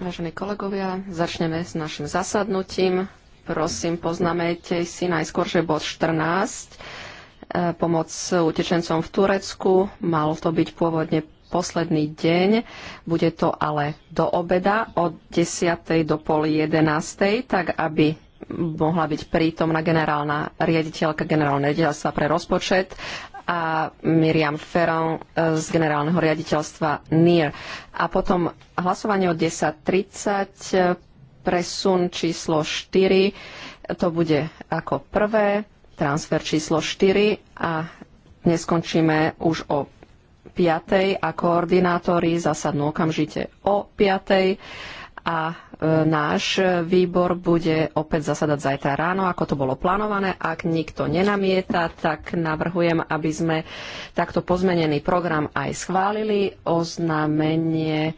Vážení kolegovia, začneme s našim zasadnutím. Prosím, poznamejte si najskôr, že bod 14, e, pomoc utečencom v Turecku, mal to byť pôvodne posledný deň, bude to ale do obeda od 10. do pol 11. tak aby mohla byť prítomná generálna riaditeľka generálneho riaditeľstva pre rozpočet a Miriam Ferron e, z generálneho riaditeľstva NIR. A potom hlasovanie o 10.30, e, presun číslo 4, to bude ako prvé, transfer číslo 4 a neskončíme už o 5. a koordinátori zasadnú okamžite o 5. a E, náš výbor bude opäť zasadať zajtra ráno, ako to bolo plánované. Ak nikto nenamieta, tak navrhujem, aby sme takto pozmenený program aj schválili. Oznámenie e,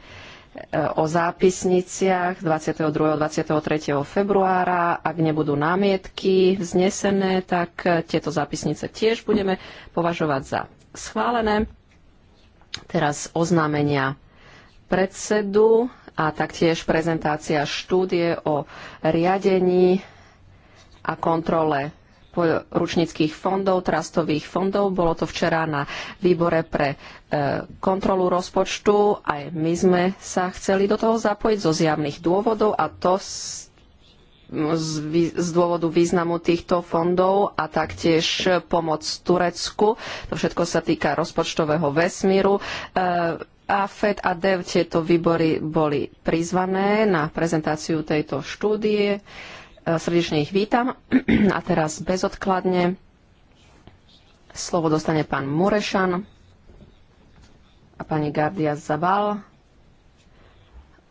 o zápisniciach 22. a 23. februára. Ak nebudú námietky vznesené, tak e, tieto zápisnice tiež budeme považovať za schválené. Teraz oznámenia predsedu a taktiež prezentácia štúdie o riadení a kontrole ručníckých fondov, trastových fondov. Bolo to včera na výbore pre e, kontrolu rozpočtu. Aj my sme sa chceli do toho zapojiť zo zjavných dôvodov a to z, dôvodu významu týchto fondov a taktiež pomoc Turecku. To všetko sa týka rozpočtového vesmíru. E, a FED a DEV tieto výbory boli prizvané na prezentáciu tejto štúdie. E, srdečne ich vítam. A teraz bezodkladne slovo dostane pán Murešan a pani Gardia Zabal.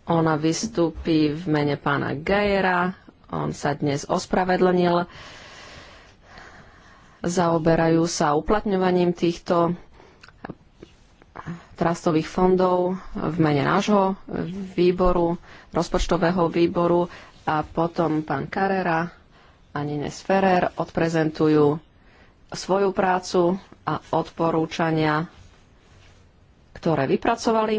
Ona vystúpi v mene pána Gajera. On sa dnes ospravedlnil. Zaoberajú sa uplatňovaním týchto trastových fondov v mene nášho výboru, rozpočtového výboru a potom pán Carrera a Nines Ferrer odprezentujú svoju prácu a odporúčania, ktoré vypracovali.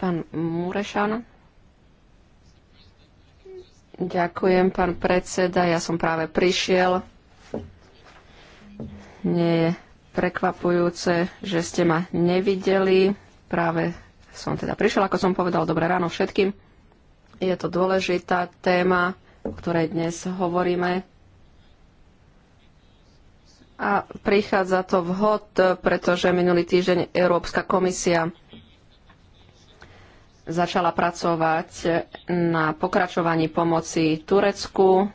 Pán Murešan. Ďakujem, pán predseda. Ja som práve prišiel nie je prekvapujúce, že ste ma nevideli. Práve som teda prišiel, ako som povedal, dobré ráno všetkým. Je to dôležitá téma, o ktorej dnes hovoríme. A prichádza to vhod, pretože minulý týždeň Európska komisia začala pracovať na pokračovaní pomoci Turecku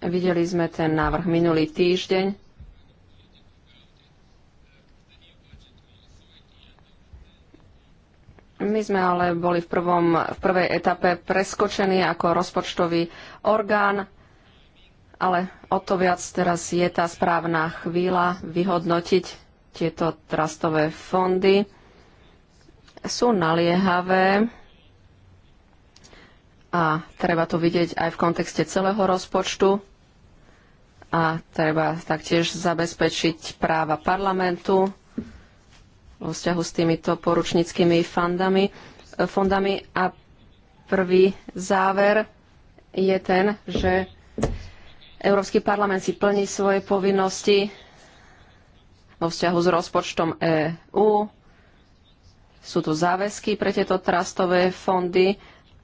Videli sme ten návrh minulý týždeň. My sme ale boli v, prvom, v prvej etape preskočení ako rozpočtový orgán, ale o to viac teraz je tá správna chvíľa vyhodnotiť tieto trastové fondy. Sú naliehavé a treba to vidieť aj v kontexte celého rozpočtu a treba taktiež zabezpečiť práva parlamentu vo vzťahu s týmito poručníckými fondami. fondami. A prvý záver je ten, že Európsky parlament si plní svoje povinnosti vo vzťahu s rozpočtom EÚ. Sú tu záväzky pre tieto trastové fondy,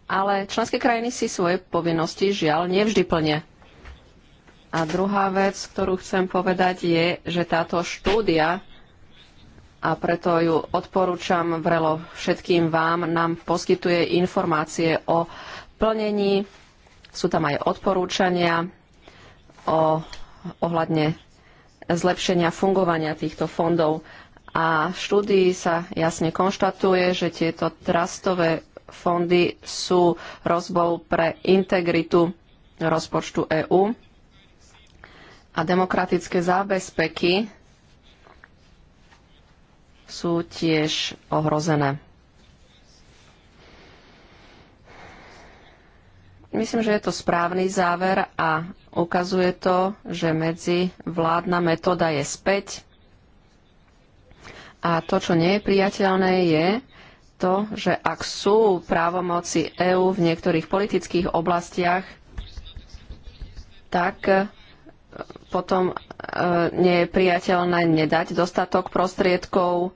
ale členské krajiny si svoje povinnosti žiaľ nevždy plnia. A druhá vec, ktorú chcem povedať, je, že táto štúdia, a preto ju odporúčam vrelo všetkým vám, nám poskytuje informácie o plnení, sú tam aj odporúčania o, ohľadne zlepšenia fungovania týchto fondov. A v štúdii sa jasne konštatuje, že tieto trastové fondy sú rozbou pre integritu rozpočtu EÚ a demokratické zábezpeky sú tiež ohrozené. Myslím, že je to správny záver a ukazuje to, že medzi vládna metóda je späť. A to, čo nie je priateľné, je to, že ak sú právomoci EÚ v niektorých politických oblastiach, tak potom e, nie je priateľné nedať dostatok prostriedkov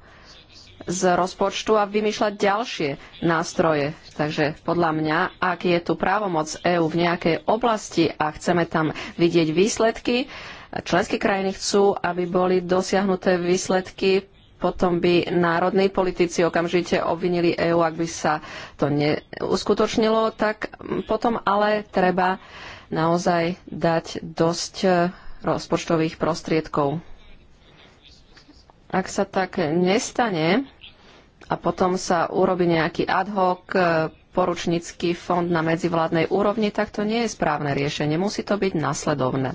z rozpočtu a vymýšľať ďalšie nástroje. Takže podľa mňa, ak je tu právomoc EÚ v nejakej oblasti a chceme tam vidieť výsledky, členské krajiny chcú, aby boli dosiahnuté výsledky, potom by národní politici okamžite obvinili EÚ, ak by sa to neuskutočnilo, tak potom ale treba naozaj dať dosť e, rozpočtových prostriedkov. Ak sa tak nestane a potom sa urobi nejaký ad hoc e, poručnícky fond na medzivládnej úrovni, tak to nie je správne riešenie. Musí to byť nasledovné.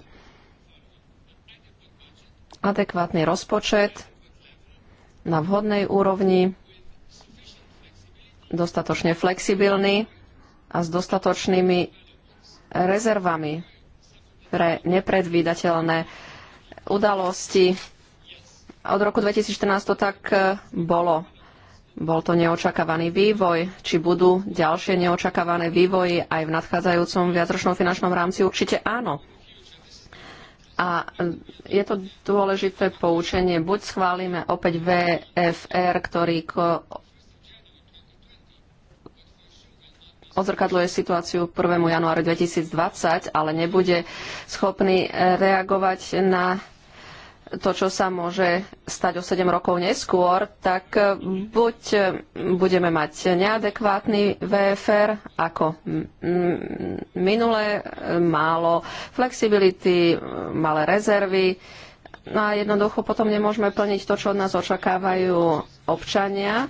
Adekvátny rozpočet na vhodnej úrovni, dostatočne flexibilný a s dostatočnými rezervami pre nepredvídateľné udalosti. Od roku 2014 to tak e, bolo. Bol to neočakávaný vývoj. Či budú ďalšie neočakávané vývoji aj v nadchádzajúcom viacročnom finančnom rámci? Určite áno. A e, je to dôležité poučenie. Buď schválime opäť VFR, ktorý odzrkadluje situáciu 1. januára 2020, ale nebude schopný eh, reagovať na to, čo sa môže stať o 7 rokov neskôr, tak eh, buď eh, budeme mať neadekvátny VFR ako minulé, málo flexibility, malé rezervy no a jednoducho potom nemôžeme plniť to, čo od nás očakávajú občania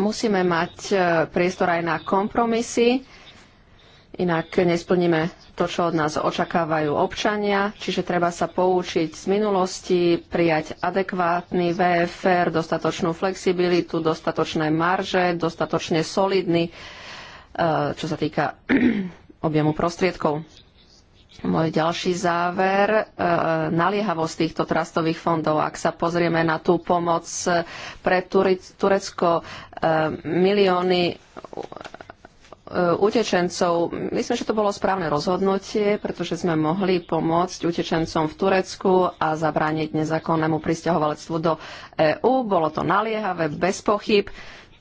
musíme mať e, priestor aj na kompromisy, inak nesplníme to, čo od nás očakávajú občania, čiže treba sa poučiť z minulosti, prijať adekvátny VFR, dostatočnú flexibilitu, dostatočné marže, dostatočne solidný, e, čo sa týka objemu prostriedkov. Môj ďalší záver, e, naliehavosť týchto trastových fondov. Ak sa pozrieme na tú pomoc e, pre Turecko, e, milióny utečencov, myslím, že to bolo správne rozhodnutie, pretože sme mohli pomôcť utečencom v Turecku a zabrániť nezákonnému pristahovalectvu do EÚ. Bolo to naliehavé, bez pochyb.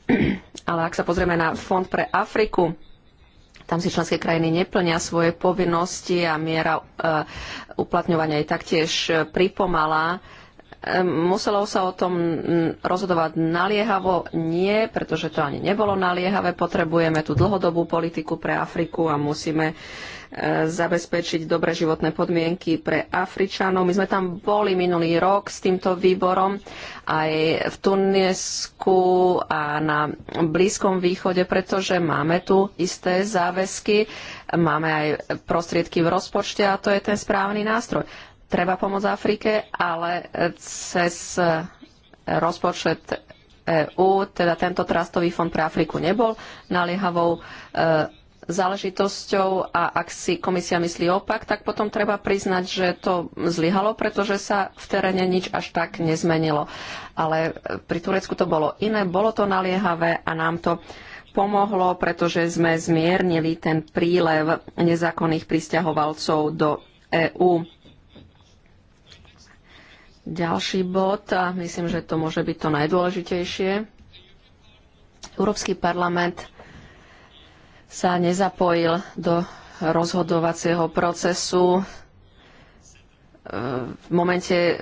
Ale ak sa pozrieme na Fond pre Afriku, tam si členské krajiny neplnia svoje povinnosti a miera e, uplatňovania je taktiež e, pripomalá. E, muselo sa o tom rozhodovať naliehavo? Nie, pretože to ani nebolo naliehavé. Potrebujeme tú dlhodobú politiku pre Afriku a musíme zabezpečiť dobré životné podmienky pre Afričanov. My sme tam boli minulý rok s týmto výborom aj v Tunisku a na Blízkom východe, pretože máme tu isté záväzky, máme aj prostriedky v rozpočte a to je ten správny nástroj. Treba pomôcť Afrike, ale cez rozpočet EÚ, teda tento trastový fond pre Afriku nebol naliehavou e, záležitosťou a ak si komisia myslí opak, tak potom treba priznať, že to zlyhalo, pretože sa v teréne nič až tak nezmenilo. Ale e, pri Turecku to bolo iné, bolo to naliehavé a nám to pomohlo, pretože sme zmiernili ten prílev nezákonných pristahovalcov do EÚ. Ďalší bod, a myslím, že to môže byť to najdôležitejšie. Európsky parlament sa nezapojil do rozhodovacieho procesu e, v momente e,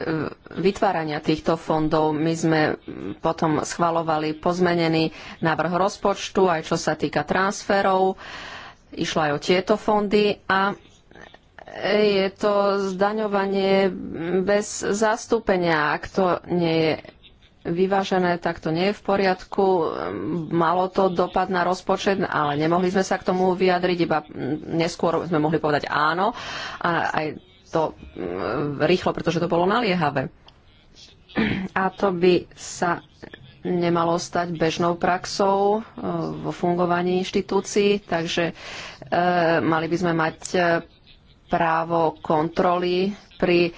vytvárania týchto fondov my sme potom schvalovali pozmenený návrh rozpočtu, aj čo sa týka transferov. Išlo aj o tieto fondy a je to zdaňovanie bez zastúpenia. Ak to nie je vyvážené, tak to nie je v poriadku. Malo to dopad na rozpočet, ale nemohli sme sa k tomu vyjadriť, iba neskôr sme mohli povedať áno a aj to mm, rýchlo, pretože to bolo naliehavé. A to by sa nemalo stať bežnou praxou e, vo fungovaní inštitúcií, takže e, mali by sme mať e, právo kontroly pri e,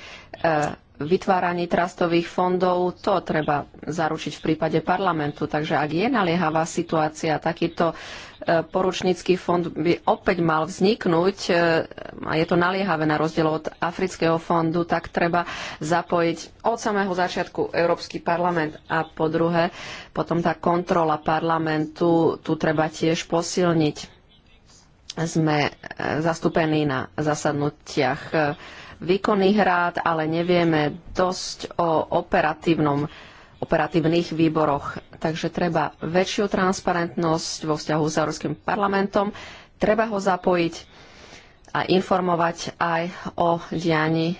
vytváraní trastových fondov, to treba zaručiť v prípade parlamentu. Takže ak je naliehavá situácia, takýto e, poručnícky fond by opäť mal vzniknúť e, a je to naliehavé na rozdiel od Afrického fondu, tak treba zapojiť od samého začiatku Európsky parlament a po druhé potom tá kontrola parlamentu, tu treba tiež posilniť. Sme e, zastúpení na zasadnutiach výkonných rád, ale nevieme dosť o operatívnom operatívnych výboroch. Takže treba väčšiu transparentnosť vo vzťahu s Európskym parlamentom, treba ho zapojiť a informovať aj o diani e,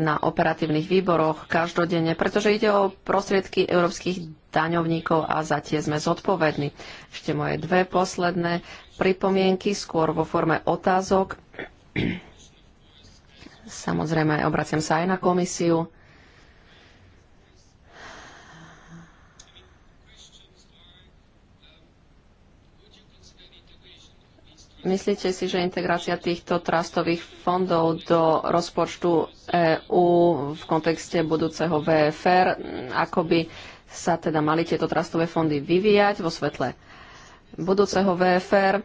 na operatívnych výboroch každodenne, pretože ide o prostriedky európskych daňovníkov a za tie sme zodpovední. Ešte moje dve posledné pripomienky, skôr vo forme otázok. Samozrejme, obraciam sa aj na komisiu. Myslíte si, že integrácia týchto trastových fondov do rozpočtu EÚ v kontexte budúceho VFR, ako by sa teda mali tieto trastové fondy vyvíjať vo svetle budúceho VFR?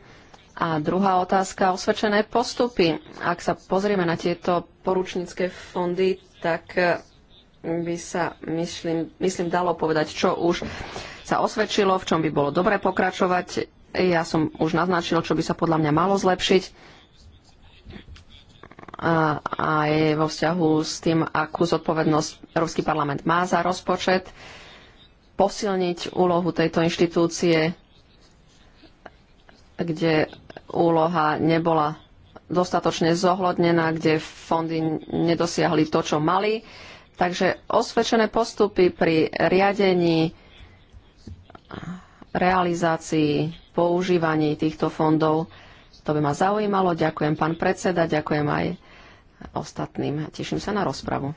A druhá otázka, osvedčené postupy. Ak sa pozrieme na tieto poručnícke fondy, tak e, by sa, myslím, myslím, dalo povedať, čo už sa osvedčilo, v čom by bolo dobre pokračovať. Ja som už naznačil, čo by sa podľa mňa malo zlepšiť a aj vo vzťahu s tým, akú zodpovednosť Európsky parlament má za rozpočet, posilniť úlohu tejto inštitúcie, kde úloha nebola dostatočne zohľadnená, kde fondy nedosiahli to, čo mali. Takže osvedčené postupy pri riadení, realizácii, používaní týchto fondov, to by ma zaujímalo. Ďakujem pán predseda, ďakujem aj ostatným. Teším sa na rozpravu.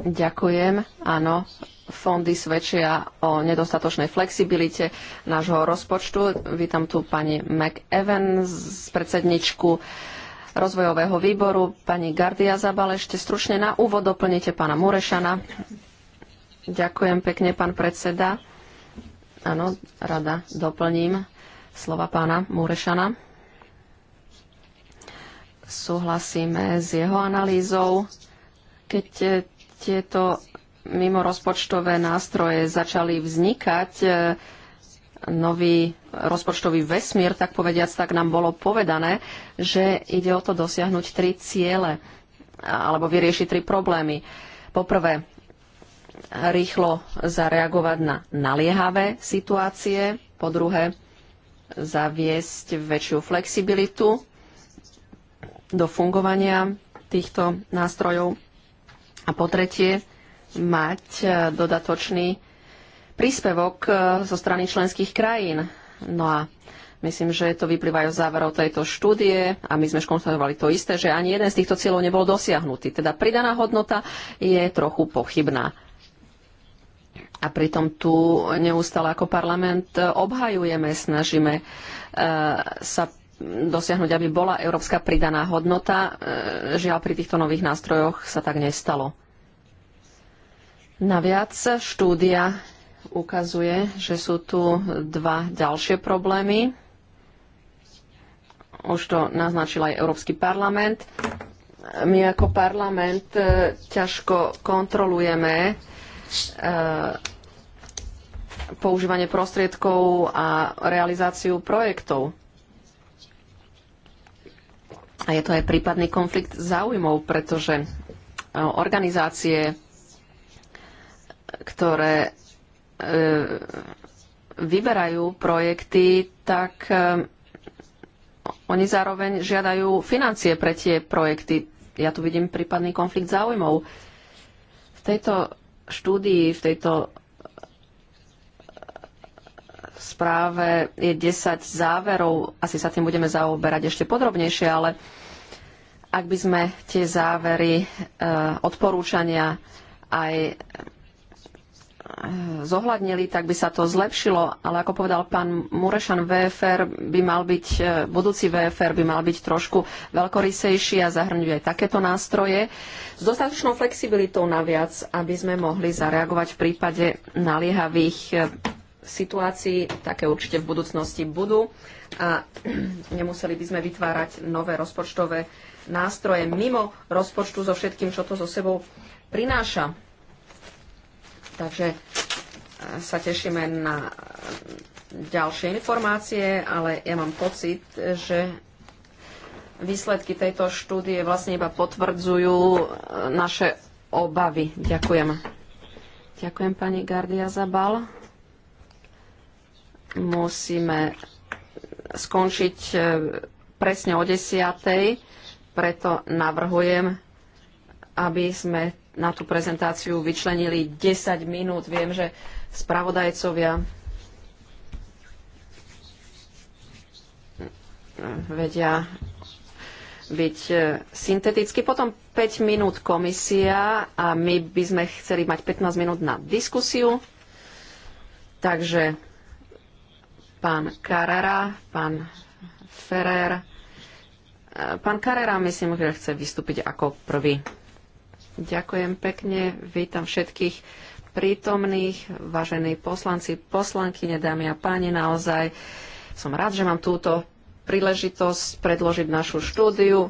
Ďakujem. Áno, fondy svedčia o nedostatočnej flexibilite nášho rozpočtu. Vítam tu pani McEwen, predsedničku rozvojového výboru, pani Gardia Zabal. Ešte stručne na úvod doplnite pána Murešana. Ďakujem pekne, pán predseda. Áno, rada doplním slova pána Murešana. Súhlasíme s jeho analýzou. Keď tieto Mimorozpočtové nástroje začali vznikať, e, nový rozpočtový vesmír, tak povediac, tak nám bolo povedané, že ide o to dosiahnuť tri ciele alebo vyriešiť tri problémy. Poprvé, rýchlo zareagovať na naliehavé situácie. Po druhé, zaviesť väčšiu flexibilitu do fungovania týchto nástrojov. A po tretie, mať e, dodatočný príspevok e, zo strany členských krajín. No a myslím, že to vyplýva z záverov tejto štúdie a my sme skonštatovali to isté, že ani jeden z týchto cieľov nebol dosiahnutý. Teda pridaná hodnota je trochu pochybná. A pritom tu neustále ako parlament e, obhajujeme, snažíme sa dosiahnuť, aby bola európska pridaná hodnota. Žiaľ, pri týchto nových nástrojoch sa tak nestalo. Naviac štúdia ukazuje, že sú tu dva ďalšie problémy. Už to naznačil aj Európsky parlament. My ako parlament e, ťažko kontrolujeme e, používanie prostriedkov a realizáciu projektov. A je to aj prípadný konflikt záujmov, pretože e, organizácie ktoré e, vyberajú projekty, tak e, oni zároveň žiadajú financie pre tie projekty. Ja tu vidím prípadný konflikt záujmov. V tejto štúdii, v tejto e, správe je 10 záverov. Asi sa tým budeme zaoberať ešte podrobnejšie, ale ak by sme tie závery, odporúčania aj zohľadnili, tak by sa to zlepšilo, ale ako povedal pán Murešan, VFR by mal byť, e, budúci VFR by mal byť trošku veľkorysejší a zahrňuje aj takéto nástroje s dostatočnou flexibilitou naviac, aby sme mohli zareagovať v prípade naliehavých e, situácií, také určite v budúcnosti budú a nemuseli by sme vytvárať nové rozpočtové nástroje mimo rozpočtu so všetkým, čo to so sebou prináša Takže e, sa tešíme na ďalšie informácie, ale ja mám pocit, že výsledky tejto štúdie vlastne iba potvrdzujú e, naše obavy. Ďakujem. Ďakujem pani Gardia Zabal. Musíme skončiť e, presne o desiatej, preto navrhujem, aby sme na tú prezentáciu vyčlenili 10 minút. Viem, že spravodajcovia vedia byť e, synteticky. Potom 5 minút komisia a my by sme chceli mať 15 minút na diskusiu. Takže pán Carrera, pán Ferrer. E, pán Carrera myslím, že chce vystúpiť ako prvý. Ďakujem pekne, vítam všetkých prítomných, vážení poslanci, poslankyne, dámy a páni, naozaj som rád, že mám túto príležitosť predložiť našu štúdiu.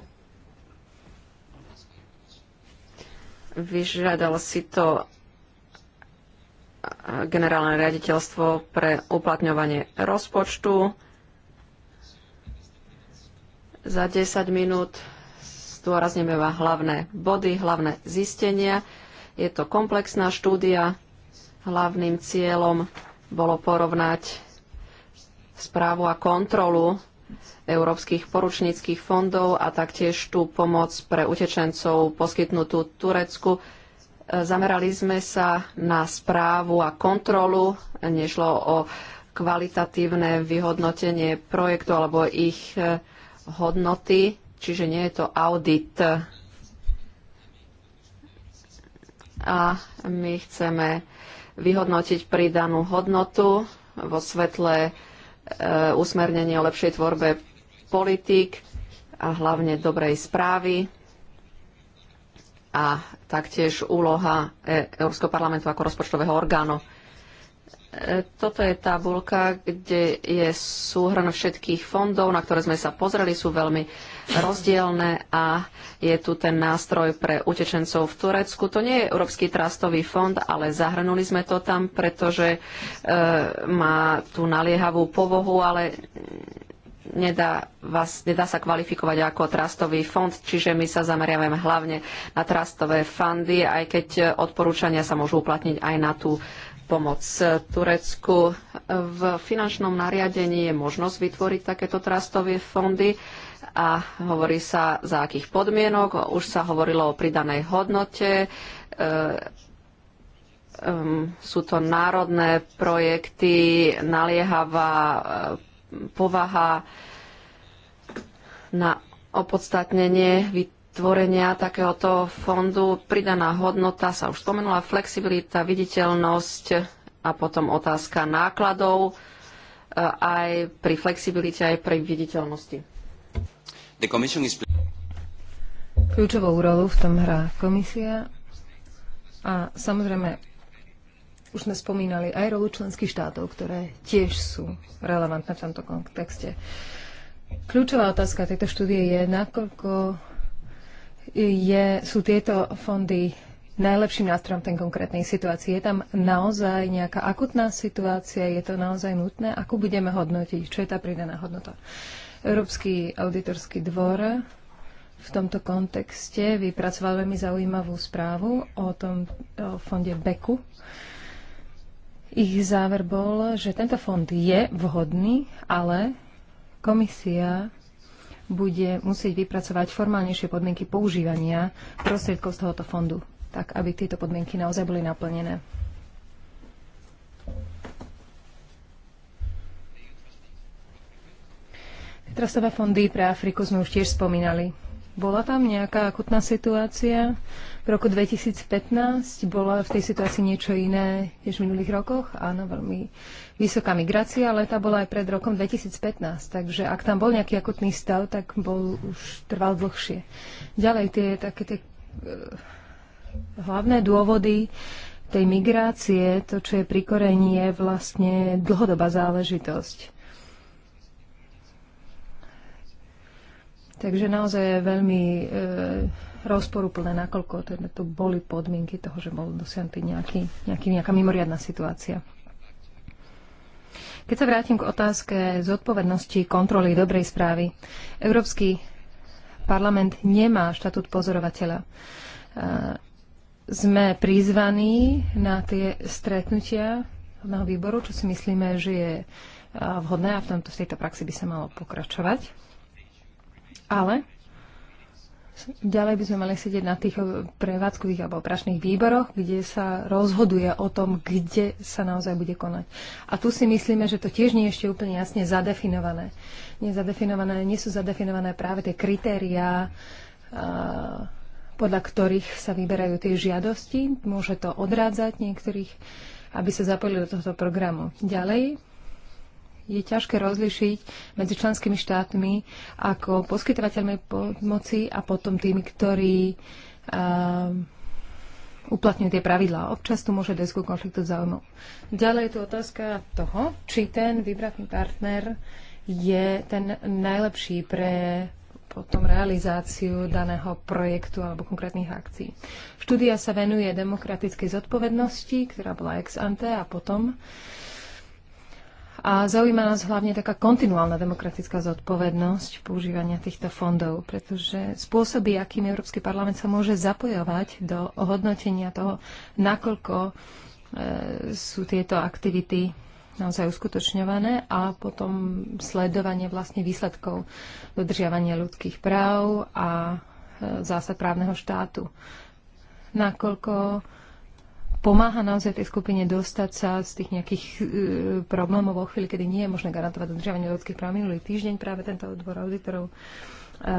Vyžiadal si to generálne riaditeľstvo pre uplatňovanie rozpočtu. Za 10 minút zdôrazneme vám hlavné body, hlavné zistenia. Je to komplexná štúdia. Hlavným cieľom bolo porovnať správu a kontrolu európskych poručníckých fondov a taktiež tú pomoc pre utečencov poskytnutú Turecku. Zamerali sme sa na správu a kontrolu. Nešlo o kvalitatívne vyhodnotenie projektu alebo ich eh, hodnoty. Čiže nie je to audit. A my chceme vyhodnotiť pridanú hodnotu vo svetle e, usmernenie o lepšej tvorbe politík a hlavne dobrej správy a taktiež úloha e, Európskeho parlamentu ako rozpočtového orgánu. E, toto je tabulka, kde je súhrn všetkých fondov, na ktoré sme sa pozreli, sú veľmi rozdielne a je tu ten nástroj pre utečencov v Turecku. To nie je Európsky trastový fond, ale zahrnuli sme to tam, pretože e, má tú naliehavú povohu, ale nedá, vás, nedá sa kvalifikovať ako trastový fond, čiže my sa zameriavame hlavne na trastové fundy, aj keď odporúčania sa môžu uplatniť aj na tú pomoc Turecku. V finančnom nariadení je možnosť vytvoriť takéto trastové fondy a hovorí sa za akých podmienok. Už sa hovorilo o pridanej hodnote. E, sú to národné projekty, naliehavá e, povaha na opodstatnenie vytvorenia takéhoto fondu. Pridaná hodnota sa už spomenula, flexibilita, viditeľnosť a potom otázka nákladov e, aj pri flexibilite, aj pri viditeľnosti. Kľúčovú rolu v tom hrá komisia a samozrejme už sme spomínali aj rolu členských štátov, ktoré tiež sú relevantné v tomto kontexte. Kľúčová otázka tejto štúdie je, nakoľko je, sú tieto fondy najlepším nástrojom tej konkrétnej situácii. Je tam naozaj nejaká akutná situácia, je to naozaj nutné, ako budeme hodnotiť, čo je tá pridaná hodnota. Európsky auditorský dvor v tomto kontexte vypracoval veľmi zaujímavú správu o tom o fonde Beku. Ich záver bol, že tento fond je vhodný, ale komisia bude musieť vypracovať formálnejšie podmienky používania prostriedkov z tohoto fondu, tak aby tieto podmienky naozaj boli naplnené. Trastové fondy pre Afriku sme už tiež spomínali. Bola tam nejaká akutná situácia? V roku 2015 bola v tej situácii niečo iné než v minulých rokoch? Áno, veľmi vysoká migrácia, ale tá bola aj pred rokom 2015. Takže ak tam bol nejaký akutný stav, tak bol už trval dlhšie. Ďalej tie také tie eh, hlavné dôvody tej migrácie, to, čo je pri korení, je vlastne dlhodobá záležitosť Takže naozaj je veľmi e, rozporuplné, nakoľko teda to boli podmienky toho, že bol dosiahnutý nejaký, nejaký, nejaká mimoriadná situácia. Keď sa vrátim k otázke zodpovednosti kontroly dobrej správy, Európsky parlament nemá štatút pozorovateľa. E, sme prizvaní na tie stretnutia výboru, čo si myslíme, že je e, vhodné a v, tomto, v tejto praxi by sa malo pokračovať. Ale ďalej by sme mali sedieť na tých prevádzkových alebo prašných výboroch, kde sa rozhoduje o tom, kde sa naozaj bude konať. A tu si myslíme, že to tiež nie je ešte úplne jasne zadefinované. Nie, zadefinované, nie sú zadefinované práve tie kritériá, podľa ktorých sa vyberajú tie žiadosti. Môže to odrádzať niektorých, aby sa zapojili do tohto programu. Ďalej je ťažké rozlišiť medzi členskými štátmi ako poskytovateľmi pomoci a potom tými, ktorí uh, uplatňujú tie pravidlá. Občas tu môže dojsť ku konfliktu záujmov. Ďalej je tu otázka toho, či ten vybratný partner je ten najlepší pre potom realizáciu daného projektu alebo konkrétnych akcií. Štúdia sa venuje demokratickej zodpovednosti, ktorá bola ex ante a potom uh, a zaujíma nás hlavne taká kontinuálna demokratická zodpovednosť používania týchto fondov, pretože spôsoby, akým Európsky parlament sa môže zapojovať do hodnotenia toho, nakoľko e, sú tieto aktivity naozaj uskutočňované a potom sledovanie vlastne výsledkov dodržiavania ľudských práv a e, zásad právneho štátu. Nakoľko pomáha naozaj tej skupine dostať sa z tých nejakých e, problémov vo chvíli, kedy nie je možné garantovať dodržiavanie ľudských práv. Minulý týždeň práve tento odbor auditorov e,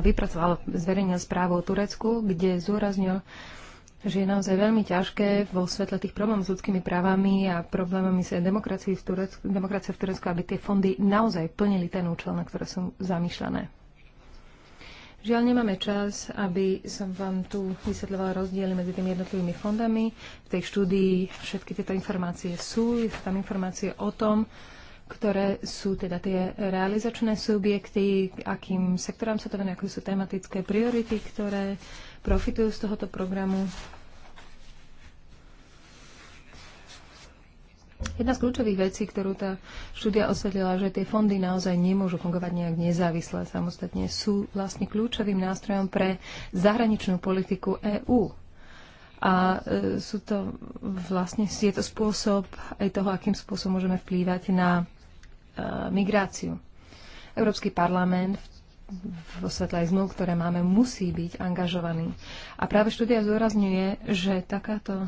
vypracoval, zverejnil správu o Turecku, kde zúraznil, že je naozaj veľmi ťažké vo svetle tých problémov s ľudskými právami a problémami s demokraciou v Turecku, demokracie v Turecku, aby tie fondy naozaj plnili ten účel, na ktoré sú zamýšľané. Žiaľ, nemáme čas, aby som vám tu vysvetľovala rozdiely medzi tými jednotlivými fondami. V tej štúdii všetky tieto informácie sú. je tam informácie o tom, ktoré sú teda tie realizačné subjekty, akým sektorom sa to venuje, aké sú tematické priority, ktoré profitujú z tohoto programu Jedna z kľúčových vecí, ktorú tá štúdia osvetlila, že tie fondy naozaj nemôžu fungovať nejak nezávisle, samostatne sú vlastne kľúčovým nástrojom pre zahraničnú politiku EÚ. A e, sú to vlastne, je to spôsob aj toho, akým spôsobom môžeme vplývať na e, migráciu. Európsky parlament v vo svetle aj zmluv, ktoré máme, musí byť angažovaný. A práve štúdia zdôrazňuje, že takáto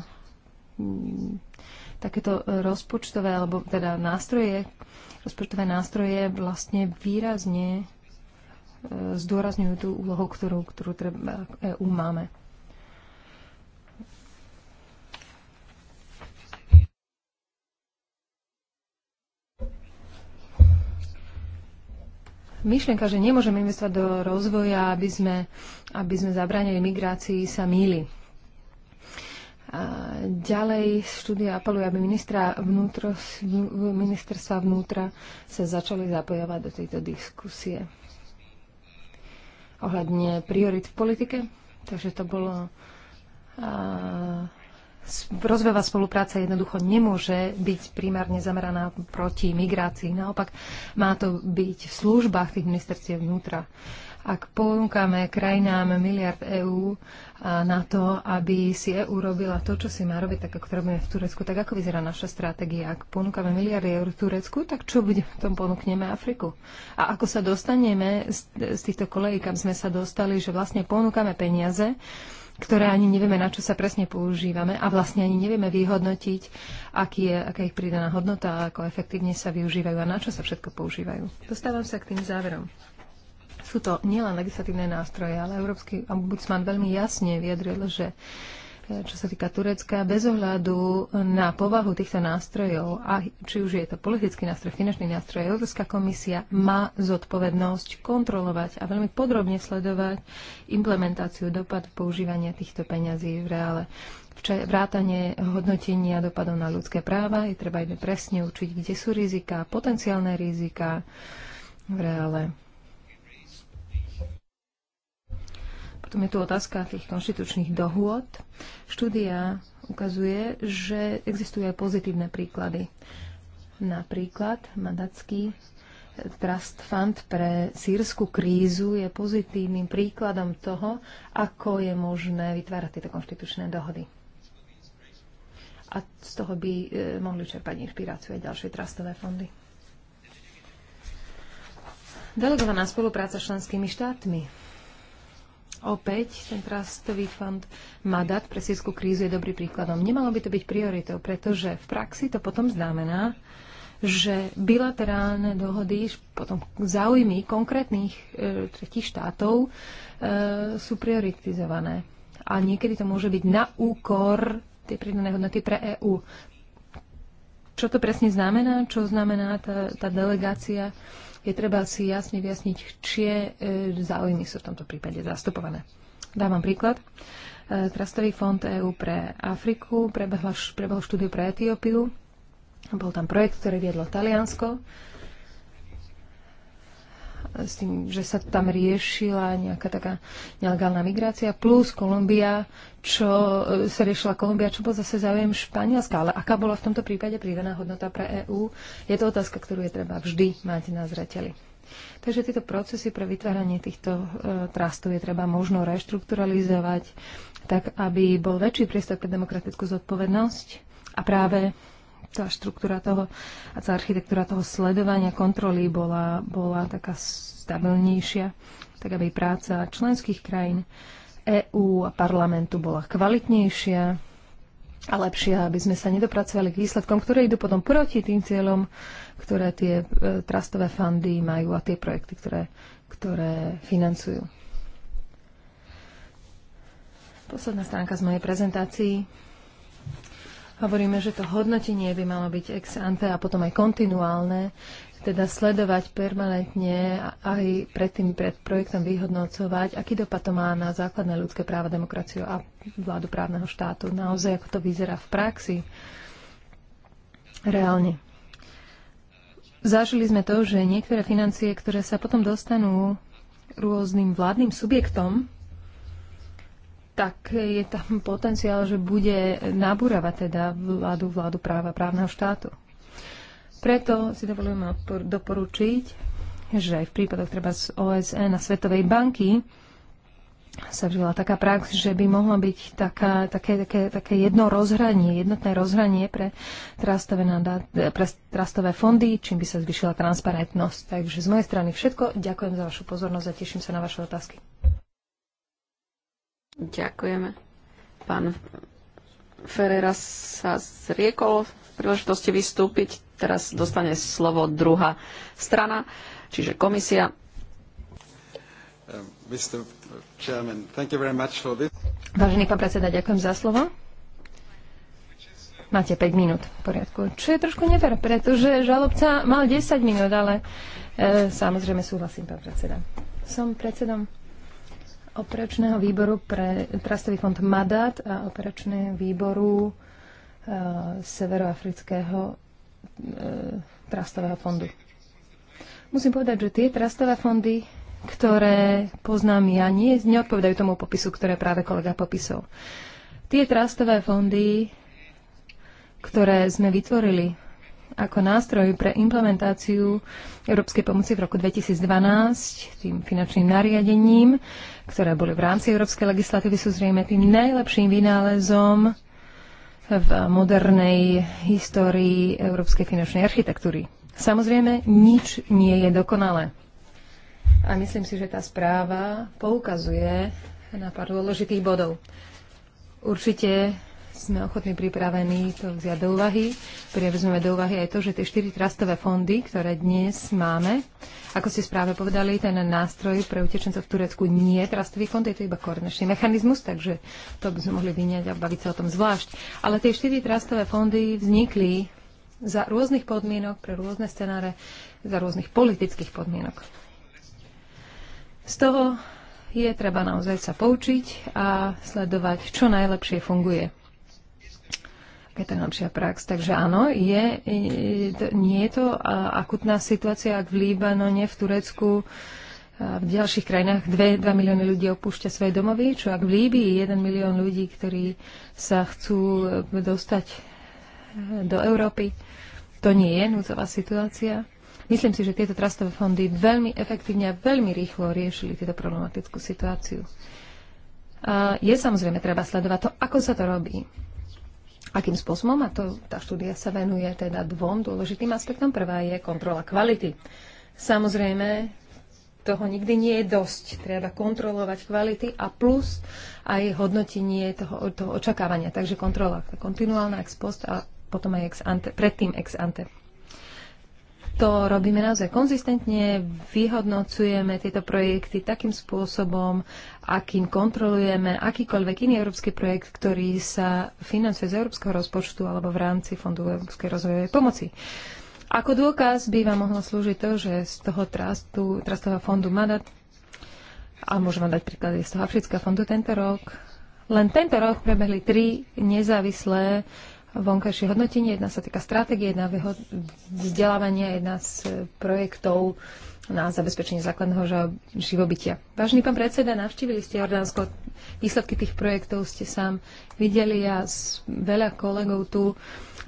takéto rozpočtové, alebo teda nástroje, rozpočtové nástroje vlastne výrazne e, zdôrazňujú tú úlohu, ktorú, ktorú treba, EU máme. myšlienka, že nemôžeme investovať do rozvoja, aby sme, aby sme zabránili migrácii, sa míli. Ďalej štúdia apeluje, aby ministra vnútro, ministerstva vnútra sa začali zapojovať do tejto diskusie ohľadne priorit v politike. Takže to bolo... A, rozvojová spolupráca jednoducho nemôže byť primárne zameraná proti migrácii. Naopak má to byť v službách tých ministerstiev vnútra. Ak ponúkame krajinám miliard EÚ na to, aby si EÚ robila to, čo si má robiť, tak ako robíme v Turecku, tak ako vyzerá naša stratégia? Ak ponúkame miliardy eur v Turecku, tak čo budeme v tom ponúkneme Afriku? A ako sa dostaneme z, týchto kolejí, kam sme sa dostali, že vlastne ponúkame peniaze, ktoré ani nevieme, na čo sa presne používame a vlastne ani nevieme vyhodnotiť, aký je, aká ich pridaná hodnota, ako efektívne sa využívajú a na čo sa všetko používajú. Dostávam sa k tým záverom. Sú to nielen legislatívne nástroje, ale Európsky ombudsman veľmi jasne vyjadril, že e, čo sa týka Turecka, bez ohľadu na povahu týchto nástrojov, a či už je to politický nástroj, finančný nástroj, Európska komisia má zodpovednosť kontrolovať a veľmi podrobne sledovať implementáciu dopad používania týchto peňazí v reále. Vrátanie hodnotenia dopadov na ľudské práva je treba aj presne učiť, kde sú rizika, potenciálne rizika v reále. Potom je tu otázka tých konštitučných dohôd. Štúdia ukazuje, že existujú aj pozitívne príklady. Napríklad Madacký Trust Fund pre sírsku krízu je pozitívnym príkladom toho, ako je možné vytvárať tieto konštitučné dohody. A z toho by e, mohli čerpať inšpiráciu aj ďalšie trastové fondy. Delegovaná spolupráca s členskými štátmi. Opäť ten trustový fond Madat pre sírskú krízu je dobrý príkladom. Nemalo by to byť prioritou, pretože v praxi to potom znamená, že bilaterálne dohody, potom záujmy konkrétnych e, tretich štátov e, sú prioritizované. A niekedy to môže byť na úkor tej pridanej hodnoty pre EÚ. Čo to presne znamená? Čo znamená tá, tá delegácia je treba si jasne vyjasniť, čie e, záujmy sú v tomto prípade zastupované. Dávam príklad. E, Trastový fond EÚ pre Afriku prebehol štúdiu pre Etiópiu. Bol tam projekt, ktorý viedlo Taliansko s tým, že sa tam riešila nejaká taká nelegálna migrácia, plus Kolumbia, čo e, sa riešila Kolumbia, čo bol zase záujem Španielska. Ale aká bola v tomto prípade pridaná hodnota pre EÚ, je to otázka, ktorú je treba vždy mať na zreteli. Takže tieto procesy pre vytváranie týchto e, trastov je treba možno reštrukturalizovať, tak aby bol väčší priestor pre demokratickú zodpovednosť a práve tá štruktúra toho a tá architektúra toho sledovania kontroly bola, bola taká stabilnejšia, tak aby práca členských krajín EÚ a parlamentu bola kvalitnejšia a lepšia, aby sme sa nedopracovali k výsledkom, ktoré idú potom proti tým cieľom, ktoré tie e, trastové fundy majú a tie projekty, ktoré, ktoré financujú. Posledná stránka z mojej prezentácii hovoríme, že to hodnotenie by malo byť ex ante a potom aj kontinuálne, teda sledovať permanentne aj predtým pred projektom vyhodnocovať, aký dopad to má na základné ľudské práva, demokraciu a vládu právneho štátu. Naozaj, ako to vyzerá v praxi. Reálne. Zažili sme to, že niektoré financie, ktoré sa potom dostanú rôznym vládnym subjektom, tak je tam potenciál, že bude nabúravať teda vládu, vládu práva, právneho štátu. Preto si dovolím doporučiť, že v prípadoch treba z OSN a Svetovej banky sa vžila taká prax, že by mohla byť taká, také, také, také jedno rozhranie, jednotné rozhranie pre trastové, nadat, pre trastové fondy, čím by sa zvyšila transparentnosť. Takže z mojej strany všetko. Ďakujem za vašu pozornosť a teším sa na vaše otázky. Ďakujeme. Pán Ferreira sa zriekol v príležitosti vystúpiť. Teraz dostane slovo druhá strana, čiže komisia. Um, Vážený pán predseda, ďakujem za slovo. Máte 5 minút v poriadku. Čo je trošku nefér, pretože žalobca mal 10 minút, ale e, samozrejme súhlasím, pán predseda. Som predsedom operačného výboru pre Trastový fond Madat a operačného výboru e, Severoafrického e, trastového fondu. Musím povedať, že tie trastové fondy, ktoré poznám ja, nie, neodpovedajú tomu popisu, ktoré práve kolega popisol. Tie trastové fondy, ktoré sme vytvorili ako nástroj pre implementáciu európskej pomoci v roku 2012 tým finančným nariadením, ktoré boli v rámci európskej legislatívy, sú zrejme tým najlepším vynálezom v modernej histórii európskej finančnej architektúry. Samozrejme, nič nie je dokonalé. A myslím si, že tá správa poukazuje na pár dôležitých bodov. Určite sme ochotní pripravení to vziať do úvahy. Privezmeme do úvahy aj to, že tie štyri trastové fondy, ktoré dnes máme, ako ste správe povedali, ten nástroj pre utečencov v Turecku nie je trastový fond, je to iba koordinačný mechanizmus, takže to by sme mohli vyňať a baviť sa o tom zvlášť. Ale tie štyri trastové fondy vznikli za rôznych podmienok, pre rôzne scenáre, za rôznych politických podmienok. Z toho je treba naozaj sa poučiť a sledovať, čo najlepšie funguje aká je tá najlepšia prax. Takže áno, je, nie je to akutná situácia, ak v Líbanone, v Turecku, v ďalších krajinách 2, 2 milióny ľudí opúšťa svoje domovy, čo ak v Líbii 1 milión ľudí, ktorí sa chcú e, dostať e, do Európy, to nie je núdzová situácia. Myslím si, že tieto trastové fondy veľmi efektívne a veľmi rýchlo riešili túto problematickú situáciu. A je samozrejme treba sledovať to, ako sa to robí. Akým spôsobom? A to, tá štúdia sa venuje teda dvom dôležitým aspektom. Prvá je kontrola kvality. Samozrejme, toho nikdy nie je dosť. Treba kontrolovať kvality a plus aj hodnotenie toho, toho očakávania. Takže kontrola kontinuálna ex post a potom aj ex ante, predtým ex ante to robíme naozaj konzistentne, vyhodnocujeme tieto projekty takým spôsobom, akým kontrolujeme akýkoľvek iný európsky projekt, ktorý sa financuje z európskeho rozpočtu alebo v rámci Fondu Európskej rozvojovej pomoci. Ako dôkaz by vám mohlo slúžiť to, že z toho trastu, trastového fondu Madat, a môžem vám dať príklady z toho Afrického fondu tento rok, len tento rok prebehli tri nezávislé uh, vonkajšie hodnotenie, jedna sa týka stratégie, jedna vzdelávania, jedna z e, projektov na zabezpečenie základného živobytia. Vážený pán predseda, navštívili ste Jordánsko, výsledky tých projektov ste sám videli a ja, veľa kolegov tu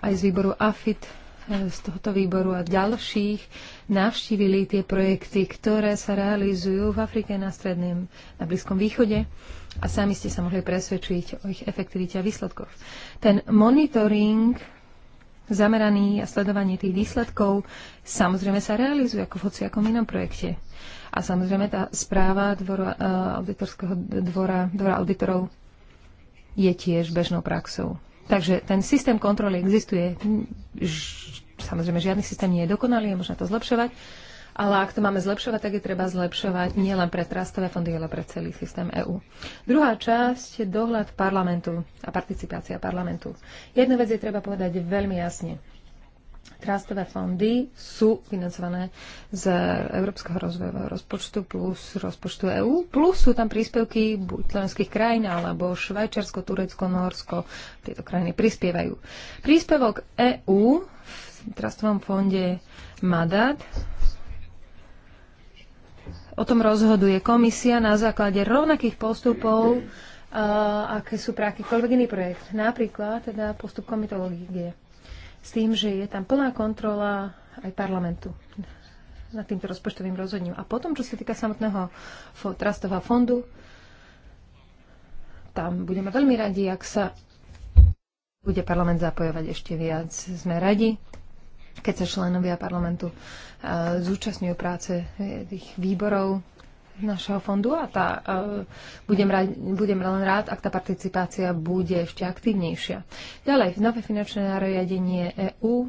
aj z výboru AFIT z tohto výboru a ďalších navštívili tie projekty, ktoré sa realizujú v Afrike na stredném, na Blízkom východe a sami ste sa mohli presvedčiť o ich efektivite a výsledkoch. Ten monitoring zameraný a sledovanie tých výsledkov samozrejme sa realizuje ako v hociakom inom projekte. A samozrejme tá správa dvora, eh, auditorského dvora, dvora auditorov je tiež bežnou praxou. Takže ten systém kontroly existuje. Samozrejme, žiadny systém nie je dokonalý, je možné to zlepšovať. Ale ak to máme zlepšovať, tak je treba zlepšovať nielen pre trastové fondy, ale pre celý systém EÚ. Druhá časť je dohľad parlamentu a participácia parlamentu. Jedna vec je treba povedať veľmi jasne trastové fondy sú financované z Európskeho rozvojového rozpočtu plus rozpočtu EÚ, plus sú tam príspevky buď členských krajín, alebo Švajčiarsko, Turecko, Norsko. Tieto krajiny prispievajú. Príspevok EÚ v trastovom fonde Madat O tom rozhoduje komisia na základe rovnakých postupov, uh, aké sú pre akýkoľvek iný projekt. Napríklad teda postup komitológie s tým, že je tam plná kontrola aj parlamentu nad týmto rozpočtovým rozhodním. A potom, čo sa týka samotného trastového fondu, tam budeme veľmi radi, ak sa bude parlament zapojovať ešte viac. Sme radi, keď sa členovia parlamentu eh, zúčastňujú práce eh, tých výborov našeho fondu a tá, uh, budem, rád, budem len rád, ak tá participácia bude ešte aktívnejšia. Ďalej, nové finančné nariadenie EÚ. Uh, e,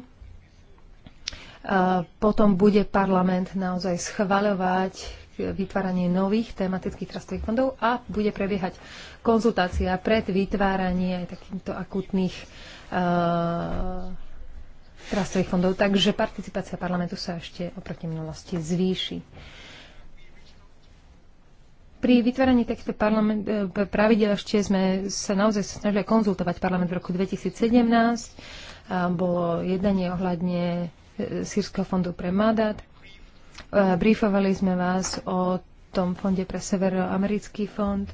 potom bude parlament naozaj schvaľovať vytváranie nových tematických trastových fondov a bude prebiehať konzultácia pred vytváraním aj takýmto akutných uh, trastových fondov. Takže participácia parlamentu sa ešte oproti minulosti zvýši. Pri vytváraní takýchto e, pravidel ešte sme sa naozaj snažili konzultovať parlament v roku 2017. Bolo jednanie ohľadne e, Sírskeho fondu pre Madat. Briefovali sme vás o tom fonde pre Severoamerický fond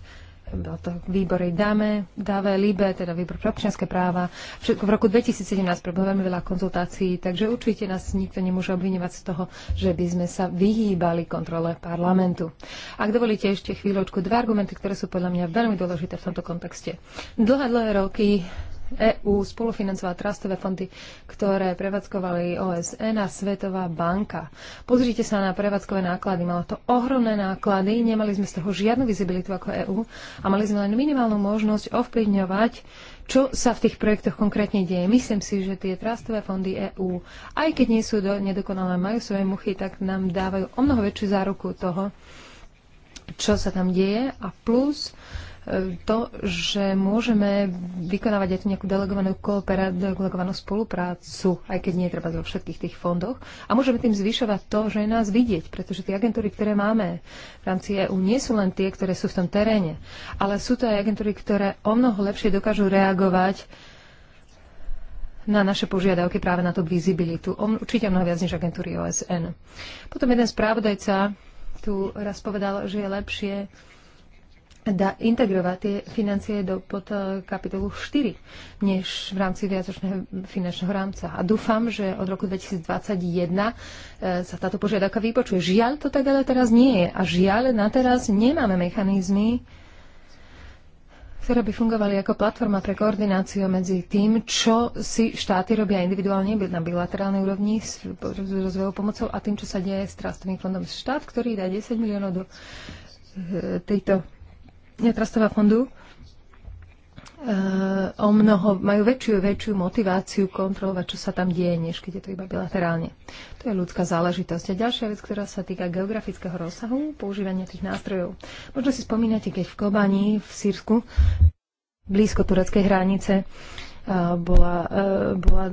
bolo to výbory dáme, dáve, LIBE, teda výbor pre občianské práva. Všetko v roku 2017 prebolo veľmi veľa konzultácií, takže určite nás nikto nemôže obvinovať z toho, že by sme sa vyhýbali kontrole parlamentu. Ak dovolíte ešte chvíľočku, dva argumenty, ktoré sú podľa mňa veľmi dôležité v tomto kontexte. Dlhé, dlhé roky EÚ spolufinancovala trastové fondy, ktoré prevádzkovali OSN a Svetová banka. Pozrite sa na prevádzkové náklady. Malo to ohromné náklady, nemali sme z toho žiadnu vizibilitu ako EÚ a mali sme len minimálnu možnosť ovplyvňovať čo sa v tých projektoch konkrétne deje. Myslím si, že tie trastové fondy EÚ, aj keď nie sú do, nedokonalé, majú svoje muchy, tak nám dávajú o mnoho väčšiu záruku toho, čo sa tam deje a plus to, že môžeme vykonávať aj tú nejakú delegovanú delegovanú spoluprácu, aj keď nie treba vo všetkých tých fondoch. A môžeme tým zvyšovať to, že je nás vidieť, pretože tie agentúry, ktoré máme v rámci EU, nie sú len tie, ktoré sú v tom teréne, ale sú to aj agentúry, ktoré o mnoho lepšie dokážu reagovať na naše požiadavky práve na tú vizibilitu. Určite mnoho viac než agentúry OSN. Potom jeden správodajca tu raz povedal, že je lepšie da integrovať tie financie do, pod eh, kapitolu 4, než v rámci viacočného finančného rámca. A dúfam, že od roku 2021 eh, sa táto požiadavka vypočuje. Žiaľ to tak ale teraz nie je. A žiaľ na teraz nemáme mechanizmy, ktoré by fungovali ako platforma pre koordináciu medzi tým, čo si štáty robia individuálne na bilaterálnej úrovni s rozvojou pomocou a tým, čo sa deje s trastovým fondom štát, ktorý dá 10 miliónov do eh, tejto netrastová fondu e, o mnoho, majú väčšiu väčšiu motiváciu kontrolovať, čo sa tam deje, než keď je to iba bilaterálne. To je ľudská záležitosť. A ďalšia vec, ktorá sa týka geografického rozsahu, používania tých nástrojov. Možno si spomínate, keď v Kobani, v Sírsku, blízko tureckej hranice, e, bola, e, bola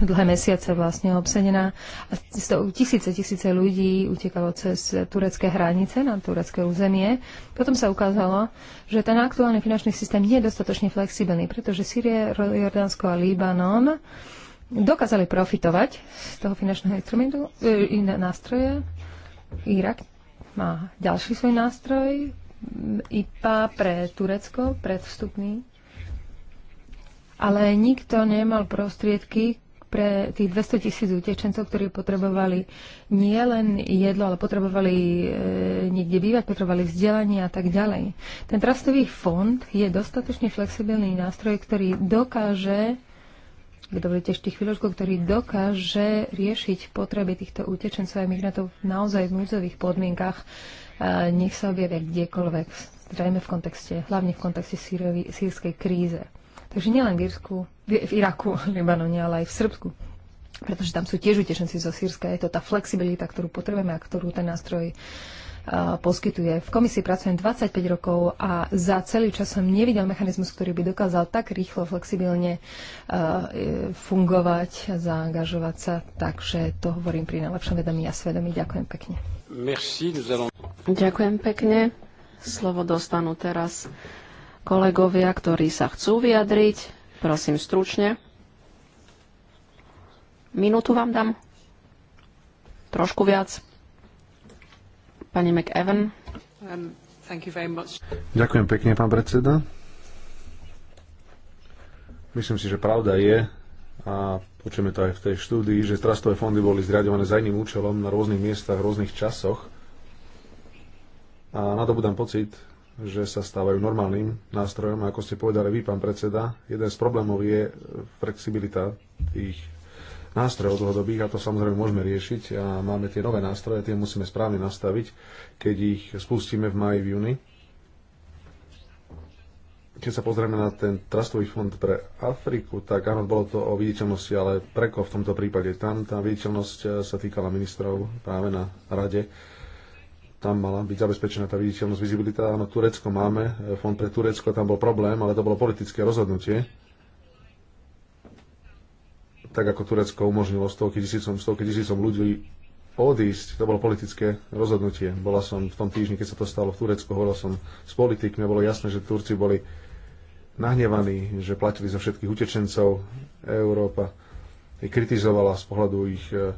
dlhé mesiace vlastne obsedená a tisíce, tisíce ľudí utekalo cez turecké hranice na turecké územie. Potom sa ukázalo, že ten aktuálny finančný systém nie je dostatočne flexibilný, pretože Sýrie, Jordánsko a Líbanon dokázali profitovať z toho finančného instrumentu, e, nástroje. Irak má ďalší svoj nástroj, IPA pre Turecko, predvstupný ale nikto nemal prostriedky, pre tých 200 tisíc utečencov, ktorí potrebovali nie len jedlo, ale potrebovali e, niekde bývať, potrebovali vzdelanie a tak ďalej. Ten trastový fond je dostatočne flexibilný nástroj, ktorý dokáže dovolíte ešte chvíľočku, ktorý dokáže riešiť potreby týchto utečencov a migrantov naozaj v núdzových podmienkach. E, nech sa objavia kdekoľvek, zrejme v kontexte, hlavne v kontexte sírskej kríze. Takže nielen v Írsku, v Iraku, Libanone, ale aj v Srbsku. Pretože tam sú tiež utečenci zo Sýrska. Je to tá flexibilita, ktorú potrebujeme a ktorú ten nástroj uh, poskytuje. V komisii pracujem 25 rokov a za celý čas som nevidel mechanizmus, ktorý by dokázal tak rýchlo, flexibilne uh, fungovať a zaangažovať sa. Takže to hovorím pri najlepšom vedomí a svedomí. Ďakujem pekne. Merci, allons... Ďakujem pekne. Slovo dostanú teraz kolegovia, ktorí sa chcú vyjadriť. Prosím stručne. Minútu vám dám. Trošku viac. Pani McEwen. Um, Ďakujem pekne, pán predseda. Myslím si, že pravda je, a počujeme to aj v tej štúdii, že trastové fondy boli zriadované za iným účelom na rôznych miestach, v rôznych časoch. A na to budem pocit, že sa stávajú normálnym nástrojom. A ako ste povedali vy, pán predseda, jeden z problémov je flexibilita tých nástrojov dlhodobých a to samozrejme môžeme riešiť a máme tie nové nástroje, tie musíme správne nastaviť, keď ich spustíme v maji, v júni. Keď sa pozrieme na ten Trastový fond pre Afriku, tak áno, bolo to o viditeľnosti, ale preko v tomto prípade. Tam tá viditeľnosť eh, sa týkala ministrov práve na rade tam mala byť zabezpečená tá viditeľnosť, vizibilita. Áno, Turecko máme, eh, fond pre Turecko, tam bol problém, ale to bolo politické rozhodnutie. Tak ako Turecko umožnilo stovky tisícom, stovky tisícom ľudí odísť, to bolo politické rozhodnutie. Bola som v tom týždni, keď sa to stalo v Turecku, hovoril som s politikmi, bolo jasné, že Turci boli nahnevaní, že platili za všetkých utečencov. Európa kritizovala z pohľadu ich eh,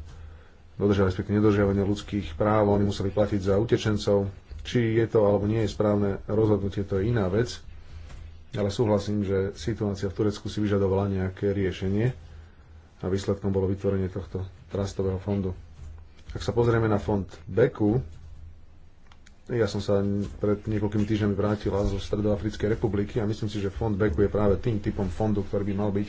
dodržiavať, respektíve nedodržiavanie ľudských práv, oni museli platiť za utečencov. Či je to alebo nie je správne rozhodnutie, to je iná vec, ale súhlasím, že situácia v Turecku si vyžadovala nejaké riešenie a výsledkom bolo vytvorenie tohto trastového fondu. Ak sa pozrieme na fond Beku, ja som sa pred niekoľkými týždňami vrátila zo Stredoafrickej republiky a myslím si, že fond Beku je práve tým typom fondu, ktorý by mal byť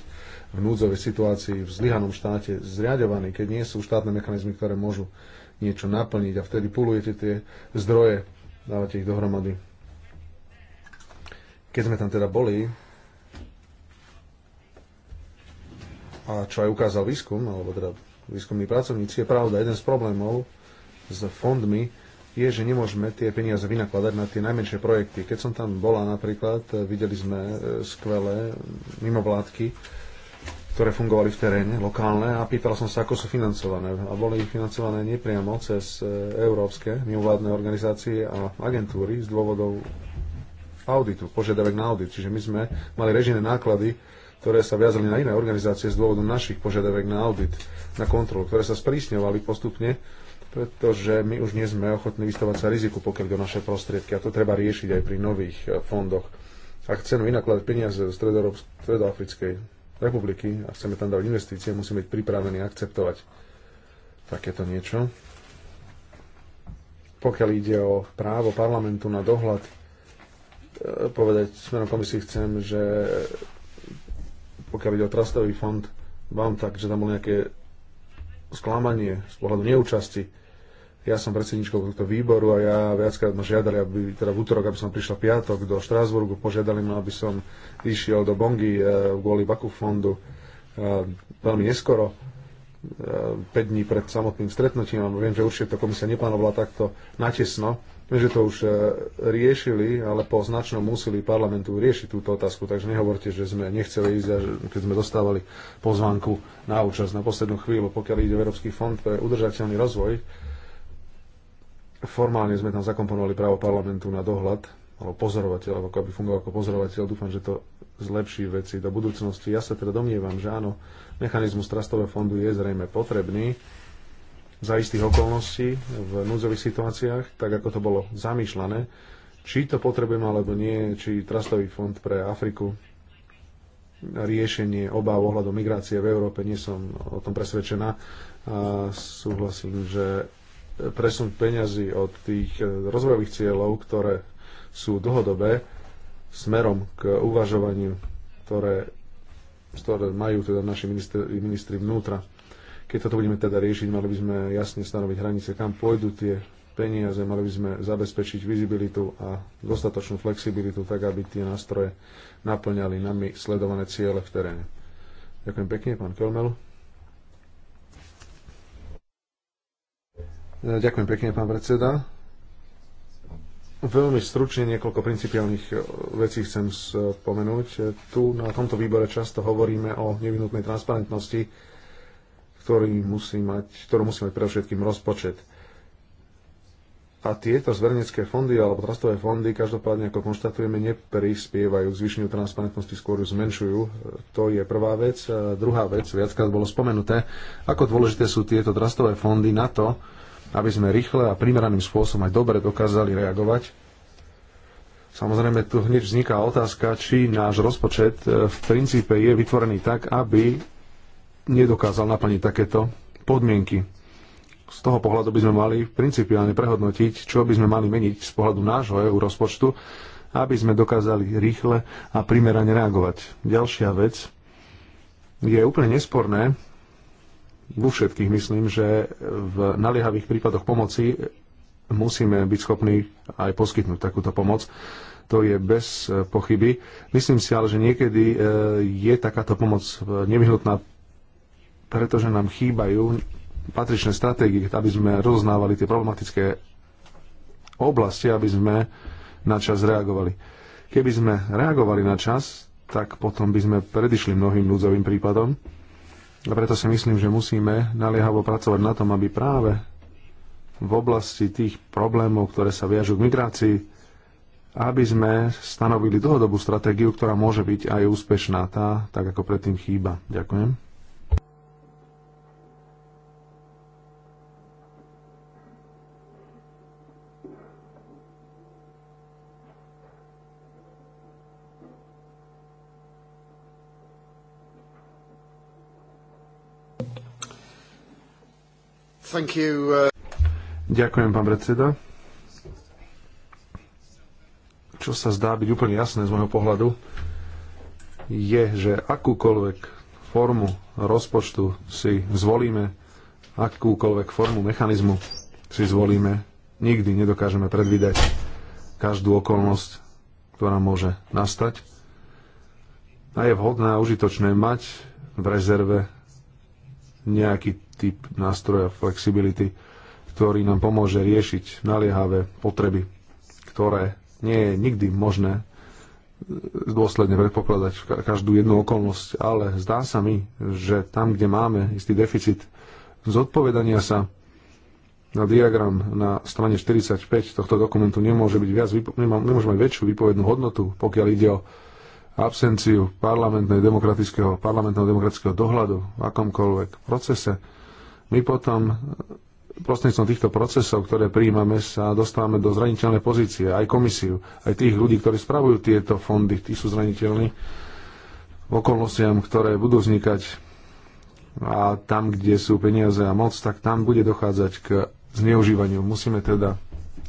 v núdzovej situácii, v zlyhanom štáte zriadovaný, keď nie sú štátne mechanizmy, ktoré môžu niečo naplniť a vtedy pulujete tie zdroje, dávate ich dohromady. Keď sme tam teda boli, a čo aj ukázal výskum, alebo teda výskumní pracovníci, je pravda, jeden z problémov s fondmi je, že nemôžeme tie peniaze vynakladať na tie najmenšie projekty. Keď som tam bola napríklad, e, videli sme e, skvelé mimovládky, ktoré fungovali v teréne, lokálne, a pýtal som sa, ako sú financované. A boli financované nepriamo cez e, európske mimovládne organizácie a agentúry z dôvodov auditu, požiadavek na audit. Čiže my sme mali režijné náklady, ktoré sa viazali na iné organizácie z dôvodu našich požiadavek na audit, na kontrolu, ktoré sa sprísňovali postupne pretože my už nie sme ochotní vystavať sa riziku, pokiaľ do naše prostriedky. A to treba riešiť aj pri nových e, fondoch. Ak chceme vynakladať peniaze z Stredoafrickej republiky a chceme tam dávať investície, musíme byť pripravení akceptovať takéto niečo. Pokiaľ ide o právo parlamentu na dohľad, e, povedať smerom komisii chcem, že pokiaľ ide o trastový fond, vám tak, že tam bol nejaké sklamanie z pohľadu neúčasti ja som predsedničkou tohto výboru a ja viackrát ma žiadali, aby teda v útorok, aby som prišla piatok do Štrásburgu, požiadali ma, aby som išiel do Bongy eh, kvôli Baku fondu eh, veľmi neskoro. 5 eh, dní pred samotným stretnutím. Viem, že určite to komisia neplánovala takto natesno. Viem, že to už riešili, ale po značnom úsilí parlamentu riešiť túto otázku. Takže nehovorte, že sme nechceli ísť, a keď sme dostávali pozvanku na účasť na poslednú chvíľu, pokiaľ ide Európsky fond pre udržateľný rozvoj. Formálne sme tam zakomponovali právo parlamentu na dohľad, alebo pozorovateľ, ako aby fungoval ako pozorovateľ. Dúfam, že to zlepší veci do budúcnosti. Ja sa teda domnievam, že áno, mechanizmus trastového fondu je zrejme potrebný za istých okolností v núdzových situáciách, tak ako to bolo zamýšľané. Či to potrebujeme alebo nie, či trastový fond pre Afriku riešenie obáv ohľadom migrácie v Európe, nie som o tom presvedčená. A súhlasím, že presun peňazí od tých e, rozvojových cieľov, ktoré sú dlhodobé, smerom k uvažovaniu, ktoré, ktoré majú teda naši ministri, ministri vnútra. Keď toto budeme teda riešiť, mali by sme jasne stanoviť hranice, kam pôjdu tie peniaze, mali by sme zabezpečiť vizibilitu a dostatočnú flexibilitu, tak aby tie nástroje naplňali nami sledované ciele v teréne. Ďakujem pekne, pán Kelmel. E, ďakujem pekne, pán predseda. Veľmi stručne niekoľko principiálnych e, vecí chcem spomenúť. E, tu na tomto výbore často hovoríme o nevyhnutnej transparentnosti, ktorý musí mať, ktorú musí mať predovšetkým rozpočet. A tieto zvernecké fondy alebo trastové fondy, každopádne ako konštatujeme, neprispievajú k zvýšeniu transparentnosti, skôr ju zmenšujú. To je prvá vec. A druhá vec, viackrát bolo spomenuté, ako dôležité sú tieto trastové fondy na to, aby sme rýchle a primeraným spôsobom aj dobre dokázali reagovať. Samozrejme, tu hneď vzniká otázka, či náš rozpočet e, v princípe je vytvorený tak, aby nedokázal naplniť takéto podmienky. Z toho pohľadu by sme mali principiálne prehodnotiť, čo by sme mali meniť z pohľadu nášho EU rozpočtu, aby sme dokázali rýchle a primerane reagovať. Ďalšia vec je úplne nesporné, vo všetkých myslím, že v naliehavých prípadoch pomoci musíme byť schopní aj poskytnúť takúto pomoc. To je bez pochyby. Myslím si ale, že niekedy e, je takáto pomoc e, nevyhnutná, pretože nám chýbajú patričné stratégie, aby sme rozoznávali tie problematické oblasti, aby sme na čas reagovali. Keby sme reagovali na čas, tak potom by sme predišli mnohým núdzovým prípadom a preto si myslím, že musíme naliehavo pracovať na tom, aby práve v oblasti tých problémov, ktoré sa viažú k migrácii, aby sme stanovili dlhodobú stratégiu, ktorá môže byť aj úspešná. Tá, tak ako predtým chýba. Ďakujem. Uh, Ďakujem, pán predseda. Čo sa zdá byť úplne jasné z môjho pohľadu, je, že akúkoľvek formu rozpočtu si zvolíme, akúkoľvek formu mechanizmu si zvolíme, nikdy nedokážeme predvídať každú okolnosť, ktorá môže nastať. A je vhodné a užitočné mať v rezerve nejaký typ nástroja flexibility, ktorý nám pomôže riešiť naliehavé potreby, ktoré nie je nikdy možné e, dôsledne predpokladať každú jednu okolnosť, ale zdá sa mi, že tam, kde máme istý deficit zodpovedania sa na diagram na strane 45 tohto dokumentu nemôže, byť viac, nemôže mať väčšiu výpovednú hodnotu, pokiaľ ide o absenciu parlamentnej demokratického, parlamentného demokratického dohľadu v akomkoľvek procese, my potom prostredníctvom týchto procesov, ktoré prijímame, sa dostávame do zraniteľnej pozície, aj komisiu, aj tých ľudí, ktorí spravujú tieto fondy, tí sú zraniteľní v okolnostiam, ktoré budú vznikať a tam, kde sú peniaze a moc, tak tam bude dochádzať k zneužívaniu. Musíme teda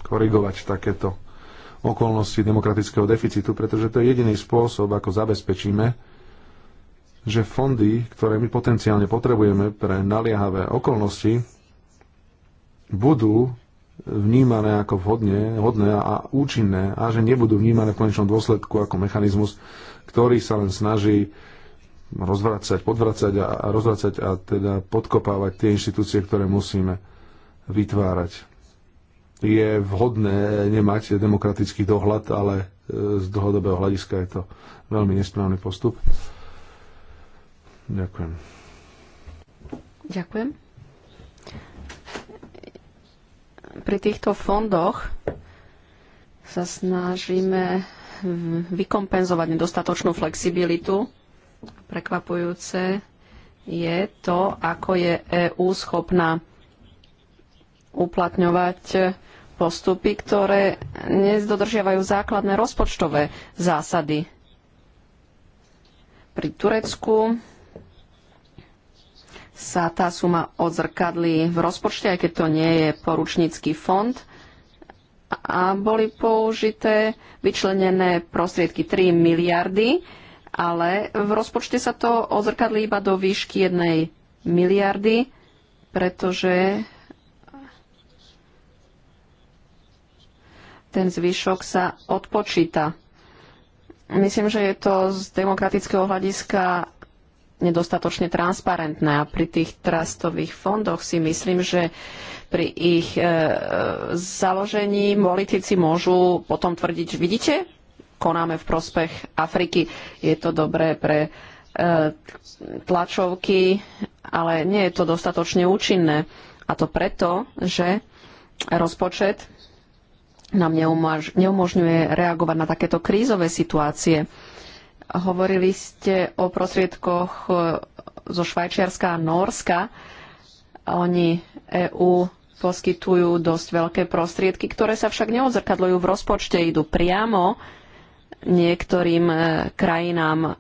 korigovať takéto okolnosti demokratického deficitu, pretože to je jediný spôsob, ako zabezpečíme, že fondy, ktoré my potenciálne potrebujeme pre naliehavé okolnosti, budú vnímané ako vhodne, hodné a účinné a že nebudú vnímané v konečnom dôsledku ako mechanizmus, ktorý sa len snaží rozvracať, podvracať a, a rozvracať a teda podkopávať tie inštitúcie, ktoré musíme vytvárať je vhodné nemať demokratický dohľad, ale e, z dlhodobého hľadiska je to veľmi nesprávny postup. Ďakujem. Ďakujem. Pri týchto fondoch sa snažíme vykompenzovať nedostatočnú flexibilitu. Prekvapujúce je to, ako je EÚ schopná uplatňovať postupy, ktoré dodržiavajú základné rozpočtové zásady. Pri Turecku sa tá suma odzrkadlí v rozpočte, aj keď to nie je poručnícky fond. A boli použité vyčlenené prostriedky 3 miliardy, ale v rozpočte sa to odzrkadlí iba do výšky 1 miliardy, pretože ten zvyšok sa odpočíta. Myslím, že je to z demokratického hľadiska nedostatočne transparentné a pri tých trastových fondoch si myslím, že pri ich e, založení politici môžu potom tvrdiť, že vidíte, konáme v prospech Afriky. Je to dobré pre e, tlačovky, ale nie je to dostatočne účinné. A to preto, že rozpočet nám neumožňuje reagovať na takéto krízové situácie. Hovorili ste o prostriedkoch e, zo Švajčiarska a Norska. Oni EÚ poskytujú dosť veľké prostriedky, ktoré sa však neodzrkadľujú v rozpočte, idú priamo niektorým e, krajinám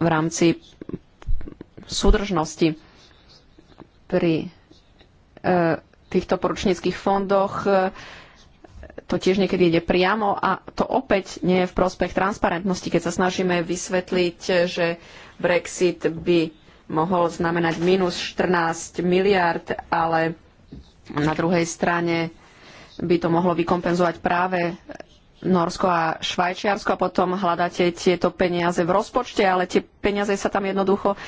v rámci súdržnosti. Pri e, týchto poručníckých fondoch to tiež niekedy ide priamo a to opäť nie je v prospech transparentnosti, keď sa snažíme vysvetliť, že Brexit by mohol znamenať minus 14 miliard, ale na druhej strane by to mohlo vykompenzovať práve Norsko a Švajčiarsko a potom hľadáte tieto peniaze v rozpočte, ale tie peniaze sa tam jednoducho e,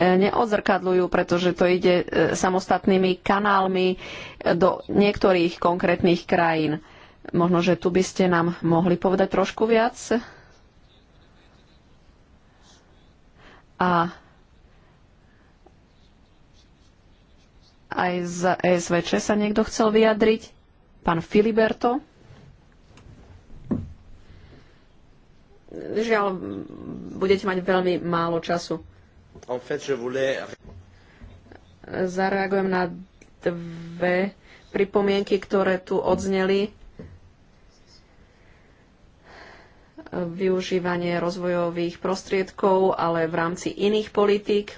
neodzrkadľujú, pretože to ide e, samostatnými kanálmi do niektorých konkrétnych krajín. Možno, že tu by ste nám mohli povedať trošku viac. A aj z ESVČ sa niekto chcel vyjadriť. Pán Filiberto. Žiaľ, budete mať veľmi málo času. En fait, je voulais... Zareagujem na dve pripomienky, ktoré tu odzneli využívanie rozvojových prostriedkov, ale v rámci iných politík.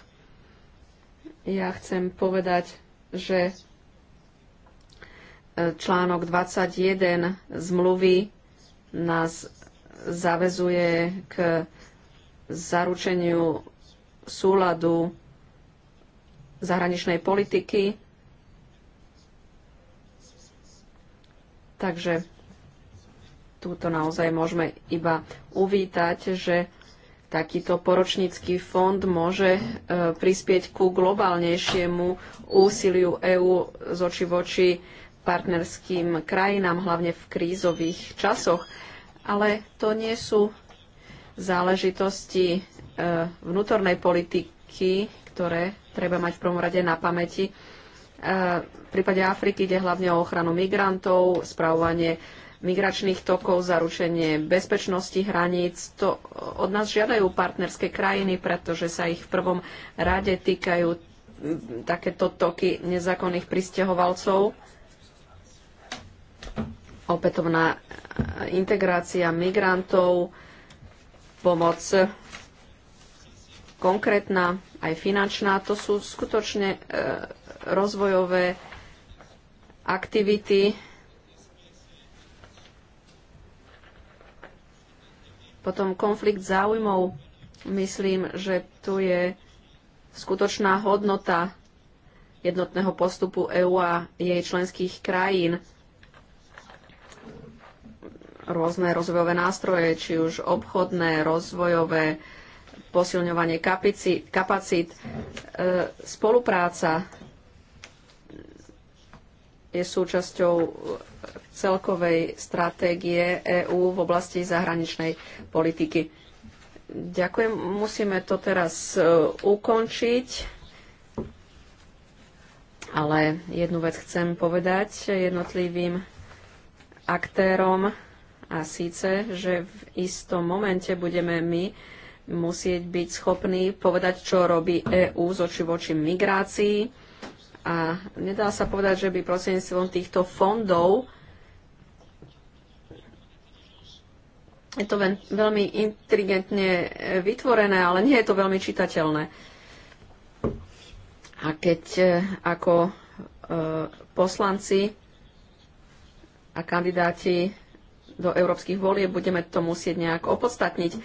Ja chcem povedať, že e, článok 21 zmluvy nás zavezuje k zaručeniu súladu zahraničnej politiky. Takže túto naozaj môžeme iba uvítať, že takýto poročnícky fond môže e, prispieť ku globálnejšiemu úsiliu EÚ z oči voči partnerským krajinám, hlavne v krízových časoch. Ale to nie sú záležitosti e, vnútornej politiky, ktoré treba mať v prvom rade na pamäti. E, v prípade Afriky ide hlavne o ochranu migrantov, spravovanie migračných tokov, zaručenie bezpečnosti hraníc. To od nás žiadajú partnerské krajiny, pretože sa ich v prvom rade týkajú mm, takéto toky nezákonných pristahovalcov. Opätovná e, integrácia migrantov, pomoc konkrétna, aj finančná, to sú skutočne e, rozvojové aktivity, Potom konflikt záujmov. Myslím, že tu je skutočná hodnota jednotného postupu EÚ a jej členských krajín. Rôzne rozvojové nástroje, či už obchodné, rozvojové, posilňovanie kapici, kapacít, e, spolupráca je súčasťou celkovej stratégie EÚ v oblasti zahraničnej politiky. Ďakujem. Musíme to teraz e, ukončiť. Ale jednu vec chcem povedať jednotlivým aktérom a síce, že v istom momente budeme my musieť byť schopní povedať, čo robí EÚ z oči voči migrácii a nedá sa povedať, že by prostredníctvom týchto fondov je to veľmi inteligentne e, vytvorené, ale nie je to veľmi čitateľné. A keď e, ako e, poslanci a kandidáti do európskych volieb budeme to musieť nejak opodstatniť,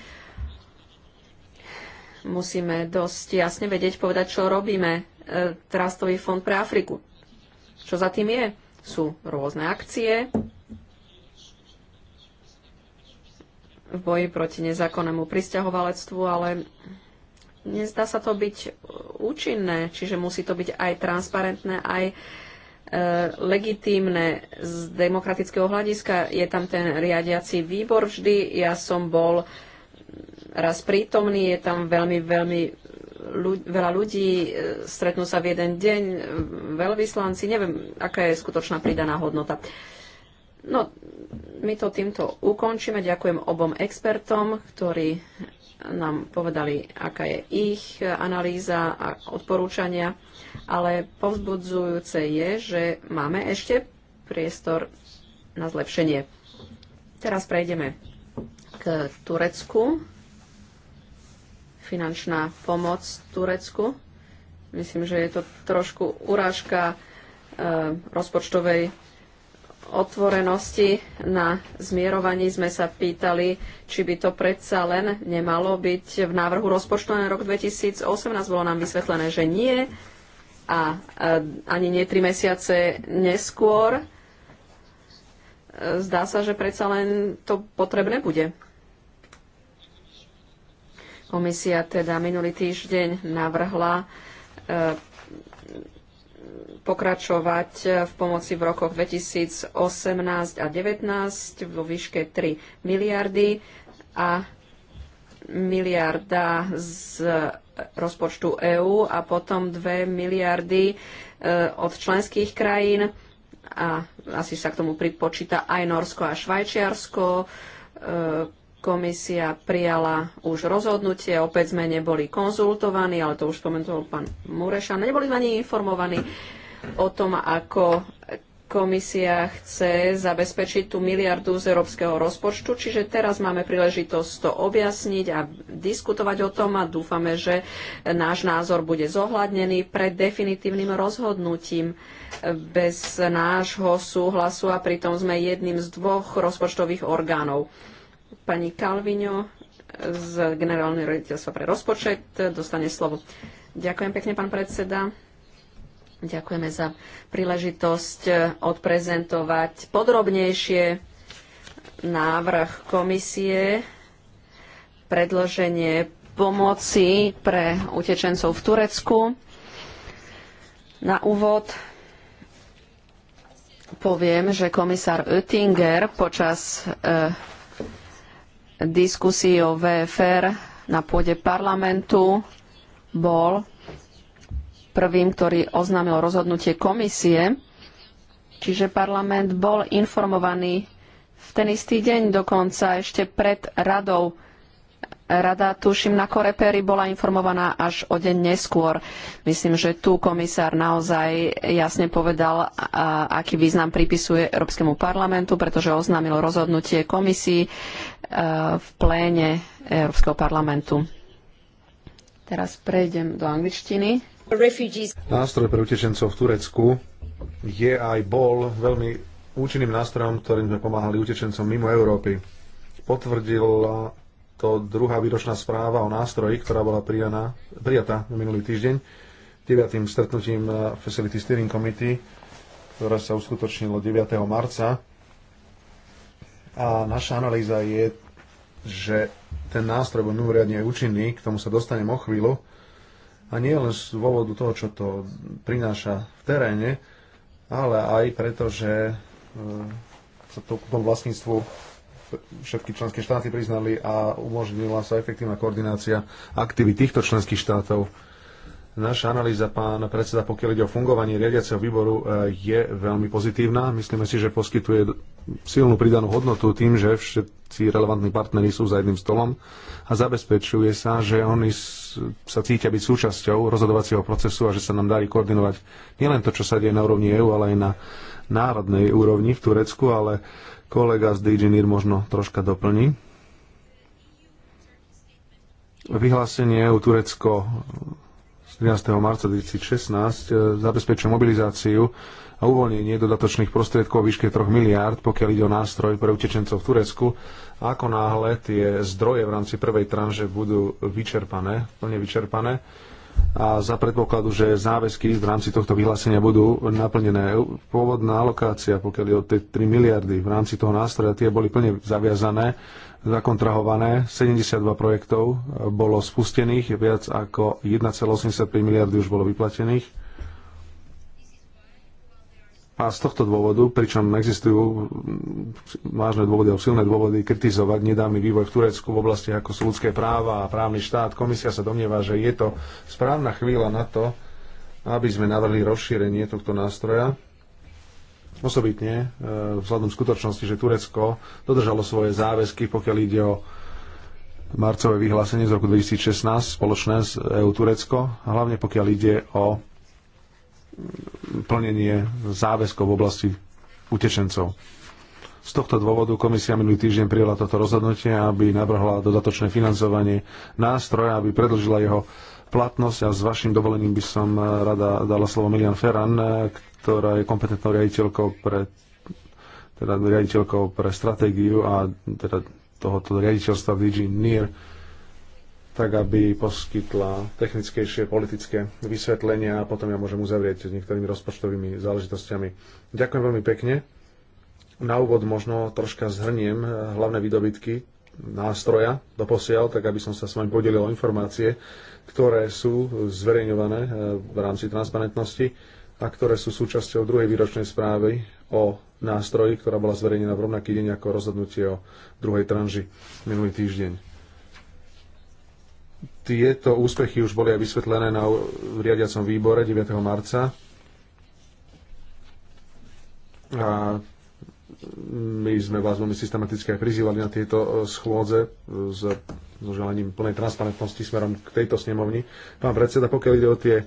musíme dosť jasne vedieť, povedať, čo robíme, E, Trastový fond pre Afriku. Čo za tým je? Sú rôzne akcie v boji proti nezákonnému pristahovalectvu, ale nezdá sa to byť účinné, čiže musí to byť aj transparentné, aj e, legitímne z demokratického hľadiska. Je tam ten riadiaci výbor vždy. Ja som bol raz prítomný, je tam veľmi, veľmi ľuď, veľa ľudí, e, stretnú sa v jeden deň, e, veľvyslanci, neviem, aká je skutočná pridaná hodnota. No, my to týmto ukončíme. Ďakujem obom expertom, ktorí nám povedali, aká je ich analýza a odporúčania, ale povzbudzujúce je, že máme ešte priestor na zlepšenie. Teraz prejdeme k Turecku finančná pomoc Turecku. Myslím, že je to trošku urážka e, rozpočtovej otvorenosti na zmierovaní sme sa pýtali, či by to predsa len nemalo byť v návrhu rozpočtu na rok 2018. Bolo nám vysvetlené, že nie a, a eh, ani nie tri mesiace neskôr. Eh, zdá sa, že predsa len to potrebné bude. Komisia teda minulý týždeň navrhla e, pokračovať v pomoci v rokoch 2018 a 2019 vo výške 3 miliardy a miliarda z rozpočtu EÚ a potom 2 miliardy e, od členských krajín a asi sa k tomu pripočíta aj Norsko a Švajčiarsko e, Komisia prijala už rozhodnutie, opäť sme neboli konzultovaní, ale to už spomenul pán Mureša, neboli sme ani informovaní o tom, ako komisia chce zabezpečiť tú miliardu z európskeho rozpočtu, čiže teraz máme príležitosť to objasniť a diskutovať o tom a dúfame, že náš názor bude zohľadnený pred definitívnym rozhodnutím bez nášho súhlasu a pritom sme jedným z dvoch rozpočtových orgánov. Pani Kalvino z Generálneho rediteľstva pre rozpočet dostane slovo. Ďakujem pekne, pán predseda. Ďakujeme za príležitosť odprezentovať podrobnejšie návrh komisie predloženie pomoci pre utečencov v Turecku. Na úvod poviem, že komisár Oettinger počas e, diskusii o VFR na pôde parlamentu bol prvým, ktorý oznámil rozhodnutie komisie. Čiže parlament bol informovaný v ten istý deň dokonca ešte pred radou Rada, tuším, na Korepery bola informovaná až o deň neskôr. Myslím, že tu komisár naozaj jasne povedal, a, aký význam pripisuje Európskemu parlamentu, pretože oznámil rozhodnutie komisii e, v pléne Európskeho parlamentu. Teraz prejdem do angličtiny. Nástroj pre utečencov v Turecku je aj bol veľmi účinným nástrojom, ktorým sme pomáhali utečencom mimo Európy. Potvrdila to druhá výročná správa o nástroji, ktorá bola prijaná, prijatá minulý týždeň 9. stretnutím Facility Steering Committee, ktoré sa uskutočnilo 9. marca. A naša analýza je, že ten nástroj bol mimoriadne účinný, k tomu sa dostanem o chvíľu, a nie len z dôvodu toho, čo to prináša v teréne, ale aj preto, že e, sa to k tomu vlastníctvu všetky členské štáty priznali a umožnila sa efektívna koordinácia aktivít týchto členských štátov. Naša analýza, pán predseda, pokiaľ ide o fungovanie riadiaceho výboru, e, je veľmi pozitívna. Myslíme si, že poskytuje silnú pridanú hodnotu tým, že všetci relevantní partnery sú za jedným stolom a zabezpečuje sa, že oni sa cítia byť súčasťou rozhodovacieho procesu a že sa nám darí koordinovať nielen to, čo sa deje na úrovni EÚ, ale aj na národnej úrovni v Turecku, ale Kolega z DGNIR možno troška doplní. Vyhlásenie EU Turecko z 13. marca 2016 e, zabezpečuje mobilizáciu a uvoľnenie dodatočných prostriedkov o výške 3 miliárd, pokiaľ ide o nástroj pre utečencov v Turecku. A ako náhle tie zdroje v rámci prvej tranže budú vyčerpané, plne vyčerpané, a za predpokladu, že záväzky v rámci tohto vyhlásenia budú naplnené. Pôvodná alokácia, pokiaľ je o tie 3 miliardy v rámci toho nástroja, tie boli plne zaviazané, zakontrahované. 72 projektov bolo spustených, viac ako 1,85 miliardy už bolo vyplatených a z tohto dôvodu, pričom existujú vážne dôvody alebo silné dôvody kritizovať nedávny vývoj v Turecku v oblasti ako sú ľudské práva a právny štát, komisia sa domnieva, že je to správna chvíľa na to, aby sme navrhli rozšírenie tohto nástroja. Osobitne e, vzhľadom skutočnosti, že Turecko dodržalo svoje záväzky, pokiaľ ide o marcové vyhlásenie z roku 2016 spoločné s EU Turecko, a hlavne pokiaľ ide o plnenie záväzkov v oblasti utečencov. Z tohto dôvodu komisia minulý týždeň prijala toto rozhodnutie, aby navrhla dodatočné financovanie nástroja, aby predlžila jeho platnosť a s vašim dovolením by som eh, rada dala slovo Milian Ferran, eh, ktorá je kompetentnou riaditeľkou pre, teda riaditeľkou pre stratégiu a teda tohoto riaditeľstva DG NIR tak aby poskytla technickejšie politické vysvetlenia a potom ja môžem uzavrieť s niektorými rozpočtovými záležitostiami. Ďakujem veľmi pekne. Na úvod možno troška zhrniem eh, hlavné výdobytky nástroja do posiaľ, tak aby som sa s vami podelil o informácie, ktoré sú zverejňované eh, v rámci transparentnosti a ktoré sú súčasťou druhej výročnej správy o nástroji, ktorá bola zverejnená v rovnaký deň ako rozhodnutie o druhej tranži minulý týždeň. Tieto úspechy už boli aj vysvetlené na riadiacom výbore 9. marca. A my sme vás veľmi systematicky aj prizývali na tieto e, schôdze e, s, so želaním plnej transparentnosti smerom k tejto snemovni. Pán predseda, pokiaľ ide o tie e,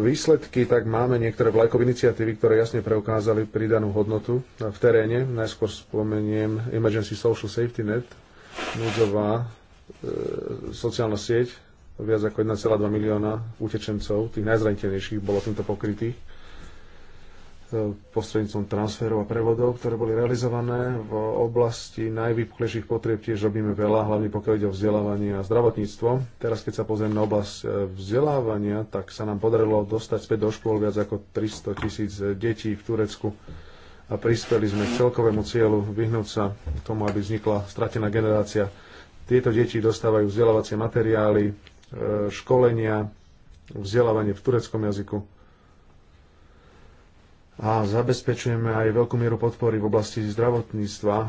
výsledky, tak máme niektoré vlajkové iniciatívy, ktoré jasne preukázali pridanú hodnotu v teréne. Najskôr spomeniem Emergency Social Safety Net, núdzová E, sociálna sieť, viac ako 1,2 milióna utečencov, tých najzraniteľnejších, bolo týmto pokrytých e, prostredníctvom transferov a prevodov, ktoré boli realizované. V oblasti najvýpuklejších potrieb tiež robíme veľa, hlavne pokiaľ ide o vzdelávanie a zdravotníctvo. Teraz, keď sa pozrieme na oblasť e, vzdelávania, tak sa nám podarilo dostať späť do škôl viac ako 300 tisíc detí v Turecku a prispeli sme k celkovému cieľu vyhnúť sa tomu, aby vznikla stratená generácia tieto deti dostávajú vzdelávacie materiály, e, školenia, vzdelávanie v tureckom jazyku. A zabezpečujeme aj veľkú mieru podpory v oblasti zdravotníctva, e,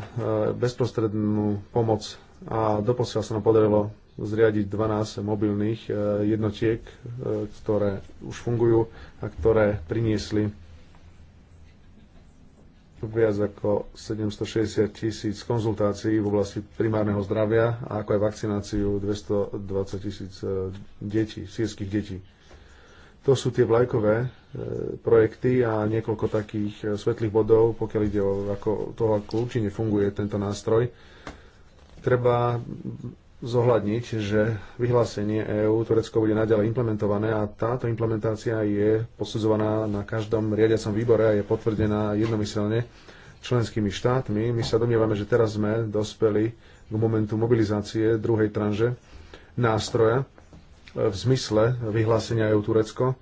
bezprostrednú pomoc a doposiaľ sa nám podarilo zriadiť 12 mobilných e, jednotiek, ktoré už fungujú a ktoré priniesli viac ako 760 tisíc konzultácií v oblasti primárneho zdravia a ako aj vakcináciu 220 tisíc e, detí, sírskych detí. To sú tie vlajkové e, projekty a niekoľko takých e, svetlých bodov, pokiaľ ide o ako, toho, ako účinne funguje tento nástroj. Treba zohľadniť, že vyhlásenie EÚ Turecko bude naďalej implementované a táto implementácia je posudzovaná na každom riadiacom výbore a je potvrdená jednomyselne členskými štátmi. My sa domnievame, že teraz sme dospeli k momentu mobilizácie druhej tranže nástroja e, v zmysle vyhlásenia EU Turecko.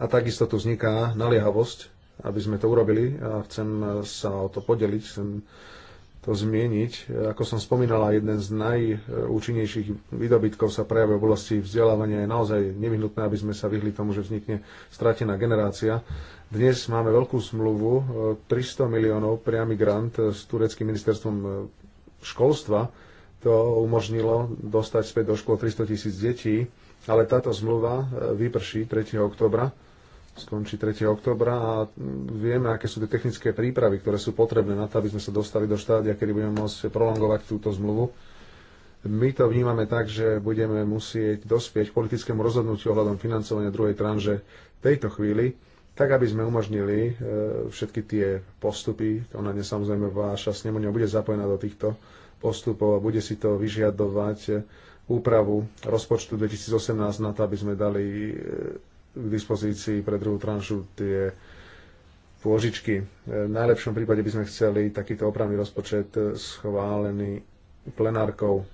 A takisto tu vzniká naliehavosť, aby sme to urobili a chcem sa o to podeliť. Chcem to zmieniť. Ako som spomínala, jeden z najúčinnejších výdobytkov sa prejavuje v oblasti vzdelávania. Je naozaj nevyhnutné, aby sme sa vyhli tomu, že vznikne stratená generácia. Dnes máme veľkú smluvu, 300 e, miliónov priamy grant s tureckým ministerstvom e, školstva. To umožnilo dostať späť do škôl 300 tisíc detí, ale táto zmluva e, vyprší 3. oktobra skončí 3. oktobra a vieme, aké sú tie technické prípravy, ktoré sú potrebné na to, aby sme sa dostali do štádia, kedy budeme môcť prolongovať túto zmluvu. My to vnímame tak, že budeme musieť dospieť k politickému rozhodnutiu ohľadom financovania druhej tranže tejto chvíli, tak aby sme umožnili e, všetky tie postupy, ona nesamozrejme váša snemovňa bude zapojená do týchto postupov a bude si to vyžiadovať e, úpravu rozpočtu 2018 na to, aby sme dali e, k dispozícii pre druhú tranšu tie pôžičky. E, v najlepšom prípade by sme chceli takýto opravný rozpočet e, schválený plenárkou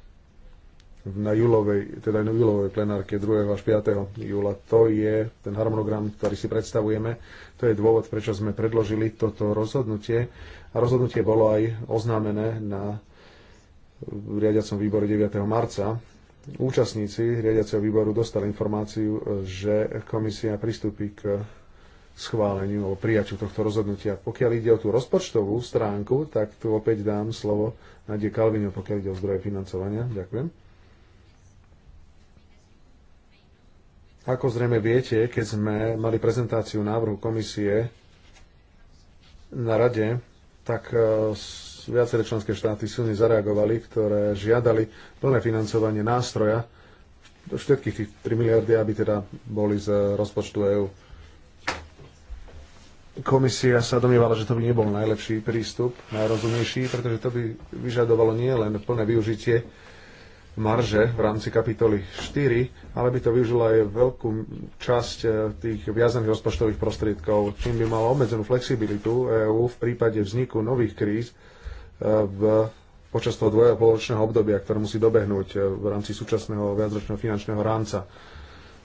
na júlovej, teda na júlovej plenárke 2. až 5. júla. To je ten harmonogram, ktorý si predstavujeme. To je dôvod, prečo sme predložili toto rozhodnutie. A rozhodnutie bolo aj oznámené na riadiacom výbore 9. marca účastníci riadiaceho výboru dostali informáciu, e, že komisia pristúpi k schváleniu alebo prijaťu tohto rozhodnutia. Pokiaľ ide o tú rozpočtovú stránku, tak tu opäť dám slovo Nadie Kalvinu, pokiaľ ide o zdroje financovania. Ďakujem. Ako zrejme viete, keď sme mali prezentáciu návrhu komisie na rade, tak e, viaceré členské štáty silne zareagovali, ktoré žiadali plné financovanie nástroja, do všetkých tých 3 miliardy, aby teda boli z rozpočtu EÚ. Komisia sa domnievala, že to by nebol najlepší prístup, najrozumnejší, pretože to by vyžadovalo nie len plné využitie marže v rámci kapitoly 4, ale by to využilo aj veľkú časť e, tých viazaných rozpočtových prostriedkov, čím by malo obmedzenú flexibilitu EÚ v prípade vzniku nových kríz, v, počas toho dvoja poločného obdobia, ktoré musí dobehnúť e, v rámci súčasného viacročného finančného rámca.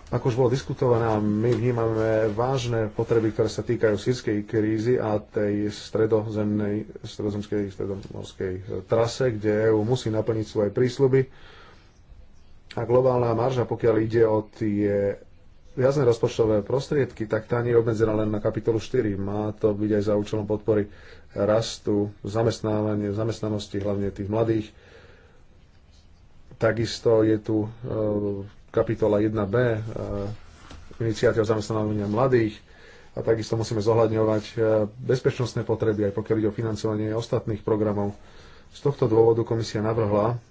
Ako už bolo diskutované, my vnímame vážne potreby, ktoré sa týkajú sírskej krízy a tej stredozemnej, stredozemskej, stredomorskej e, trase, kde EU musí naplniť svoje prísľuby. A globálna marža, pokiaľ ide o tie viazne rozpočtové prostriedky, tak tá nie je obmedzená len na kapitolu 4. Má to byť aj za účelom podpory rastu zamestnávanie, zamestnanosti hlavne tých mladých. Takisto je tu e, kapitola 1b, e, iniciatíva zamestnávania mladých a takisto musíme zohľadňovať e, bezpečnostné potreby, aj pokiaľ ide o financovanie ostatných programov. Z tohto dôvodu komisia navrhla,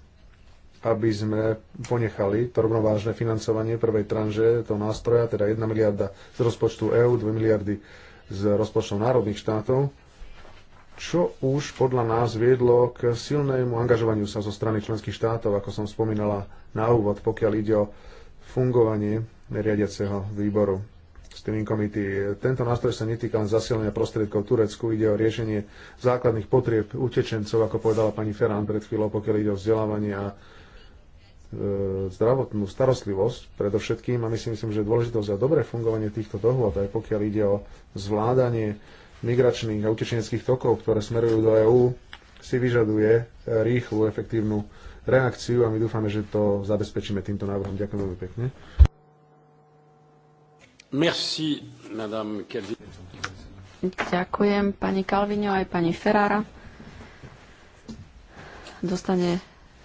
aby sme ponechali to rovnovážne financovanie prvej tranže toho nástroja, teda 1 miliarda z rozpočtu EÚ, 2 miliardy z rozpočtov národných štátov čo už podľa nás viedlo k silnému angažovaniu sa zo strany členských štátov, ako som spomínala na úvod, pokiaľ ide o fungovanie riadiaceho výboru Steering Committee. Tento nástroj sa netýka len zasilenia prostriedkov Turecku, ide o riešenie základných potrieb utečencov, ako povedala pani Ferran pred chvíľou, pokiaľ ide o vzdelávanie a e, zdravotnú starostlivosť predovšetkým a my si myslím, že dôležitosť za dobré fungovanie týchto dohôd, aj pokiaľ ide o zvládanie migračných a utečeneckých tokov, ktoré smerujú do EÚ, si vyžaduje eh, rýchlu, efektívnu reakciu a my dúfame, že to zabezpečíme týmto návrhom. Ďakujem veľmi pekne. Merci, madame Ďakujem pani Kalvino aj pani Ferrara. Dostane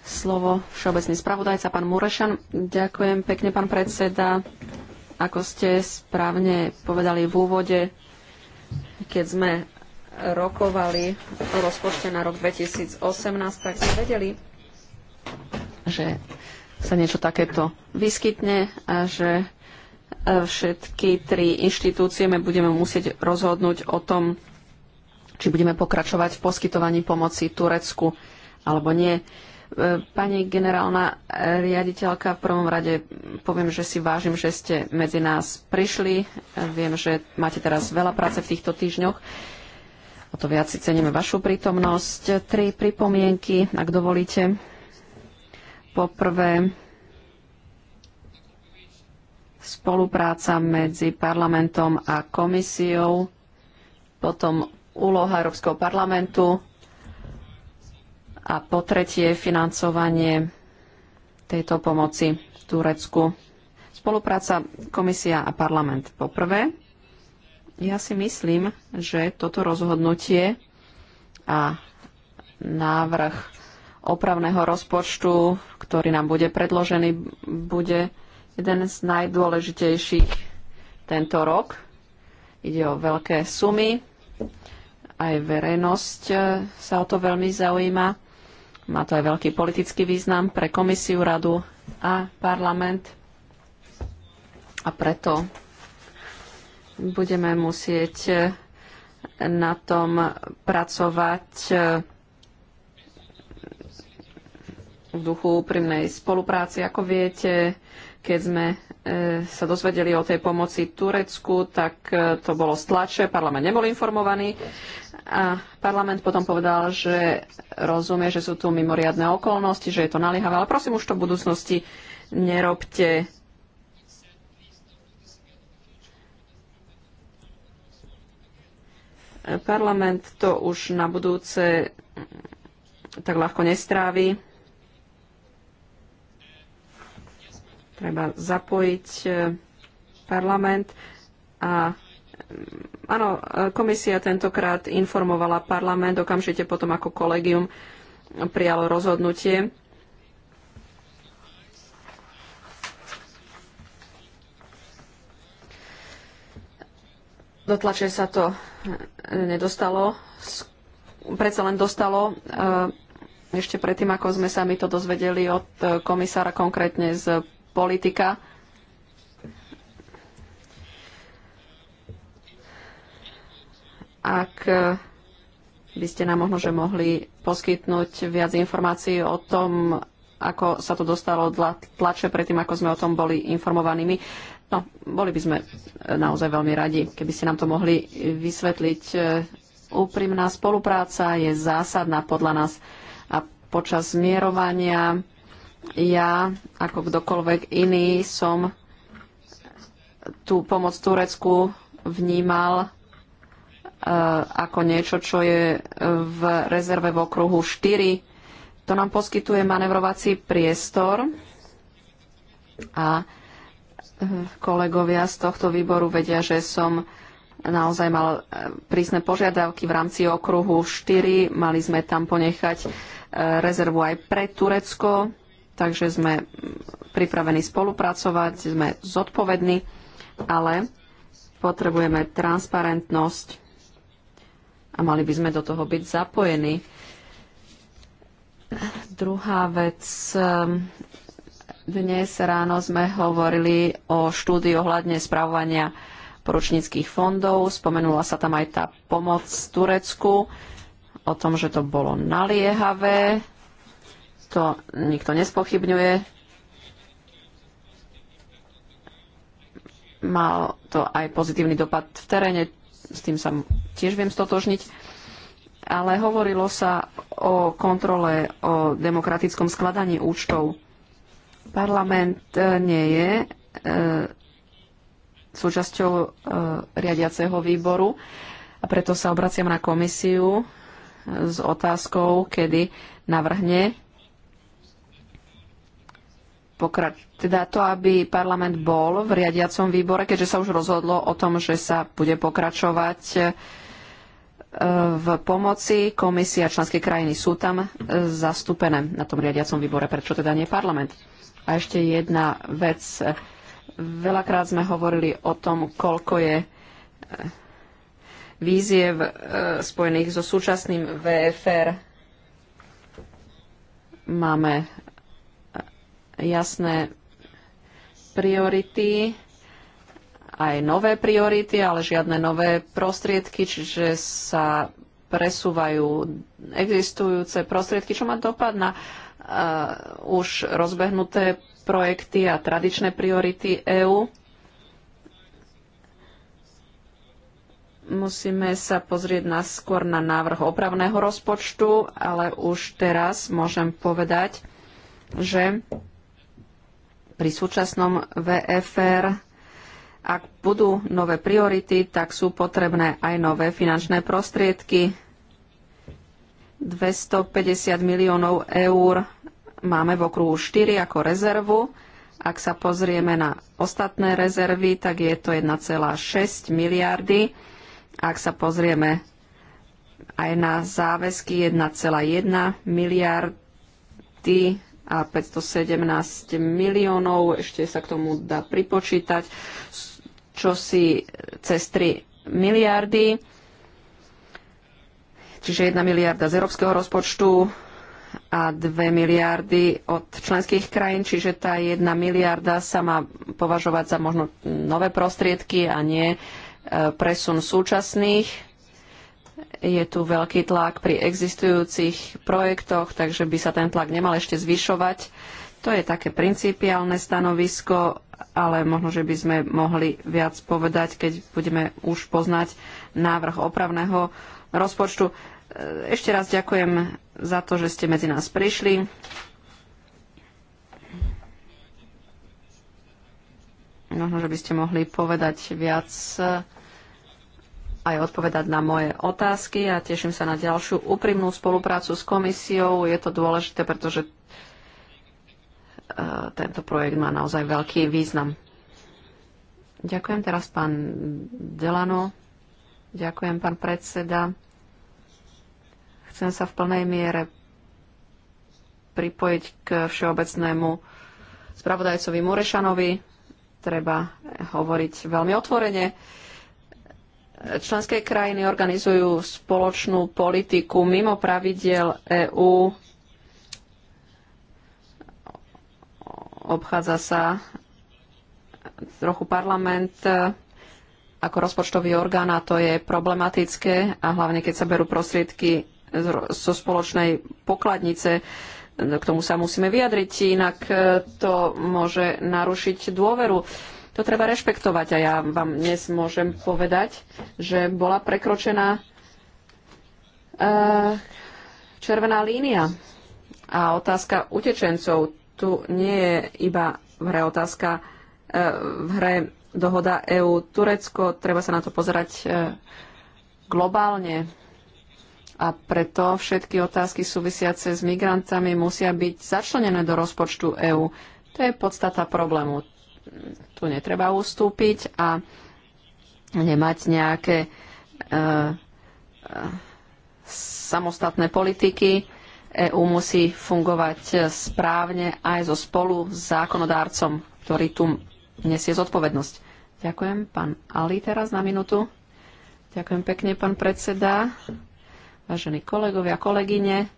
slovo všeobecný spravodajca, pán Murešan. Ďakujem pekne, pán predseda. Ako ste správne povedali v úvode, keď sme rokovali o rozpočte na rok 2018, tak sme vedeli, že sa niečo takéto vyskytne a že e, všetky tri inštitúcie my budeme musieť rozhodnúť o tom, či budeme pokračovať v poskytovaní pomoci Turecku alebo nie. Pani generálna riaditeľka, v prvom rade poviem, že si vážim, že ste medzi nás prišli. Viem, že máte teraz veľa práce v týchto týždňoch. O to viac si ceníme vašu prítomnosť. Tri pripomienky, ak dovolíte. Poprvé, spolupráca medzi parlamentom a komisiou, potom úloha Európskeho parlamentu a po tretie, financovanie tejto pomoci v Turecku. Spolupráca komisia a parlament Poprvé, Ja si myslím, že toto rozhodnutie a návrh opravného rozpočtu, ktorý nám bude predložený, bude jeden z najdôležitejších tento rok. Ide o veľké sumy, aj verejnosť eh, sa o to veľmi zaujíma. Má to aj veľký politický význam pre komisiu, radu a parlament. A preto budeme musieť na tom pracovať eh, v duchu úprimnej spolupráci. Ako viete, keď sme eh, sa dozvedeli o tej pomoci Turecku, tak eh, to bolo stlače, parlament nebol informovaný. A parlament potom povedal, že rozumie, že sú tu mimoriadne okolnosti, že je to naliehavé, ale prosím už to v budúcnosti nerobte. Parlament to už na budúce tak ľahko nestrávi. Treba zapojiť eh, parlament a áno, komisia tentokrát informovala parlament okamžite potom, ako kolegium prijalo rozhodnutie. Do tlače sa to eh, nedostalo, predsa len dostalo eh, ešte predtým, ako sme sa my to dozvedeli od eh, komisára konkrétne z politika ak e, by ste nám možno, že mohli poskytnúť viac informácií o tom, ako sa to dostalo dla tlače predtým, ako sme o tom boli informovanými. No, boli by sme naozaj veľmi radi, keby ste nám to mohli vysvetliť. E, úprimná spolupráca je zásadná podľa nás a počas mierovania ja, ako kdokoľvek iný, som tú pomoc Turecku vnímal Eh, ako niečo, čo je eh, v rezerve v okruhu 4. To nám poskytuje manevrovací priestor a eh, kolegovia z tohto výboru vedia, že som naozaj mal prísne požiadavky v rámci okruhu 4. Mali sme tam ponechať rezervu aj pre Turecko, takže sme mm, pripravení spolupracovať, sme zodpovední, ale potrebujeme transparentnosť a mali by sme do toho byť zapojení. Druhá vec. Dnes ráno sme hovorili o štúdii ohľadne správovania poručníckých fondov. Spomenula sa tam aj tá pomoc Turecku o tom, že to bolo naliehavé. To nikto nespochybňuje. Mal to aj pozitívny dopad v teréne s tým sa tiež viem stotožniť. Ale hovorilo sa o kontrole, o demokratickom skladaní účtov. Parlament e, nie je e, súčasťou e, riadiaceho výboru a preto sa obraciam na komisiu e, s otázkou, kedy navrhne pokrač- teda to, aby parlament bol v riadiacom výbore, keďže sa už rozhodlo o tom, že sa bude pokračovať e, v pomoci. Komisia členské krajiny sú tam e, zastúpené na tom riadiacom výbore, prečo teda nie parlament. A ešte jedna vec. Veľakrát sme hovorili o tom, koľko je e, víziev spojených so súčasným VFR. Máme jasné priority, aj nové priority, ale žiadne nové prostriedky, čiže sa presúvajú existujúce prostriedky, čo má dopad na uh, už rozbehnuté projekty a tradičné priority EÚ. Musíme sa pozrieť na skôr na návrh opravného rozpočtu, ale už teraz môžem povedať, že pri súčasnom VFR. Ak budú nové priority, tak sú potrebné aj nové finančné prostriedky. 250 miliónov eur máme v okruhu 4 ako rezervu. Ak sa pozrieme na ostatné rezervy, tak je to 1,6 miliardy. Ak sa pozrieme aj na záväzky 1,1 miliardy, a 517 miliónov, ešte sa k tomu dá pripočítať, čo si cez 3 miliardy, čiže 1 miliarda z európskeho rozpočtu a 2 miliardy od členských krajín, čiže tá 1 miliarda sa má považovať za možno nové prostriedky a nie e, presun súčasných je tu veľký tlak pri existujúcich projektoch, takže by sa ten tlak nemal ešte zvyšovať. To je také principiálne stanovisko, ale možno, že by sme mohli viac povedať, keď budeme už poznať návrh opravného rozpočtu. Ešte raz ďakujem za to, že ste medzi nás prišli. Možno, že by ste mohli povedať viac aj odpovedať na moje otázky a ja teším sa na ďalšiu úprimnú spoluprácu s komisiou. Je to dôležité, pretože e, tento projekt má naozaj veľký význam. Ďakujem teraz pán Delano. Ďakujem pán predseda. Chcem sa v plnej miere pripojiť k všeobecnému spravodajcovi Murešanovi. Treba hovoriť veľmi otvorene Členské krajiny organizujú spoločnú politiku mimo pravidiel EÚ. Obchádza sa trochu parlament e, ako rozpočtový orgán a to je problematické a hlavne keď sa berú prostriedky zo spoločnej pokladnice, e, k tomu sa musíme vyjadriť, inak e, to môže narušiť dôveru to treba rešpektovať. A ja vám dnes môžem povedať, že bola prekročená eh, červená línia. A otázka utečencov, tu nie je iba v hre otázka, eh, v hre dohoda EU-Turecko, treba sa na to pozerať eh, globálne. A preto všetky otázky súvisiace s migrantami musia byť začlenené do rozpočtu EÚ. To je podstata problému tu netreba ustúpiť a nemať nejaké e, e, samostatné politiky. EÚ musí fungovať správne aj so spolu s zákonodárcom, ktorý tu nesie zodpovednosť. Ďakujem. Pán Ali teraz na minútu. Ďakujem pekne, pán predseda. Vážení kolegovia, kolegyne,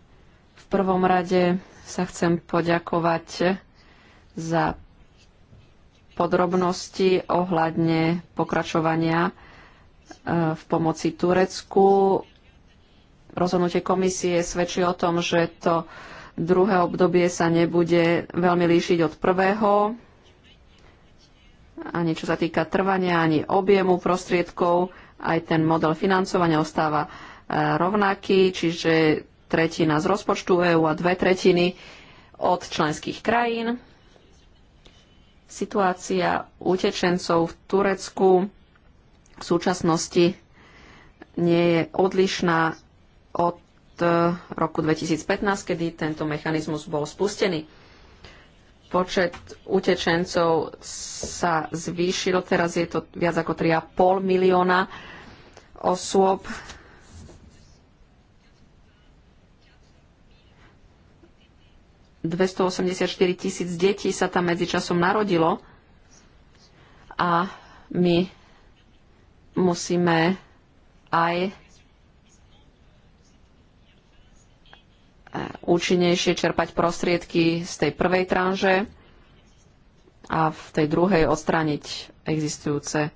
v prvom rade sa chcem poďakovať za podrobnosti ohľadne pokračovania e, v pomoci Turecku. Rozhodnutie komisie svedčí o tom, že to druhé obdobie sa nebude veľmi líšiť od prvého, ani čo sa týka trvania, ani objemu prostriedkov, aj ten model financovania ostáva e, rovnaký, čiže tretina z rozpočtu EÚ a dve tretiny od členských krajín Situácia utečencov v Turecku v súčasnosti nie je odlišná od eh, roku 2015, kedy tento mechanizmus bol spustený. Počet utečencov sa zvýšil, teraz je to viac ako 3,5 milióna osôb 284 tisíc detí sa tam medzičasom narodilo a my musíme aj e, účinnejšie čerpať prostriedky z tej prvej tranže a v tej druhej odstrániť existujúce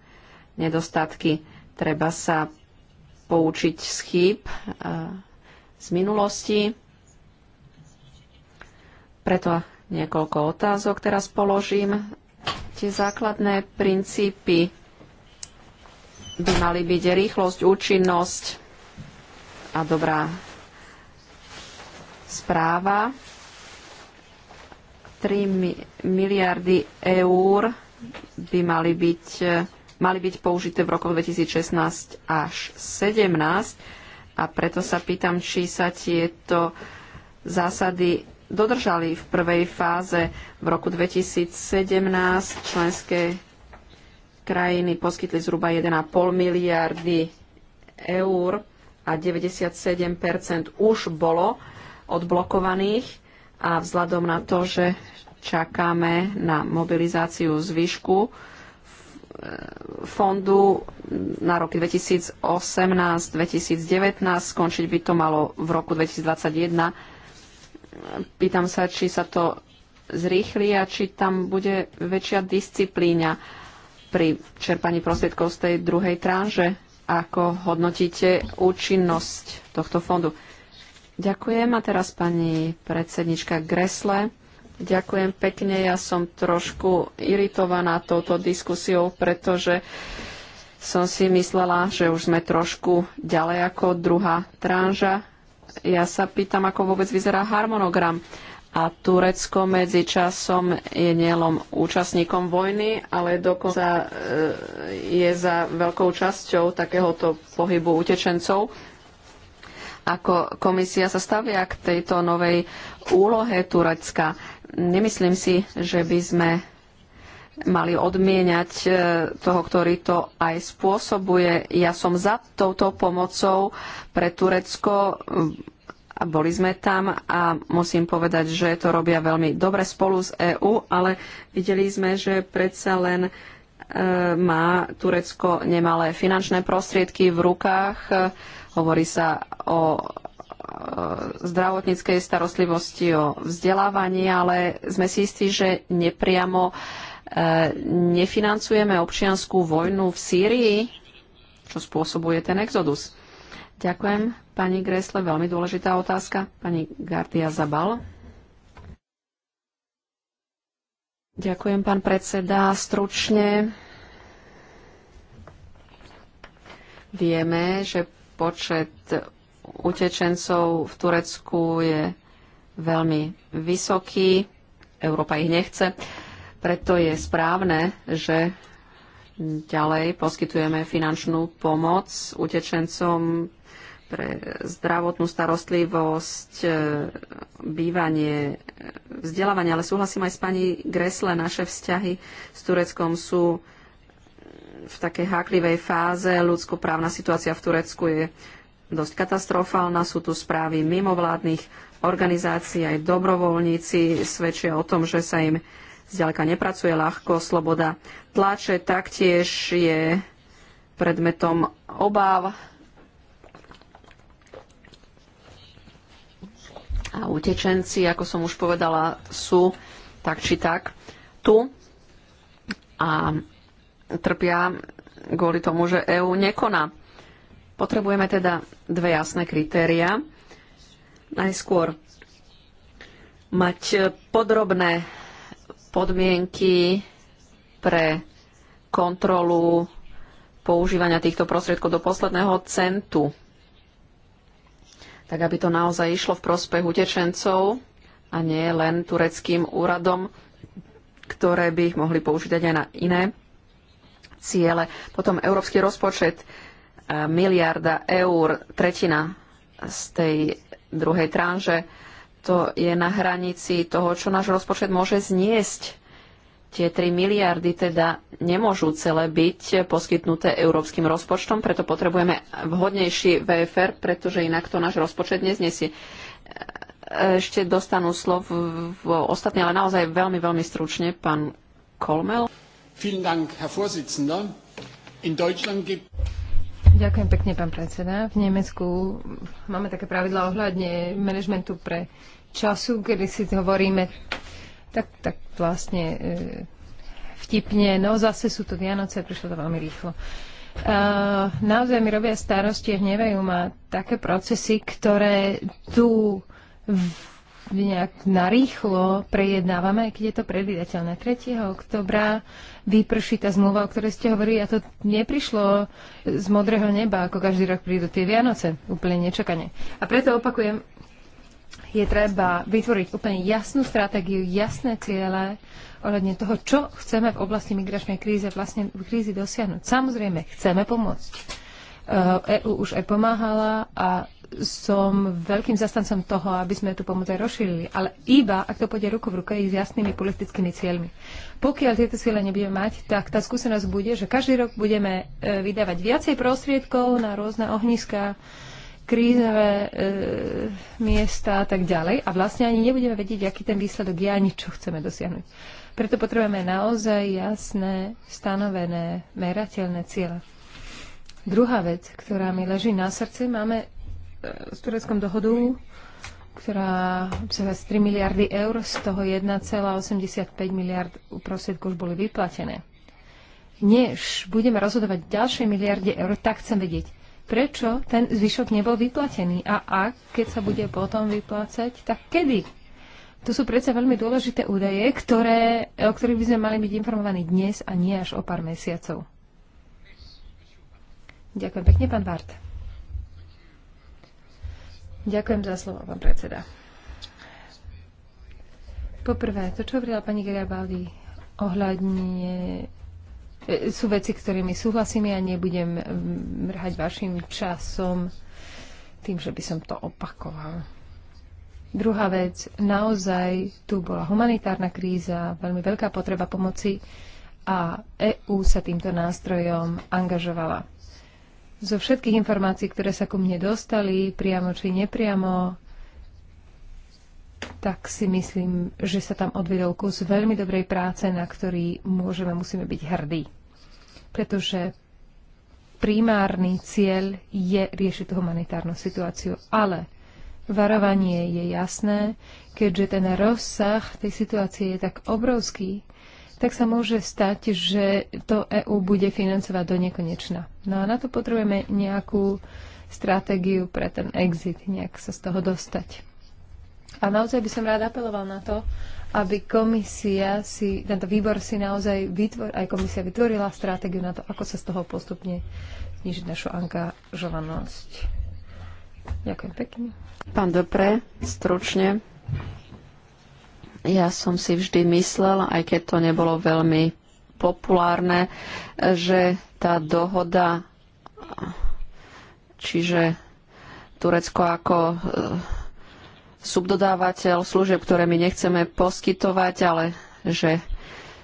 nedostatky. Treba sa poučiť z chýb e, z minulosti preto niekoľko otázok teraz položím. Tie základné princípy by mali byť rýchlosť, účinnosť a dobrá správa. 3 miliardy eur by mali byť, mali byť použité v roku 2016 až 2017 a preto sa pýtam, či sa tieto zásady dodržali v prvej fáze. V roku 2017 členské krajiny poskytli zhruba 1,5 miliardy eur a 97 už bolo odblokovaných a vzhľadom na to, že čakáme na mobilizáciu zvyšku e, fondu na roky 2018-2019, skončiť by to malo v roku 2021 Pýtam sa, či sa to zrýchli a či tam bude väčšia disciplína pri čerpaní prostriedkov z tej druhej tranže. Ako hodnotíte účinnosť tohto fondu? Ďakujem a teraz pani predsednička Gresle. Ďakujem pekne, ja som trošku iritovaná touto diskusiou, pretože som si myslela, že už sme trošku ďalej ako druhá tranža ja sa pýtam, ako vôbec vyzerá harmonogram. A Turecko medzi časom je nielom účastníkom vojny, ale dokonca e, je za veľkou časťou takéhoto pohybu utečencov. Ako komisia sa stavia k tejto novej úlohe Turecka? Nemyslím si, že by sme mali odmieňať e, toho, ktorý to aj spôsobuje. Ja som za touto pomocou pre Turecko e, a boli sme tam a musím povedať, že to robia veľmi dobre spolu s EÚ, ale videli sme, že predsa len e, má Turecko nemalé finančné prostriedky v rukách. E, hovorí sa o e, zdravotníckej starostlivosti, o vzdelávaní, ale sme si istí, že nepriamo e, E, nefinancujeme občianskú vojnu v Sýrii, čo spôsobuje ten exodus. Ďakujem, pani Gresle, veľmi dôležitá otázka. Pani Gardia Zabal. Ďakujem, pán predseda. Stručne vieme, že počet utečencov v Turecku je veľmi vysoký. Európa ich nechce. Uh, preto je správne, že ďalej poskytujeme finančnú pomoc utečencom pre zdravotnú starostlivosť, e, bývanie, vzdelávanie. Ale súhlasím aj s pani Gresle, naše vzťahy s Tureckom sú v takej háklivej fáze. Ľudskoprávna situácia v Turecku je dosť katastrofálna. Sú tu správy mimovládnych organizácií, aj dobrovoľníci svedčia o tom, že sa im zďaleka nepracuje ľahko. Sloboda tlače taktiež je predmetom obáv a utečenci, ako som už povedala, sú tak či tak tu a trpia kvôli tomu, že EÚ nekoná. Potrebujeme teda dve jasné kritéria. Najskôr mať podrobné podmienky pre kontrolu používania týchto prostriedkov do posledného centu, tak aby to naozaj išlo v prospech utečencov a nie len tureckým úradom, ktoré by ich mohli použiť aj na iné ciele. Potom európsky rozpočet e, miliarda eur, tretina z tej druhej tranže to je na hranici toho, čo náš rozpočet môže zniesť. Tie 3 miliardy teda nemôžu celé byť poskytnuté európskym rozpočtom, preto potrebujeme vhodnejší VFR, pretože inak to náš rozpočet neznesie. Ešte dostanú slov v ostatní, ale naozaj veľmi, veľmi stručne pán Kolmel. Ďakujem pekne, pán predseda. V Nemecku máme také pravidla ohľadne manažmentu pre času, kedy si hovoríme tak, tak vlastne e, vtipne, no zase sú to Vianoce, prišlo to veľmi rýchlo. e, naozaj mi robia starosti, hnevajú ma také procesy, ktoré tu v, nejak narýchlo prejednávame, keď je to predvídateľné. 3. oktobra vyprší tá zmluva, o ktorej ste hovorili a to neprišlo z modrého neba, ako každý rok prídu tie Vianoce, úplne nečakane. A preto opakujem, je treba vytvoriť úplne jasnú stratégiu, jasné ciele ohľadne toho, čo chceme v oblasti migračnej kríze vlastne v krízi dosiahnuť. Samozrejme, chceme pomôcť. EU e už aj pomáhala a som veľkým zastancom toho, aby sme tú pomoc aj rozšírili, ale iba ak to pôjde ruku v ruke s jasnými politickými cieľmi. Pokiaľ tieto cieľe nebudeme mať, tak tá skúsenosť bude, že každý rok budeme e, vydávať viacej prostriedkov na rôzne ohniska, krízové e, miesta a tak ďalej. A vlastne ani nebudeme vedieť, aký ten výsledok je, ani čo chceme dosiahnuť. Preto potrebujeme naozaj jasné, stanovené, merateľné ciele. Druhá vec, ktorá mi leží na srdci, máme e, s Tureckom dohodu, ktorá obsahuje 3 miliardy eur, z toho 1,85 miliard prostriedkov už boli vyplatené. Než budeme rozhodovať ďalšie miliardy eur, tak chcem vedieť, prečo ten zvyšok nebol vyplatený a ak, keď sa bude potom vyplácať, tak kedy? To sú predsa veľmi dôležité údaje, ktoré, o ktorých by sme mali byť informovaní dnes a nie až o pár mesiacov. Ďakujem pekne, pán Bart. Ďakujem za slovo, pán predseda. Poprvé, to, čo hovorila pani Gerabaldi ohľadne sú veci, ktorými súhlasím. Ja nebudem mm, mrhať vašim časom tým, že by som to opakoval. Druhá vec, naozaj tu bola humanitárna kríza, veľmi veľká potreba pomoci a EÚ sa týmto nástrojom angažovala. Zo všetkých informácií, ktoré sa ku mne dostali, priamo či nepriamo, tak si myslím, že sa tam odvedol kus veľmi dobrej práce, na ktorý môžeme, musíme byť hrdí pretože primárny cieľ je riešiť humanitárnu situáciu. Ale varovanie je jasné, keďže ten rozsah tej situácie je tak obrovský, tak sa môže stať, že to EÚ bude financovať do nekonečna. No a na to potrebujeme nejakú stratégiu pre ten exit, nejak sa z toho dostať. A naozaj by som rád apeloval na to, aby komisia si, tento výbor si naozaj vytvor, aj komisia vytvorila stratégiu na to, ako sa z toho postupne znižiť našu angažovanosť. Ďakujem pekne. Pán Dopre, stručne. Ja som si vždy myslel, aj keď to nebolo veľmi populárne, že tá dohoda, čiže Turecko ako subdodávateľ služieb, ktoré my nechceme poskytovať, ale že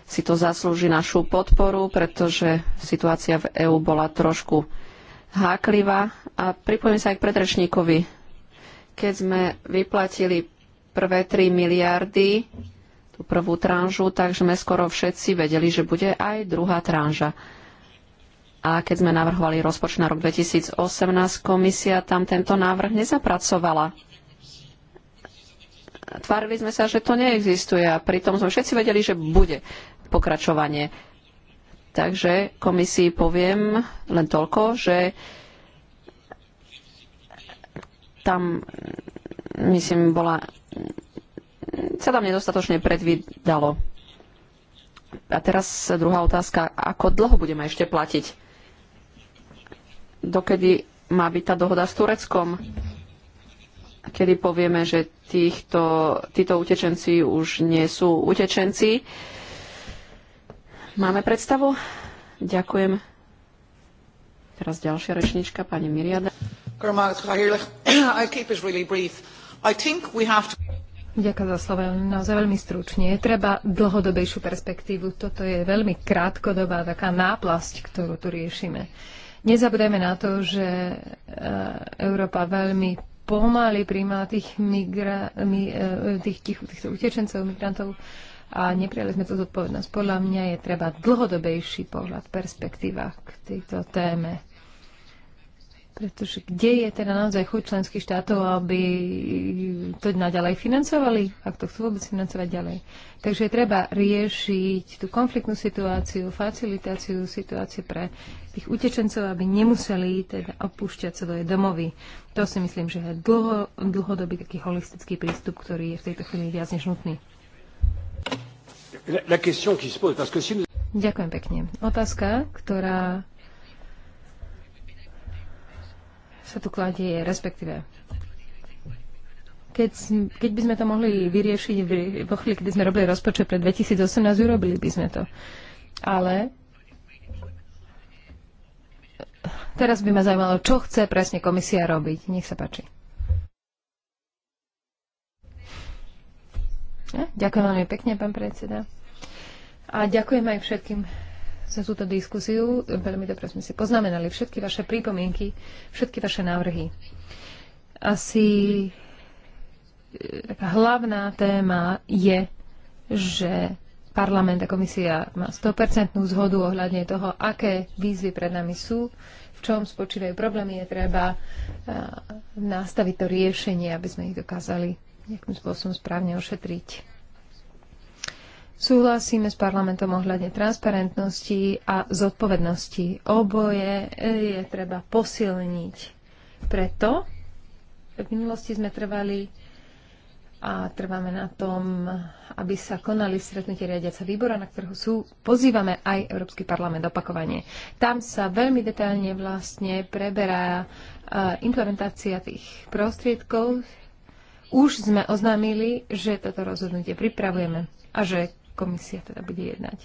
si to zaslúži našu podporu, pretože situácia v EÚ bola trošku háklivá. A pripojím sa aj k predrečníkovi. Keď sme vyplatili prvé 3 miliardy, tú prvú tranžu, tak sme skoro všetci vedeli, že bude aj druhá tranža. A keď sme navrhovali rozpočet na rok 2018, komisia tam tento návrh nezapracovala tvárili sme sa, že to neexistuje a pritom sme všetci vedeli, že bude pokračovanie. Takže komisii poviem len toľko, že tam, myslím, bola sa tam nedostatočne predvídalo. A teraz druhá otázka, ako dlho budeme ešte platiť? Dokedy má byť tá dohoda s Tureckom? kedy povieme, že týchto, títo utečenci už nie sú utečenci. Máme predstavu? Ďakujem. Teraz ďalšia rečnička, pani Miriada. Ďakujem za slovo, naozaj veľmi stručne. Treba dlhodobejšiu perspektívu. Toto je veľmi krátkodobá taká náplasť, ktorú tu riešime. Nezabudeme na to, že e, Európa veľmi pomaly príjmala tých, migra, mi, e, tých, tých, týchto utečencov, migrantov a neprijali sme to zodpovednosť. Podľa mňa je treba dlhodobejší pohľad, perspektíva k tejto téme. Pretože kde je teda naozaj chuť členských štátov, aby to naďalej financovali, ak to chcú vôbec financovať ďalej. Takže treba riešiť tú konfliktnú situáciu, facilitáciu situácie pre tých utečencov, aby nemuseli teda opúšťať svoje domovy. To si myslím, že je dlho, dlhodobý taký holistický prístup, ktorý je v tejto chvíli viac než nutný. La, la question qui se pose, parce que si... Ďakujem pekne. Otázka, ktorá sa tu kladie, respektíve keď, keď by sme to mohli vyriešiť vo chvíli, kedy sme robili rozpočet pre 2018, urobili by sme to. Ale teraz by ma zaujímalo, čo chce presne komisia robiť. Nech sa páči. Ďakujem veľmi pekne, pán predseda. A ďakujem aj všetkým za túto diskusiu. Veľmi dobre sme si poznamenali všetky vaše prípomienky, všetky vaše návrhy. Asi e, taká hlavná téma je, že parlament a komisia má 100% zhodu ohľadne toho, aké výzvy pred nami sú, v čom spočívajú problémy, je treba e, nastaviť to riešenie, aby sme ich dokázali nejakým spôsobom správne ošetriť. Súhlasíme s parlamentom ohľadne transparentnosti a zodpovednosti. Oboje e, je treba posilniť. Preto v minulosti sme trvali a trváme na tom, aby sa konali stretnutie riadiaca výbora, na ktorého sú, pozývame aj Európsky parlament opakovanie. Tam sa veľmi detailne vlastne preberá e, implementácia tých prostriedkov. Už sme oznámili, že toto rozhodnutie pripravujeme a že komisia teda bude jednať.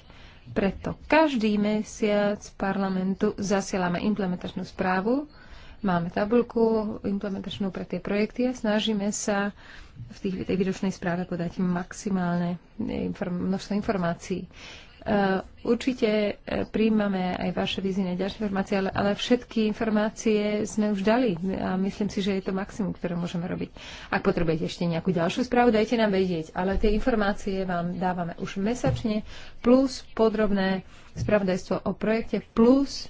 Preto každý mesiac parlamentu zasielame implementačnú správu, máme tabulku implementačnú pre tie projekty a snažíme sa v tých, tej výročnej správe podať maximálne inform, množstvo informácií. Eh, určite eh, príjmame aj vaše vízie ďalšie informácie, ale, ale všetky informácie sme už dali a myslím si, že je to maximum, ktoré môžeme robiť. Ak potrebujete ešte nejakú ďalšiu správu, dajte nám vedieť, ale tie informácie vám dávame už mesačne, plus podrobné spravodajstvo o projekte, plus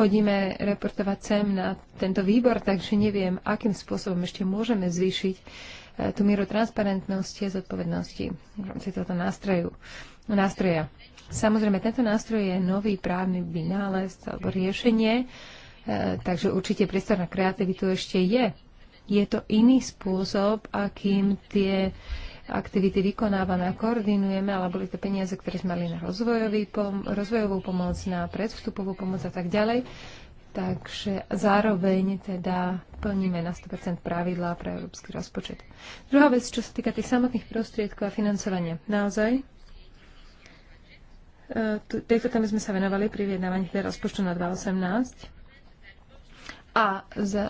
chodíme reportovať sem na tento výbor, takže neviem, akým spôsobom ešte môžeme zvýšiť eh, tú mieru transparentnosti a zodpovednosti v rámci tohto nástroju, nástroja. Samozrejme, tento nástroj je nový právny vynález alebo riešenie, e, takže určite priestor na kreativitu ešte je. Je to iný spôsob, akým tie aktivity vykonávame a koordinujeme, ale boli to peniaze, ktoré sme mali na pom- rozvojovú pomoc, na predvstupovú pomoc a tak ďalej. Takže zároveň teda plníme na 100% pravidlá pre európsky rozpočet. Druhá vec, čo sa týka tých samotných prostriedkov a financovania. Naozaj, E, tejto téme sme sa venovali pri vyjednávaní teda rozpočtu na 2018 a za,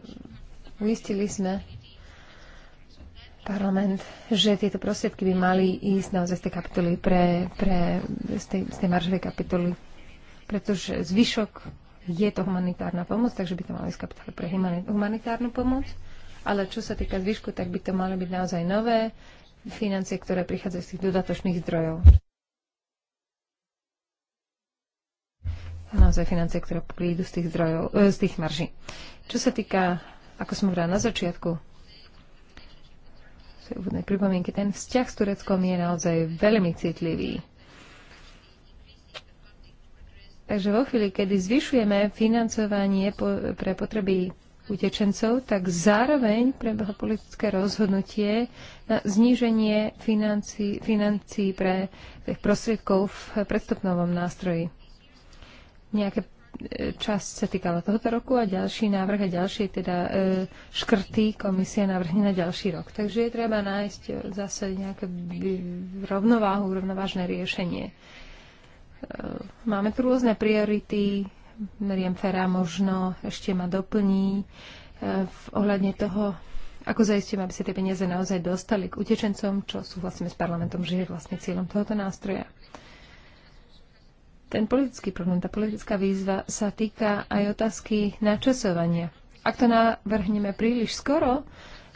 uh, uistili sme parlament, že tieto prostriedky by mali ísť naozaj z tej kapitoly pre, pre z, tej, z tej maržovej kapitoly, pretože zvyšok je to humanitárna pomoc, takže by to mali ísť kapitoly pre humanitárnu pomoc, ale čo sa týka zvyšku, tak by to mali byť naozaj nové financie, ktoré prichádzajú z tých dodatočných zdrojov. naozaj financie, ktoré prídu z tých, zdrojov, e, z tých marží. Čo sa týka, ako som hovorila na začiatku, úvodnej pripomienky, ten vzťah s Tureckom je naozaj veľmi citlivý. Takže vo chvíli, kedy zvyšujeme financovanie po, pre potreby utečencov, tak zároveň prebehlo politické rozhodnutie na zníženie financí, financí pre tých prostriedkov v predstupnovom nástroji nejaké e, časť sa týkala tohoto roku a ďalší návrh a ďalšie teda e, škrty komisia navrhne na ďalší rok. Takže je treba nájsť zase nejaké rovnováhu, rovnovážne riešenie. E, máme tu rôzne priority. Meriem Fera možno ešte ma doplní v ohľadne toho, ako zaistíme, aby sa tie peniaze naozaj dostali k utečencom, čo súhlasíme s parlamentom, že je vlastne cieľom tohoto nástroja. Ten politický problém, tá politická výzva sa týka aj otázky načasovania. Ak to navrhneme príliš skoro,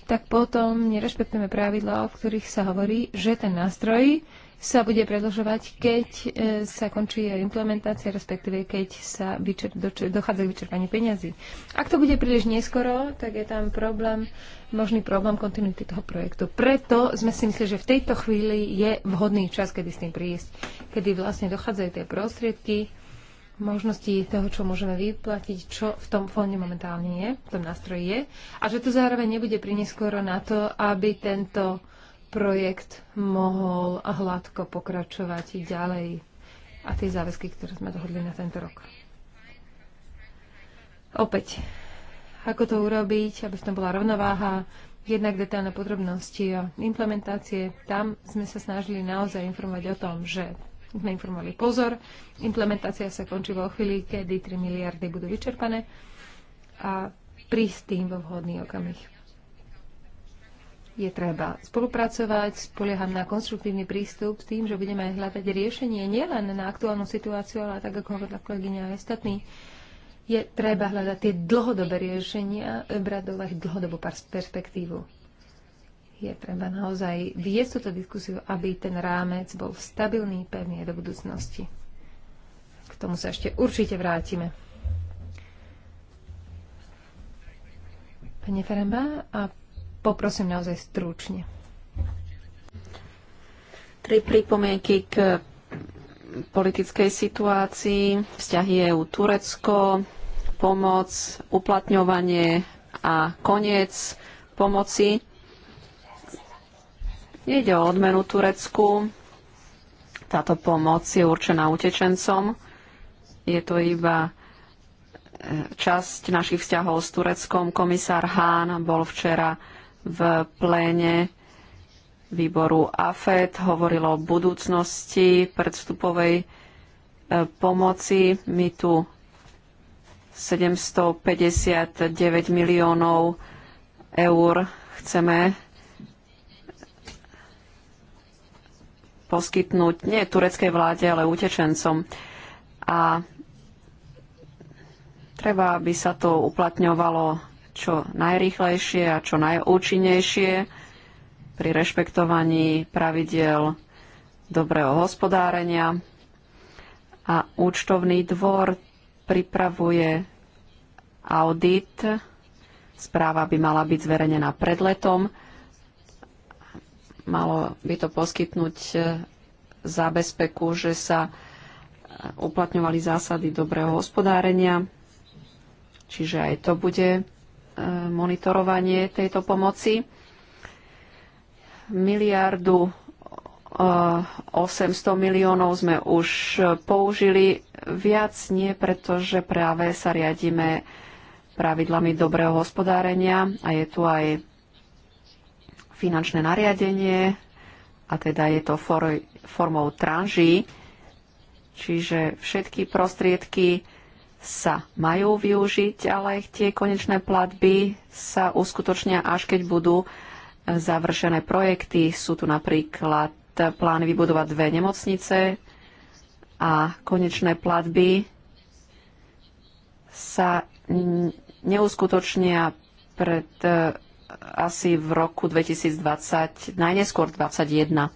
tak potom nerešpektujeme pravidlá, o ktorých sa hovorí, že ten nástroj sa bude predlžovať, keď e, sa končí implementácia, respektíve keď sa vyčer, dochádza k vyčerpaniu peniazy. Ak to bude príliš neskoro, tak je tam problém, možný problém kontinuity toho projektu. Preto sme si mysleli, že v tejto chvíli je vhodný čas, kedy s tým prísť, kedy vlastne dochádzajú tie prostriedky, možnosti toho, čo môžeme vyplatiť, čo v tom fonde momentálne je, v tom nástroji je, a že to zároveň nebude prineskoro na to, aby tento projekt mohol hladko pokračovať ďalej a tie záväzky, ktoré sme dohodli na tento rok. Opäť, ako to urobiť, aby v tom bola rovnováha, jednak detailné podrobnosti a implementácie. Tam sme sa snažili naozaj informovať o tom, že sme informovali pozor, implementácia sa končí vo chvíli, kedy 3 miliardy budú vyčerpané a prísť tým vo vhodný okamih je treba spolupracovať, spolieham na konstruktívny prístup s tým, že budeme hľadať riešenie nielen na aktuálnu situáciu, ale tak, ako hovorila kolegyňa aj ostatní, je treba hľadať tie dlhodobé riešenia, e, brať do úvahy dlhodobú perspektívu. Je treba naozaj viesť túto diskusiu, aby ten rámec bol stabilný, pevný do budúcnosti. K tomu sa ešte určite vrátime. Pani Feremba a Poprosím naozaj stručne. Tri pripomienky k politickej situácii, vzťahy EU-Turecko, pomoc, uplatňovanie a koniec pomoci. Ide o odmenu Turecku. Táto pomoc je určená utečencom. Je to iba e, časť našich vzťahov s Tureckom. Komisár Hahn bol včera v pléne výboru AFED hovorilo o budúcnosti predstupovej e, pomoci. My tu 759 miliónov eur chceme poskytnúť nie tureckej vláde, ale utečencom. A treba, aby sa to uplatňovalo čo najrýchlejšie a čo najúčinnejšie pri rešpektovaní pravidiel dobrého hospodárenia. A účtovný dvor pripravuje audit. Správa by mala byť zverejnená pred letom. Malo by to poskytnúť e, zábezpeku, že sa e, uplatňovali zásady dobrého hospodárenia. Čiže aj to bude E, monitorovanie tejto pomoci. Miliardu 800 e, miliónov sme už použili viac nie, pretože práve sa riadíme pravidlami dobrého hospodárenia a je tu aj finančné nariadenie a teda je to for, formou tranží, čiže všetky prostriedky sa majú využiť, ale tie konečné platby sa uskutočnia až keď budú e, završené projekty. Sú tu napríklad plány vybudovať dve nemocnice a konečné platby sa neuskutočnia pred e, asi v roku 2020, najneskôr 2021.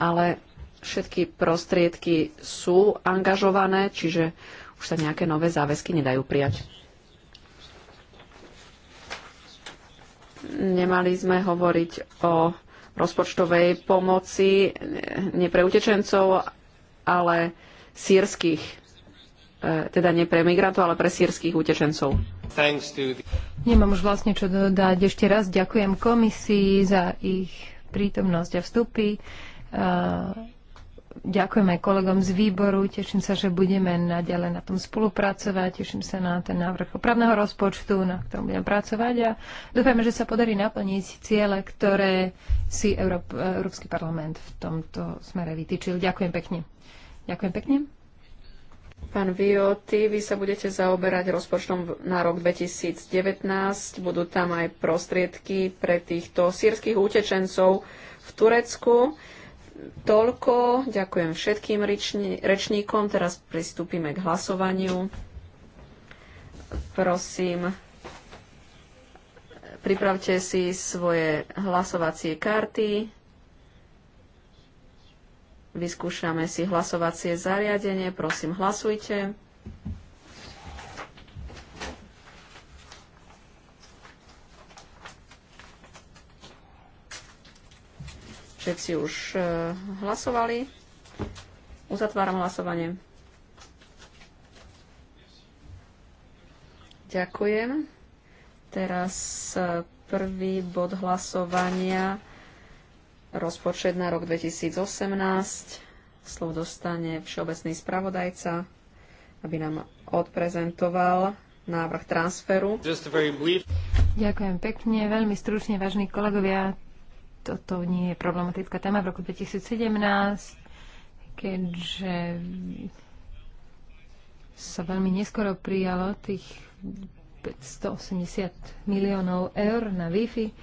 Ale všetky prostriedky sú angažované, čiže už sa nejaké nové záväzky nedajú prijať. Nemali sme hovoriť o rozpočtovej pomoci nie pre utečencov, ale sírskych, e, teda nie pre migrantov, ale pre sírskych utečencov. Nemám už vlastne čo dodať. Ešte raz ďakujem komisii za ich prítomnosť a vstupy. E, Ďakujem aj kolegom z výboru, teším sa, že budeme naďalej na tom spolupracovať, teším sa na ten návrh opravného rozpočtu, na ktorom budem pracovať a dúfame, že sa podarí naplniť ciele, ktoré si Európ- Európsky parlament v tomto smere vytýčil. Ďakujem pekne. Ďakujem pekne. Pán Vioty, vy sa budete zaoberať rozpočtom na rok 2019. Budú tam aj prostriedky pre týchto sírskych utečencov v Turecku toľko. Ďakujem všetkým rečni, rečníkom. Teraz pristúpime k hlasovaniu. Prosím, pripravte si svoje hlasovacie karty. Vyskúšame si hlasovacie zariadenie. Prosím, hlasujte. Všetci už e, hlasovali. Uzatváram hlasovanie. Ďakujem. Teraz e, prvý bod hlasovania. Rozpočet na rok 2018. Slov dostane všeobecný spravodajca, aby nám odprezentoval návrh transferu. Ďakujem pekne, veľmi stručne, vážni kolegovia toto nie je problematická téma v roku 2017, keďže sa veľmi neskoro prijalo tých 580 miliónov eur na Wi-Fi e,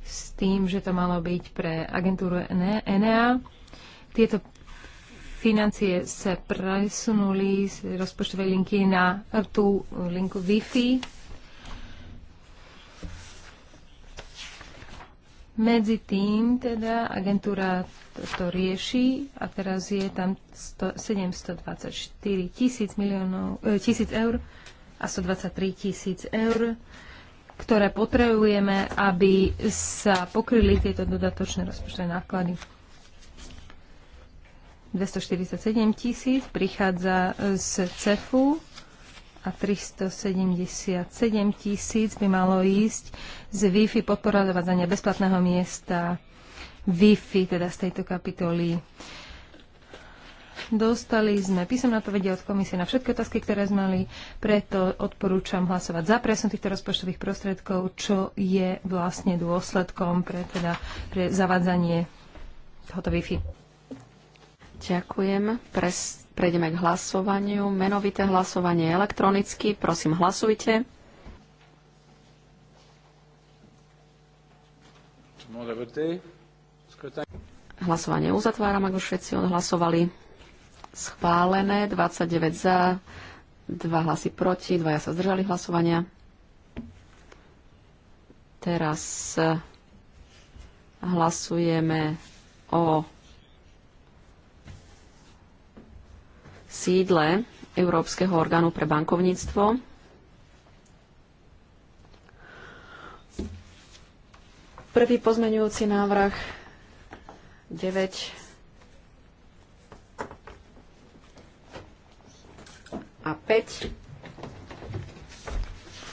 s tým, že to malo byť pre agentúru NEA. Tieto financie sa presunuli z rozpočtovej linky na tú linku Wi-Fi Medzi tým teda agentúra to, to rieši a teraz je tam 100, 724 tisíc, miliónov, e, tisíc eur a 123 tisíc eur, ktoré potrebujeme, aby sa pokryli tieto dodatočné rozpočtové náklady. 247 tisíc prichádza z CEFu a 377 tisíc by malo ísť z Wi-Fi podporovania bezplatného miesta Wi-Fi, teda z tejto kapitoly. Dostali sme písomné odpovede od komisie na všetky otázky, ktoré sme mali, preto odporúčam hlasovať za presun týchto rozpočtových prostriedkov, čo je vlastne dôsledkom pre, teda, pre zavadzanie tohoto Wi-Fi. Ďakujem. Pres, Prejdeme k hlasovaniu. Menovité hlasovanie elektronicky. Prosím, hlasujte. Hlasovanie uzatváram, ak už všetci odhlasovali. Schválené 29 za, 2 hlasy proti, 2 sa zdržali hlasovania. Teraz eh, hlasujeme o sídle Európskeho orgánu pre bankovníctvo. Prvý pozmeňujúci návrh 9 a 5.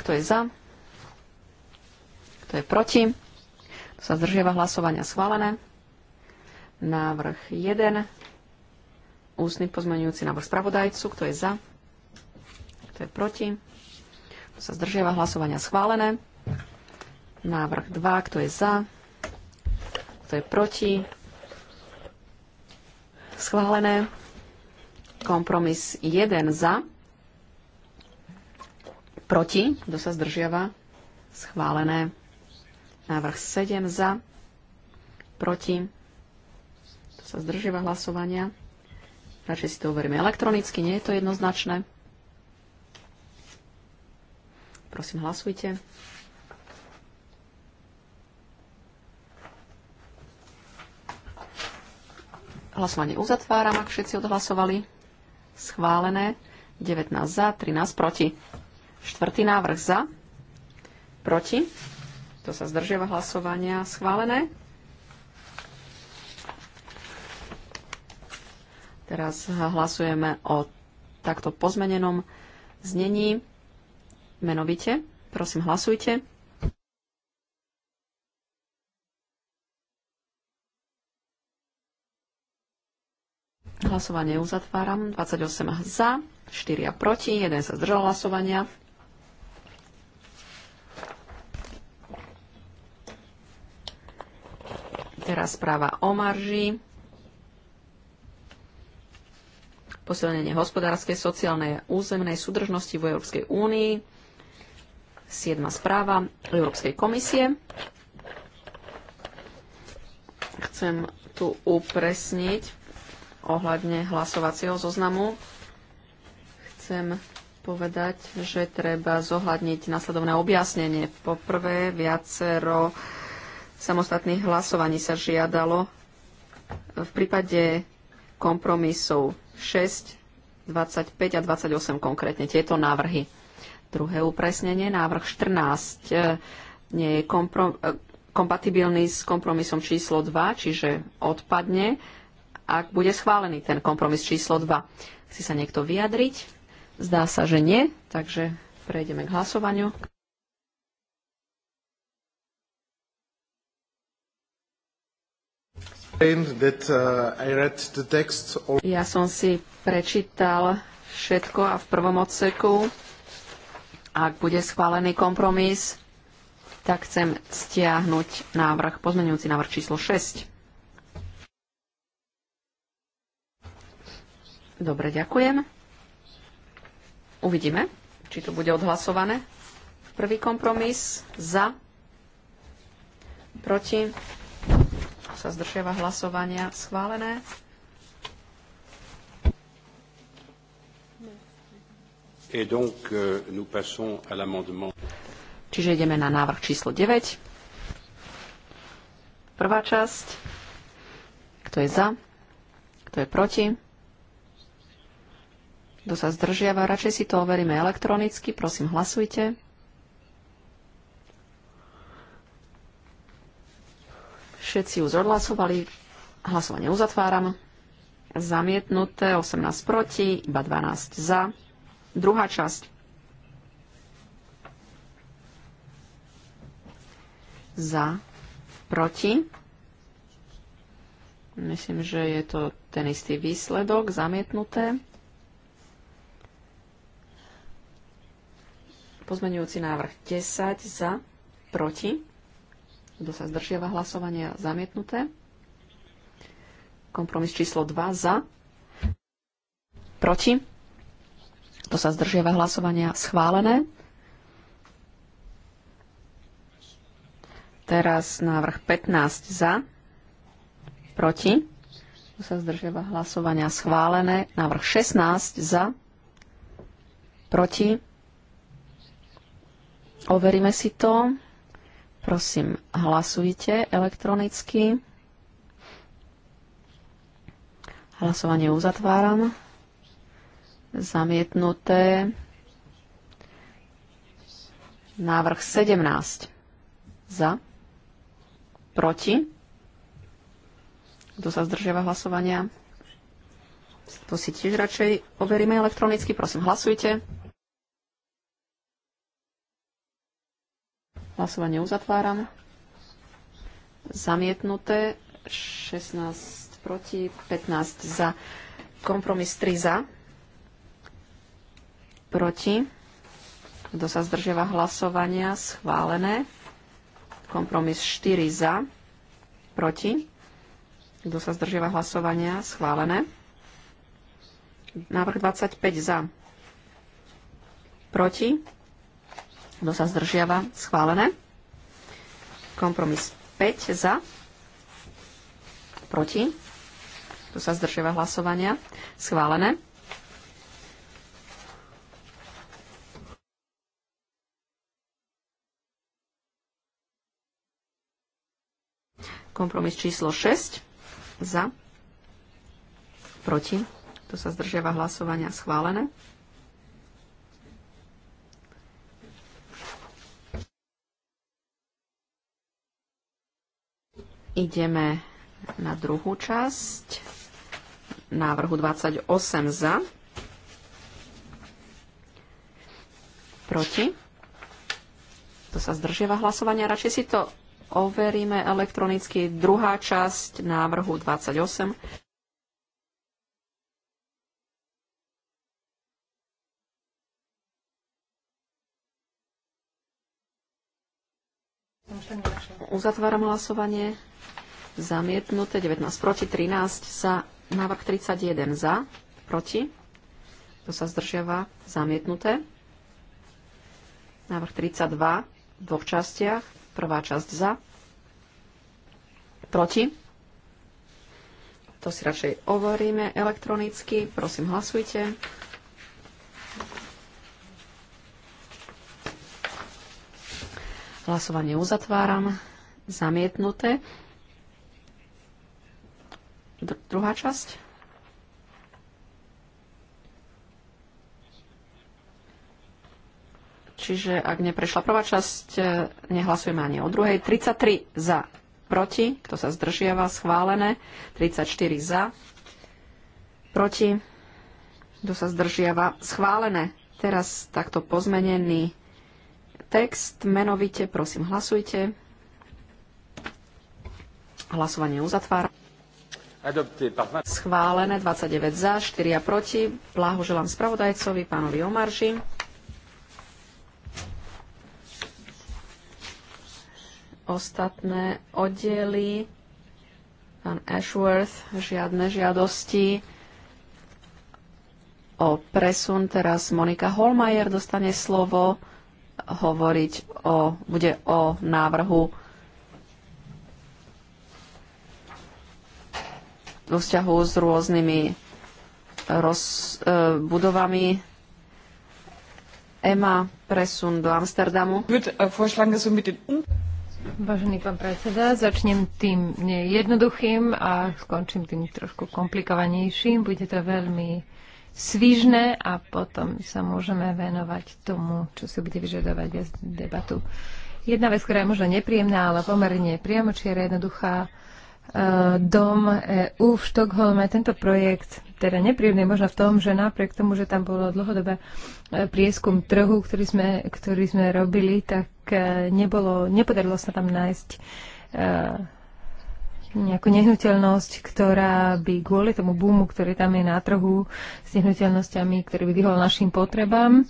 Kto je za? Kto je proti? Kto sa zdržiava hlasovania schválené? Návrh 1 ústny pozmenujúci návrh spravodajcu. Kto je za? Kto je proti? Kto sa zdržiava hlasovania schválené? Návrh 2. Kto je za? Kto je proti? Schválené. Kompromis 1 za. Proti. Kto sa zdržiava? Schválené. Návrh 7 za. Proti. Kto sa zdržiava hlasovania? Radšej si to overíme elektronicky, nie je to jednoznačné. Prosím, hlasujte. Hlasovanie uzatváram, ak všetci odhlasovali. Schválené. 19 za, 13 proti. Štvrtý návrh za, proti. To sa zdržiava hlasovania. Schválené. Teraz hlasujeme o takto pozmenenom znení. Menovite. Prosím, hlasujte. Hlasovanie uzatváram. 28 za, 4 proti, 1 sa zdržal hlasovania. Teraz správa o marži. posilnenie hospodárskej, sociálnej a územnej súdržnosti v Európskej únii. 7. správa Európskej komisie. Chcem tu upresniť ohľadne hlasovacieho zoznamu. Chcem povedať, že treba zohľadniť nasledovné objasnenie. Poprvé, viacero samostatných hlasovaní sa žiadalo v prípade kompromisov 6, 25 a 28 konkrétne tieto návrhy. Druhé upresnenie, návrh 14 e, nie je komprom- e, kompatibilný s kompromisom číslo 2, čiže odpadne, ak bude schválený ten kompromis číslo 2. Chce sa niekto vyjadriť? Zdá sa, že nie, takže prejdeme k hlasovaniu. Uh, ja som si prečítal všetko a v prvom odseku, ak bude schválený kompromis, tak chcem stiahnuť návrh, pozmenujúci návrh číslo 6. Dobre, ďakujem. Uvidíme, či to bude odhlasované. Prvý kompromis za, proti sa zdržiava hlasovania. Schválené. Et donc, euh, nous passons à l'amendement. Čiže ideme na návrh číslo 9. Prvá časť. Kto je za? Kto je proti? Kto sa zdržiava? Radšej si to overíme elektronicky. Prosím, hlasujte. Všetci už odhlasovali. Hlasovanie uzatváram. Zamietnuté 18 proti, iba 12 za. Druhá časť. Za, proti. Myslím, že je to ten istý výsledok, zamietnuté. Pozmenujúci návrh 10 za, proti. Kto sa zdržiava hlasovania? Zamietnuté. Kompromis číslo 2 za. Proti. Kto sa zdržiava hlasovania? Schválené. Teraz návrh 15 za. Proti. Kto sa zdržiava hlasovania? Schválené. Návrh 16 za. Proti. Overíme si to. Prosím, hlasujte elektronicky. Hlasovanie uzatváram. Zamietnuté. Návrh 17. Za. Proti. Kto sa zdržiava hlasovania? To si tiež radšej overíme elektronicky. Prosím, hlasujte. Hlasovanie uzatváram. Zamietnuté. 16 proti, 15 za. Kompromis 3 za. Proti. Kto sa zdržiava hlasovania? Schválené. Kompromis 4 za. Proti. Kto sa zdržiava hlasovania? Schválené. Návrh 25 za. Proti. Kto sa zdržiava? Schválené. Kompromis 5 za. Proti. Kto sa zdržiava hlasovania? Schválené. Kompromis číslo 6 za. Proti. Kto sa zdržiava hlasovania? Schválené. Ideme na druhú časť návrhu 28 za, proti. To sa zdržieva hlasovania. Radšej si to overíme elektronicky. Druhá časť návrhu 28. Uzatváram hlasovanie. Zamietnuté 19 proti 13 sa návrh 31 za, proti. To sa zdržiava zamietnuté. Návrh 32 v dvoch častiach. Prvá časť za, proti. To si radšej overíme elektronicky. Prosím, hlasujte. Hlasovanie uzatváram zamietnuté. Druhá časť. Čiže ak neprešla prvá časť, eh, nehlasujeme ani o druhej. 33 za, proti, kto sa zdržiava, schválené. 34 za, proti, kto sa zdržiava, schválené. Teraz takto pozmenený text, menovite, prosím, hlasujte. Hlasovanie uzatvára. Schválené 29 za, 4 a proti. Blahoželám spravodajcovi, pánovi Omarži. Ostatné oddiely. Pán Ashworth, žiadne žiadosti o presun. Teraz Monika Holmajer dostane slovo hovoriť o, bude o návrhu vo vzťahu s rôznymi roz, e, budovami. EMA presun do Amsterdamu. Äh, um- Vážený pán predseda, začnem tým jednoduchým a skončím tým trošku komplikovanejším. Bude to veľmi svižné a potom sa môžeme venovať tomu, čo si bude vyžadovať viac debatu. Jedna vec, ktorá je možno nepríjemná, ale pomerne priamočiera jednoduchá, Eh, Dom EU v Štokholme. Tento projekt teda nepríjemný možno v tom, že napriek tomu, že tam bolo dlhodobé eh, prieskum trhu, ktorý sme, ktorý sme robili, tak eh, nebolo, nepodarilo sa tam nájsť nejakú nehnuteľnosť, ktorá by kvôli tomu boomu, ktorý tam je na trhu s nehnuteľnosťami, ktorý by vyhol našim potrebám,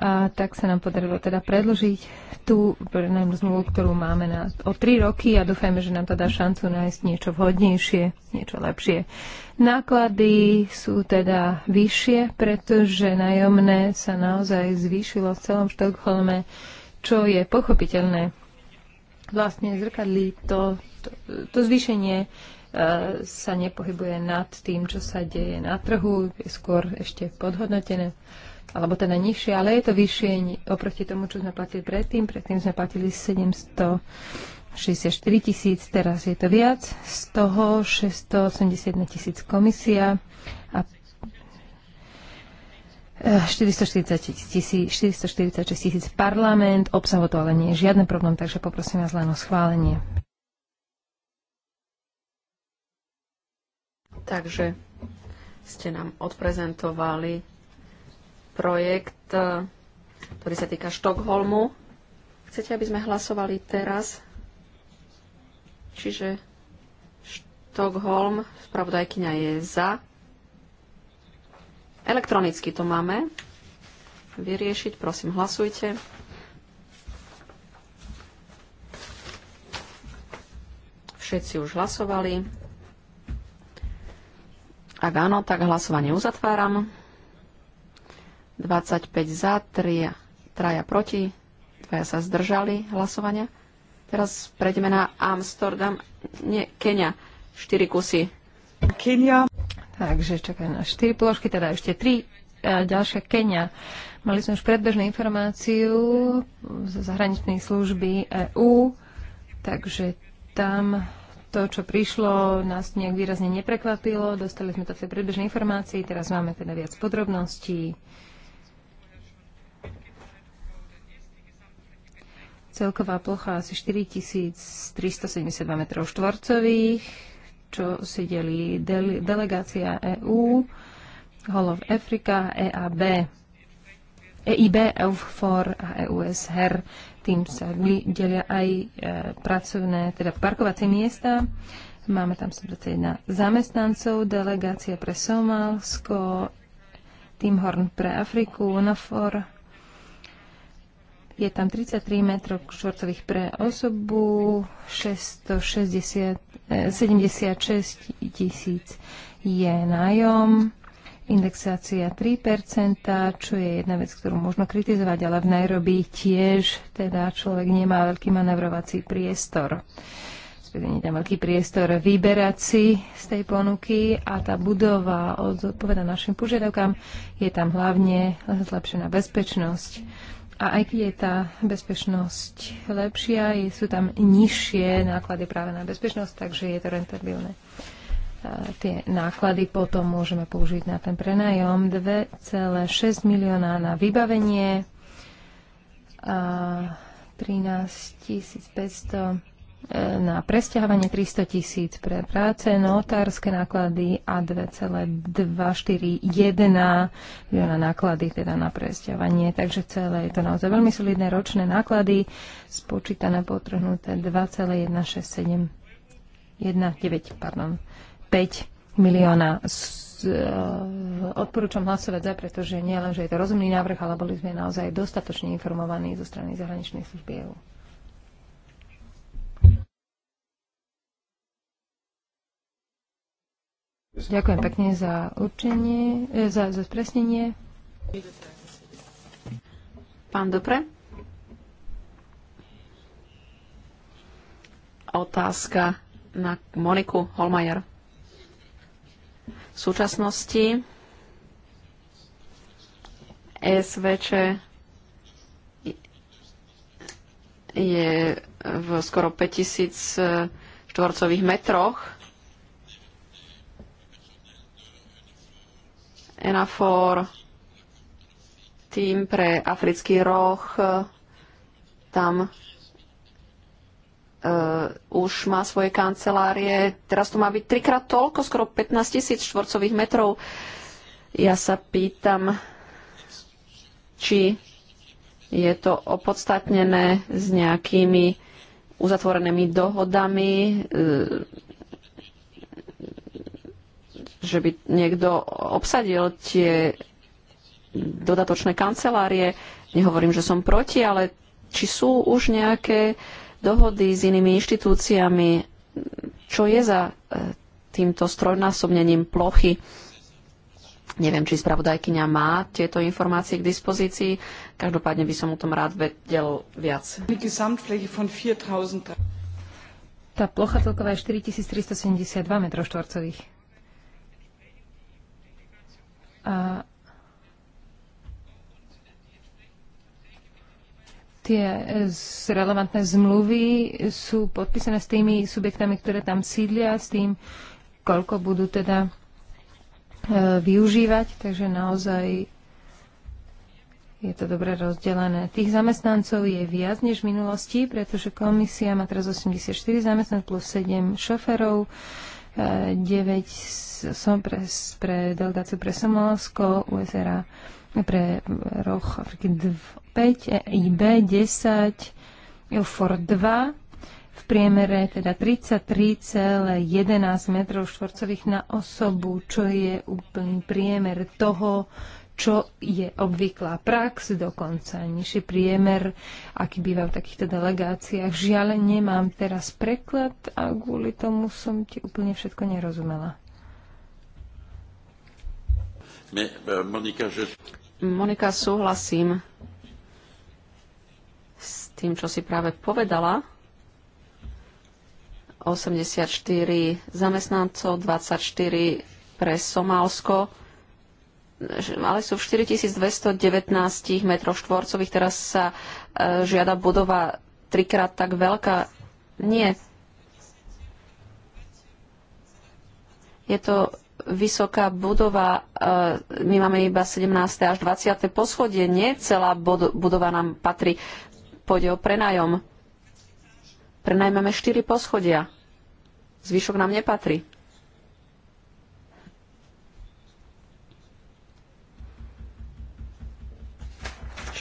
a tak sa nám podarilo teda predložiť tú prenajmú zmluvu, ktorú máme na, o tri roky a dúfajme, že nám to dá šancu nájsť niečo vhodnejšie, niečo lepšie. Náklady sú teda vyššie, pretože nájomné sa naozaj zvýšilo v celom Štokholme, čo je pochopiteľné. Vlastne zrkadlí to, to, to zvýšenie e, sa nepohybuje nad tým, čo sa deje na trhu, je skôr ešte podhodnotené. Uh, alebo teda nižšie, ale je to vyššie oproti tomu, čo sme platili predtým. Predtým sme platili 764 tisíc, teraz je to viac. Z toho 681 tisíc komisia a 446 e, tisíc parlament, obsahu to ale nie je žiadny problém, takže poprosím vás len o schválenie. Takže ste nám odprezentovali projekt, e, ktorý sa týka Štokholmu. Chcete, aby sme hlasovali teraz? Čiže Štokholm, spravodajkyňa je za. Elektronicky to máme vyriešiť. Prosím, hlasujte. Všetci už hlasovali. Ak áno, tak hlasovanie uzatváram. 25 za, 3, 3 proti, 2 sa zdržali hlasovania. Teraz prejdeme na Amsterdam, nie, Kenia, 4 kusy. Kenia. Takže čakajú na 4 položky, teda ešte 3. A e, ďalšia Kenia. Mali sme už predbežnú informáciu zo zahraničnej služby EÚ, takže tam to, čo prišlo, nás nejak výrazne neprekvapilo. Dostali sme to v tej predbežnej informácii, teraz máme teda viac podrobností. Celková plocha asi 4372 m štvorcových, čo si delí dele- delegácia EU, Hall of Africa, EAB, EIB, EUFOR a EUS e e HER. Tým sa delia aj e, pracovné, teda parkovacie miesta. Máme tam 121 zamestnancov, delegácia pre Somálsko, tým Horn pre Afriku, UNAFOR, je tam 33 metrov štvorcových pre osobu, 660, 76 e, tisíc je nájom, indexácia 3%, čo je jedna vec, ktorú možno kritizovať, ale v Nairobi tiež teda človek nemá veľký manevrovací priestor nie tam veľký priestor vyberať si z tej ponuky a tá budova odpoveda našim požiadavkám. Je tam hlavne zlepšená bezpečnosť a aj keď je tá bezpečnosť lepšia, sú tam nižšie náklady práve na bezpečnosť, takže je to rentabilné. A tie náklady potom môžeme použiť na ten prenájom 2,6 milióna na vybavenie a 13 500 na presťahovanie 300 tisíc pre práce, notárske náklady a 2,241 milióna náklady teda na presťahovanie. Takže celé je to naozaj veľmi solidné ročné náklady, spočítané potrhnuté 2,167 1,9, pardon, 5 milióna e, odporúčam hlasovať za, pretože nie len, že je to rozumný návrh, ale boli sme naozaj dostatočne informovaní zo strany zahraničných služieb. Ďakujem pekne za určenie, eh, za, za spresnenie. Pán Dopre? Otázka na Moniku Holmajer. V súčasnosti SVČ je v skoro 5000 eh, štvorcových metroch ENAFOR, tým pre africký roh, tam uh, už má svoje kancelárie. Teraz to má byť trikrát toľko, skoro 15 tisíc štvorcových metrov. Ja sa pýtam, či je to opodstatnené s nejakými uzatvorenými dohodami, uh, že by niekto obsadil tie dodatočné kancelárie. Nehovorím, že som proti, ale či sú už nejaké dohody s inými inštitúciami, čo je za e, týmto strojnásobnením plochy. Neviem, či spravodajkyňa má tieto informácie k dispozícii. Každopádne by som o tom rád vedel viac. Tá plocha celková je 4372 m štvorcových. A tie relevantné zmluvy sú podpísané s tými subjektami, ktoré tam sídlia, s tým, koľko budú teda e, využívať, takže naozaj je to dobre rozdelené. Tých zamestnancov je viac než v minulosti, pretože komisia má teraz 84 zamestnancov plus 7 šoferov. 9 som pre, pre delegáciu pre Somálsko, USRA pre roh Afriky 5, IB 10, EUFOR 2, v priemere teda 33,11 m štvorcových na osobu, čo je úplný priemer toho, čo je obvyklá prax, dokonca nižší priemer, aký býva v takýchto delegáciách. Žiaľ, nemám teraz preklad a kvôli tomu som ti úplne všetko nerozumela. E, Monika, že... Monika, súhlasím s tým, čo si práve povedala. 84 zamestnancov, 24 pre Somálsko ale sú v 4219 metrov štvorcových. Teraz sa e, žiada budova trikrát tak veľká. Nie. Je to vysoká budova, e, my máme iba 17. až 20. poschodie, nie celá budova nám patrí. Pôjde o prenajom. Prenajmeme 4 poschodia. Zvyšok nám nepatrí.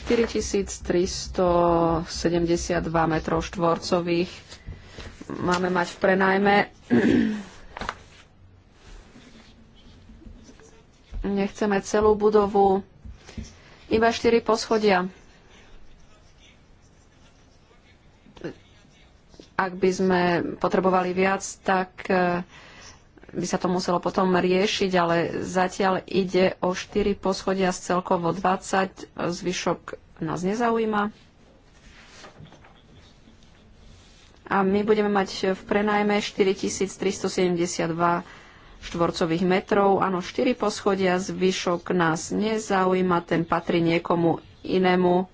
4372 metrov štvorcových máme mať v prenajme. Nechceme celú budovu, iba 4 poschodia. Ak by sme potrebovali viac, tak eh, by sa to muselo potom riešiť, ale zatiaľ ide o 4 poschodia z celkovo 20, e, zvyšok nás nezaujíma. A my budeme mať v prenajme 4372 štvorcových metrov. Áno, 4 poschodia, zvyšok nás nezaujíma, ten patrí niekomu inému.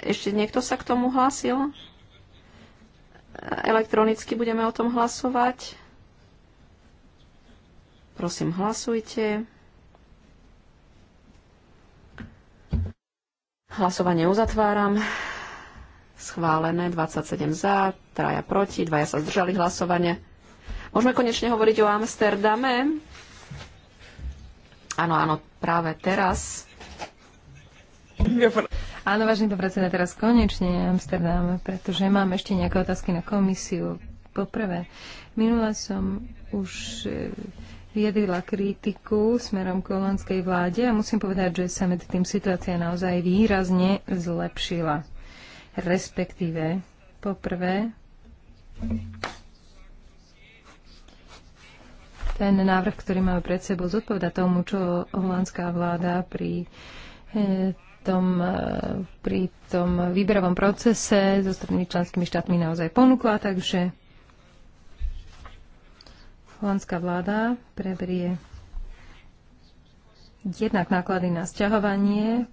Ešte niekto sa k tomu hlásil? Elektronicky budeme o tom hlasovať. Prosím, hlasujte. Hlasovanie uzatváram. Schválené 27 za, 3 proti, 2 sa zdržali hlasovania. Môžeme konečne hovoriť o Amsterdame? Áno, áno, práve teraz. Áno, vážne to predseda, teraz konečne Amsterdam, pretože mám ešte nejaké otázky na komisiu. Poprvé, minula som už eh, viedila kritiku smerom k holandskej vláde a musím povedať, že sa medzi tým situácia naozaj výrazne zlepšila. Respektíve, poprvé, ten návrh, ktorý máme pred sebou, zodpoveda tomu, čo holandská vláda pri eh, tom, eh, pri tom výberovom procese so strany členskými štátmi naozaj ponúkla, takže holandská vláda preberie jednak náklady na sťahovanie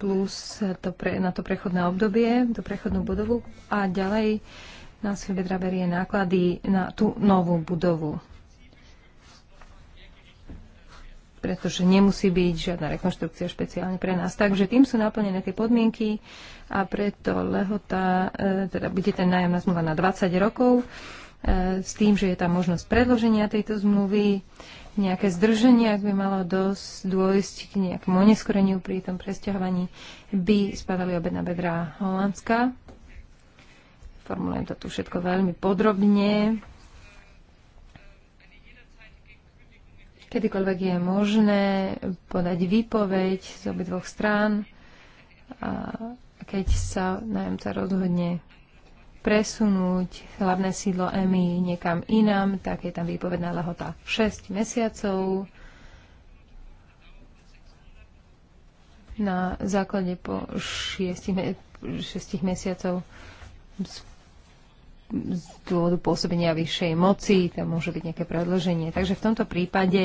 plus to pre, na to prechodné obdobie, tú prechodnú budovu a ďalej nás Fibedra berie náklady na tú novú budovu. pretože nemusí byť žiadna rekonštrukcia špeciálne pre nás. Takže tým sú naplnené tie podmienky a preto lehota, e, teda bude ten nájomná zmluva na 20 rokov E, s tým, že je tam možnosť predloženia tejto zmluvy, nejaké zdrženie, ak by malo dosť dôjsť k nejakému oneskoreniu pri tom presťahovaní, by spadali obe na bedrá Holandska. Formulujem to tu všetko veľmi podrobne. Kedykoľvek je možné podať výpoveď z obidvoch strán, a keď sa nájomca rozhodne presunúť hlavné sídlo EMI niekam inám, tak je tam výpovedná lehota 6 mesiacov. Na základe po 6 mesiacov z dôvodu pôsobenia vyššej moci, tam môže byť nejaké predloženie. Takže v tomto prípade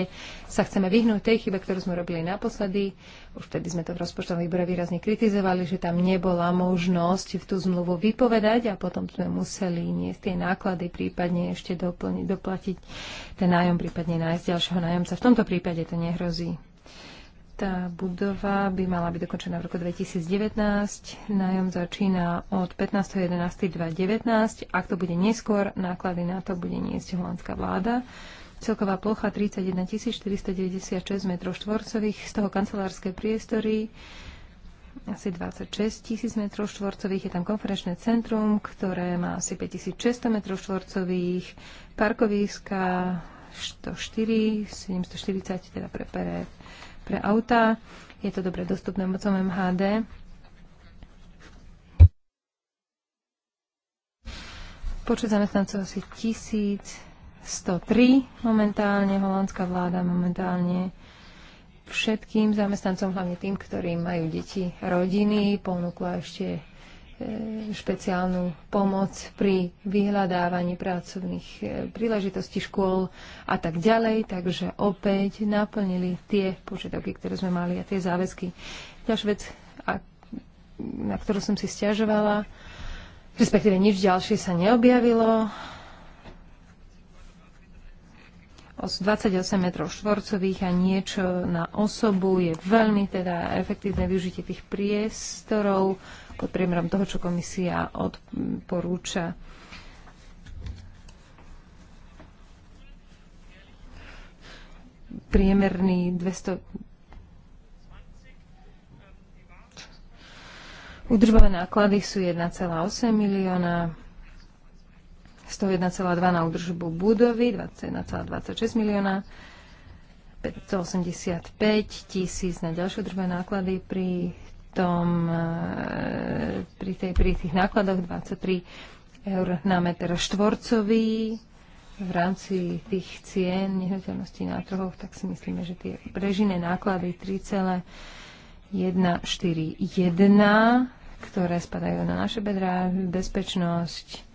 sa chceme vyhnúť tej chybe, ktorú sme robili naposledy. Už vtedy sme to v rozpočtovom výbore výrazne kritizovali, že tam nebola možnosť v tú zmluvu vypovedať a potom sme museli niesť tie náklady, prípadne ešte doplniť, doplatiť ten nájom, prípadne nájsť ďalšieho nájomca. V tomto prípade to nehrozí. Tá budova by mala byť dokončená v roku 2019. Nájom začína od 15.11.2019. Ak to bude neskôr, náklady na to bude niesť holandská vláda. Celková plocha 31 496 m 2 z toho kancelárske priestory asi 26 tisíc m štvorcových. Je tam konferenčné centrum, ktoré má asi 5600 m štvorcových, parkoviska 104, 740 teda pre, pre pre auta. Je to dobre dostupné mocom MHD. Počet zamestnancov asi 1103 momentálne. Holandská vláda momentálne všetkým zamestnancom, hlavne tým, ktorí majú deti, rodiny, ponúkla ešte špeciálnu pomoc pri vyhľadávaní pracovných e, príležitostí škôl a tak ďalej. Takže opäť naplnili tie požiadavky, ktoré sme mali a tie záväzky. Ďalšia vec, na ktorú som si stiažovala, respektíve nič ďalšie sa neobjavilo. O 28 metrov štvorcových a niečo na osobu je veľmi teda efektívne využitie tých priestorov pod priemerom toho, čo komisia odporúča. Priemerný 200 Udržbové náklady sú 1,8 milióna, 101,2 na udržbu budovy, 21,26 milióna, 585 tisíc na ďalšie udržbové náklady pri tom, eh, pri, tej, pri tých nákladoch 23 eur na meter štvorcový v rámci tých cien nehnuteľností na trhoch, tak si myslíme, že tie režijné náklady 3,141, ktoré spadajú na naše bedrá, bezpečnosť,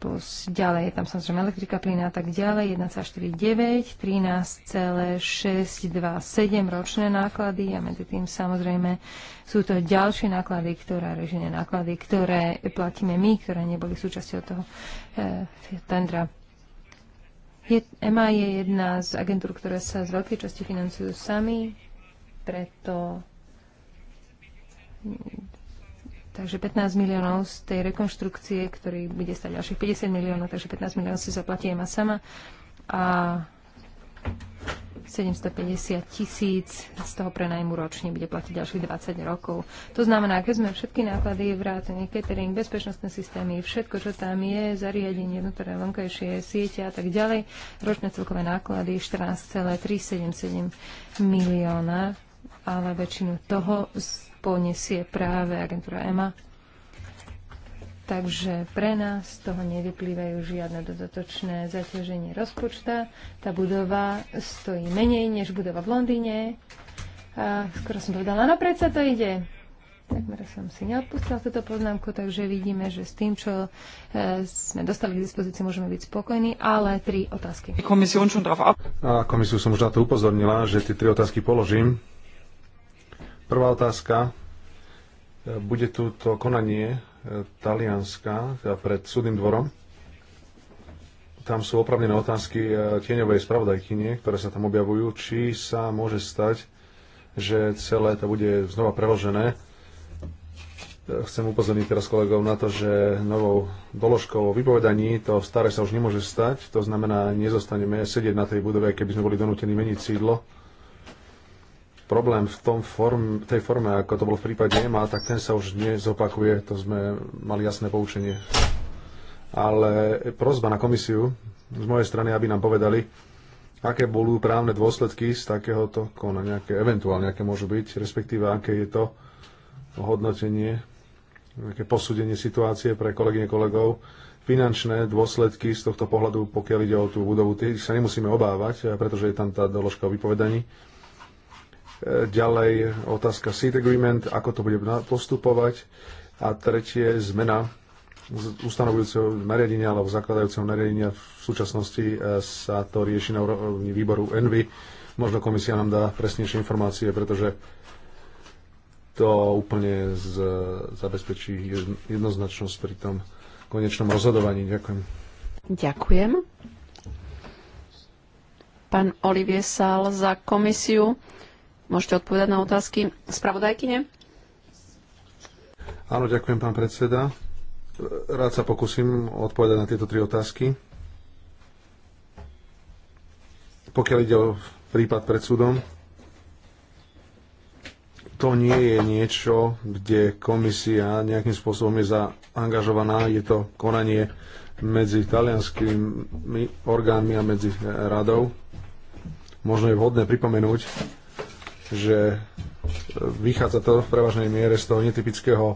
plus ďalej je tam samozrejme elektrika, plyna a tak ďalej, 1,49, 13,627 ročné náklady a medzi tým samozrejme sú to ďalšie náklady, ktoré režine náklady, ktoré platíme my, ktoré neboli súčasťou toho e, tendra. Je, EMA je jedna z agentúr, ktoré sa z veľkej časti financujú sami, preto Takže 15 miliónov z tej rekonštrukcie, ktorý bude stať ďalších 50 miliónov, takže 15 miliónov si zaplatí EMA sama a 750 tisíc z toho prenajmu ročne bude platiť ďalších 20 rokov. To znamená, keď sme všetky náklady, vrátení, catering, bezpečnostné systémy, všetko, čo tam je, zariadenie, vnútorné vonkajšie siete a tak ďalej, ročné celkové náklady 14,377 milióna, ale väčšinu toho z poniesie práve agentúra EMA. Takže pre nás z toho nevyplývajú žiadne dodatočné zaťaženie rozpočta. Tá budova stojí menej než budova v Londýne. A skoro som povedala, no predsa to ide. Takmer som si neodpustila túto poznámku, takže vidíme, že s tým, čo e, sme dostali k dispozícii, môžeme byť spokojní, ale tri otázky. A komisiu som už na to upozornila, že tie tri otázky položím. Prvá otázka. Bude tu to konanie e, Talianska teda pred súdnym dvorom. Tam sú opravnené otázky e, tieňovej spravodajkynie, ktoré sa tam objavujú. Či sa môže stať, že celé to bude znova preložené e, chcem upozorniť teraz kolegov na to, že novou doložkou o vypovedaní to staré sa už nemôže stať. To znamená, nezostaneme sedieť na tej budove, keby sme boli donútení meniť sídlo problém v tom form, tej forme, ako to bolo v prípade EMA, tak ten sa už nezopakuje, to sme mali jasné poučenie. Ale prozba na komisiu z mojej strany, aby nám povedali, aké budú právne dôsledky z takéhoto kona, nejaké eventuálne, aké môžu byť, respektíve aké je to hodnotenie, nejaké posúdenie situácie pre kolegyne kolegov, finančné dôsledky z tohto pohľadu, pokiaľ ide o tú budovu, tých sa nemusíme obávať, pretože je tam tá doložka o vypovedaní Ďalej otázka seat agreement, ako to bude postupovať. A tretie zmena ustanovujúceho nariadenia alebo zakladajúceho nariadenia v súčasnosti e, sa to rieši na úrovni výboru ENVY. Možno komisia nám dá presnejšie informácie, pretože to úplne z, zabezpečí jednoznačnosť pri tom konečnom rozhodovaní. Ďakujem. Ďakujem. Pán Olivier Sal za komisiu. Môžete odpovedať na otázky spravodajkyne? Áno, ďakujem, pán predseda. Rád sa pokúsim odpovedať na tieto tri otázky. Pokiaľ ide o prípad pred súdom, to nie je niečo, kde komisia nejakým spôsobom je zaangažovaná. Je to konanie medzi talianskými orgánmi a medzi radou. Možno je vhodné pripomenúť, že e, vychádza to v prevažnej miere z toho netypického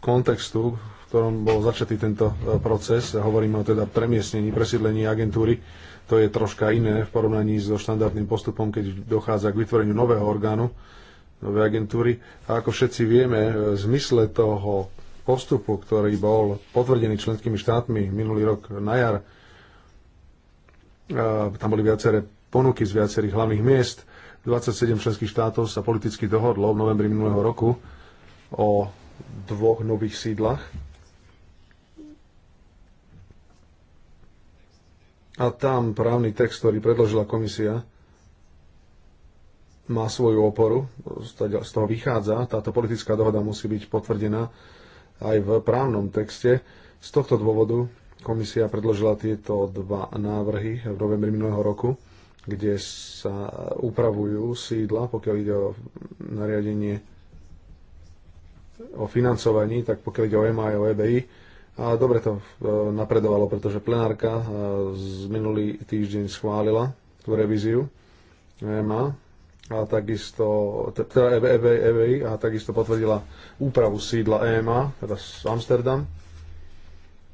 kontextu, v ktorom bol začatý tento e, proces. Hovoríme o teda premiestnení, presídlení agentúry. To je troška iné v porovnaní so štandardným postupom, keď dochádza k vytvoreniu nového orgánu, novej agentúry. A ako všetci vieme, e, v zmysle toho postupu, ktorý bol potvrdený členskými štátmi minulý rok na jar, tam boli viaceré ponuky z viacerých hlavných miest, 27 členských štátov sa politicky dohodlo v novembri minulého roku o dvoch nových sídlach. A tam právny text, ktorý predložila komisia, má svoju oporu, z toho vychádza. Táto politická dohoda musí byť potvrdená aj v právnom texte. Z tohto dôvodu komisia predložila tieto dva návrhy v novembri minulého roku kde sa upravujú sídla, pokiaľ ide o nariadenie o financovaní, tak pokiaľ ide o EMA a o EBI. A dobre to e, napredovalo, pretože plenárka e, z minulý týždeň schválila tú revíziu EMA a takisto, teda EBI, e a takisto potvrdila úpravu sídla EMA, teda Amsterdam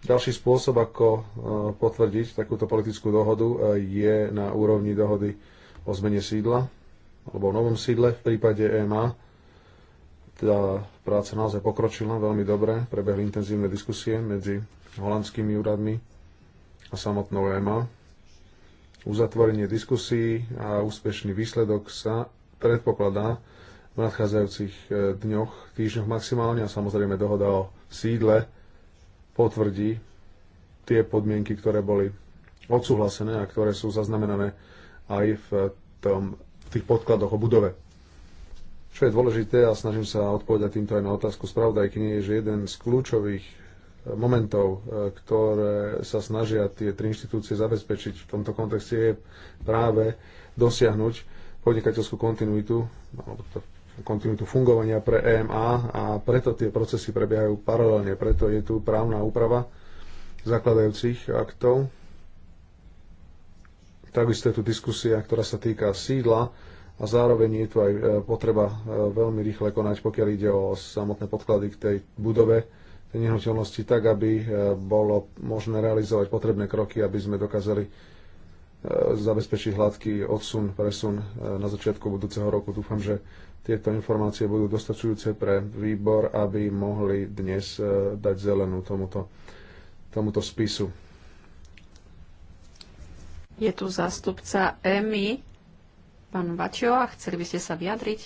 ďalší spôsob, ako e, potvrdiť takúto politickú dohodu, e, je na úrovni dohody o zmene sídla alebo o novom sídle v prípade EMA. Tá teda práca naozaj pokročila veľmi dobre, prebehli intenzívne diskusie medzi holandskými úradmi a samotnou EMA. Uzatvorenie diskusí a úspešný výsledok sa predpokladá v nadchádzajúcich e, dňoch, týždňoch maximálne a samozrejme dohoda o sídle potvrdí tie podmienky, ktoré boli odsúhlasené a ktoré sú zaznamenané aj v, tom, v tých podkladoch o budove. Čo je dôležité, a snažím sa odpovedať týmto aj na otázku nie je, že jeden z kľúčových e, momentov, e, ktoré sa snažia tie tri inštitúcie zabezpečiť v tomto kontexte, je práve dosiahnuť podnikateľskú kontinuitu, alebo to kontinuitu fungovania pre EMA a preto tie procesy prebiehajú paralelne. Preto je tu právna úprava zakladajúcich aktov. Takisto je tu diskusia, ktorá sa týka sídla a zároveň je tu aj e, potreba e, veľmi rýchle konať, pokiaľ ide o samotné podklady k tej budove, tej nehnuteľnosti, tak aby e, bolo možné realizovať potrebné kroky, aby sme dokázali zabezpečiť hladký odsun, presun na začiatku budúceho roku. Dúfam, že tieto informácie budú dostačujúce pre výbor, aby mohli dnes e, dať zelenú tomuto, tomuto spisu. Je tu zástupca EMI, pán Vačo, a chceli by ste sa vyjadriť?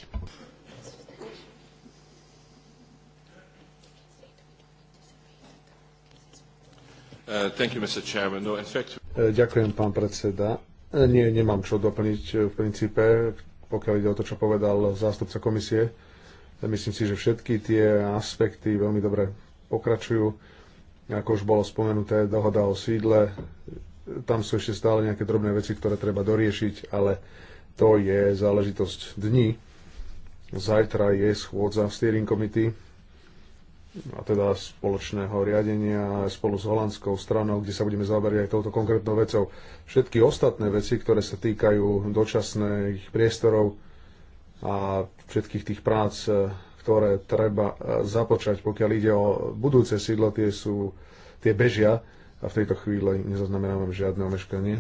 Uh, no, e, ďakujem, pán predseda. E, nie, nemám čo doplniť v princípe k pokiaľ ide o to, čo povedal zástupca komisie. Myslím si, že všetky tie aspekty veľmi dobre pokračujú. Ako už bolo spomenuté, dohoda o sídle, tam sú ešte stále nejaké drobné veci, ktoré treba doriešiť, ale to je záležitosť dní. Zajtra je schôdza v steering committee a teda spoločného riadenia spolu s holandskou stranou, kde sa budeme zaoberať aj touto konkrétnou vecou. Všetky ostatné veci, ktoré sa týkajú dočasných priestorov a všetkých tých prác, e, ktoré treba e, započať, pokiaľ ide o budúce sídlo, tie, sú, tie bežia a v tejto chvíli nezaznamenávam žiadne omeškanie.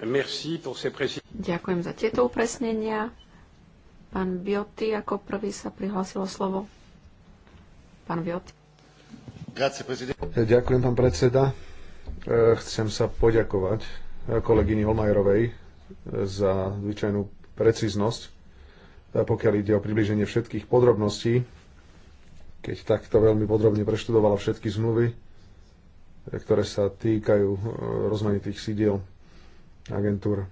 Merci pour ces précis... Ďakujem za tieto upresnenia. Pán Bioty ako prvý sa prihlásil slovo. Pán Viot. Ďakujem, pán predseda. E, chcem sa poďakovať e, kolegyni Holmajerovej e, za zvyčajnú precíznosť, pokiaľ ide o približenie všetkých podrobností, keď takto veľmi podrobne preštudovala všetky zmluvy, ktoré sa týkajú rozmanitých sídiel agentúr.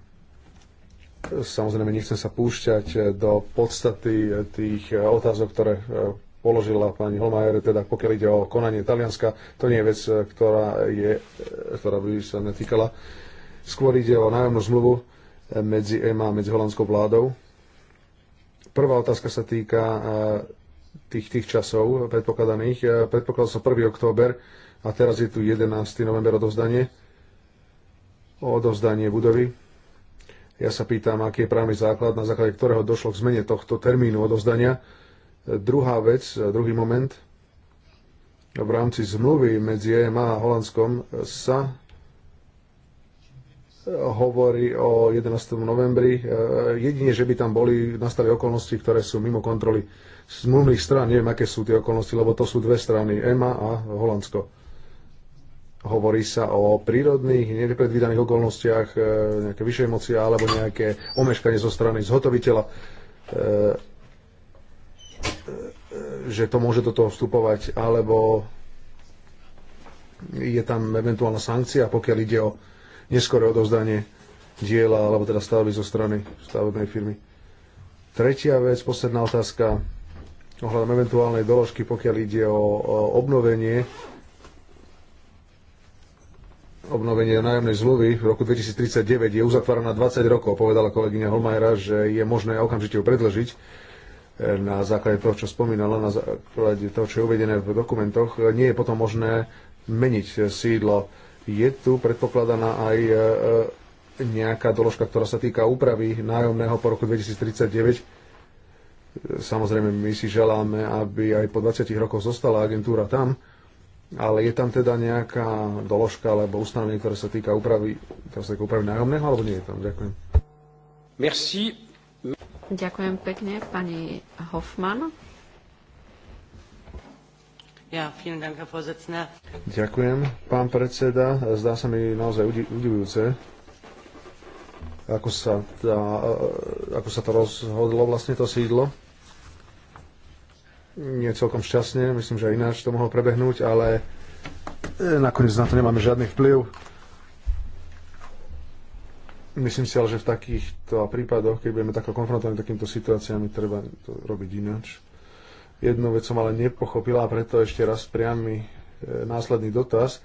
Samozrejme, nechcem sa púšťať do podstaty tých otázok, ktoré položila pani Holmajer, teda pokiaľ ide o konanie Talianska, to nie je vec, e, ktorá, je, e, ktorá by sa netýkala. Skôr ide o nájomnú zmluvu e, medzi EMA a medzi holandskou vládou. Prvá otázka sa týka tých, tých časov predpokladaných. Predpokladal som 1. október a teraz je tu 11. november odovzdanie. O odovzdanie budovy. Ja sa pýtam, aký je právny základ, na základe ktorého došlo k zmene tohto termínu odovzdania Druhá vec, druhý moment, v rámci zmluvy medzi EMA a Holandskom sa hovorí o 11. novembri. E, jedine, že by tam boli nastali okolnosti, ktoré sú mimo kontroly zmluvných strán. Neviem, aké sú tie okolnosti, lebo to sú dve strany, EMA a Holandsko. Hovorí sa o prírodných, nepredvídaných okolnostiach, e, nejaké vyššie emócie alebo nejaké omeškanie zo strany zhotoviteľa e, že to môže do toho vstupovať, alebo je tam eventuálna sankcia, pokiaľ ide o neskoré odovzdanie diela, alebo teda stavby zo strany stavebnej firmy. Tretia vec, posledná otázka ohľadom eventuálnej doložky, pokiaľ ide o, o obnovenie obnovenie nájomnej zmluvy v roku 2039 je uzatváraná 20 rokov. Povedala kolegyňa Holmajera, že je možné okamžite ju predlžiť na základe toho, čo spomínala, na základe toho, čo je uvedené v dokumentoch, nie je potom možné meniť sídlo. Je tu predpokladaná aj e, e, nejaká doložka, ktorá sa týka úpravy nájomného po roku 2039. Samozrejme, my si želáme, aby aj po 20 rokoch zostala agentúra tam, ale je tam teda nejaká doložka alebo ustanovenie, ktoré sa týka úpravy, ktoré sa týka úpravy nájomného, alebo nie je tam? Ďakujem. Merci. Ďakujem pekne, pani Hoffman. Ja, Dank, Ďakujem, pán predseda. Zdá sa mi naozaj udivujúce, ako sa, tá, ako sa to rozhodlo vlastne to sídlo. Nie celkom šťastne, myslím, že ináč to mohlo prebehnúť, ale eh, nakoniec na to nemáme žiadny vplyv. Myslím si ale, že v takýchto prípadoch, keď budeme takto konfrontovaní takýmto situáciami, treba to robiť ináč. Jednu vec som ale nepochopila, a preto ešte raz priamy e, následný dotaz.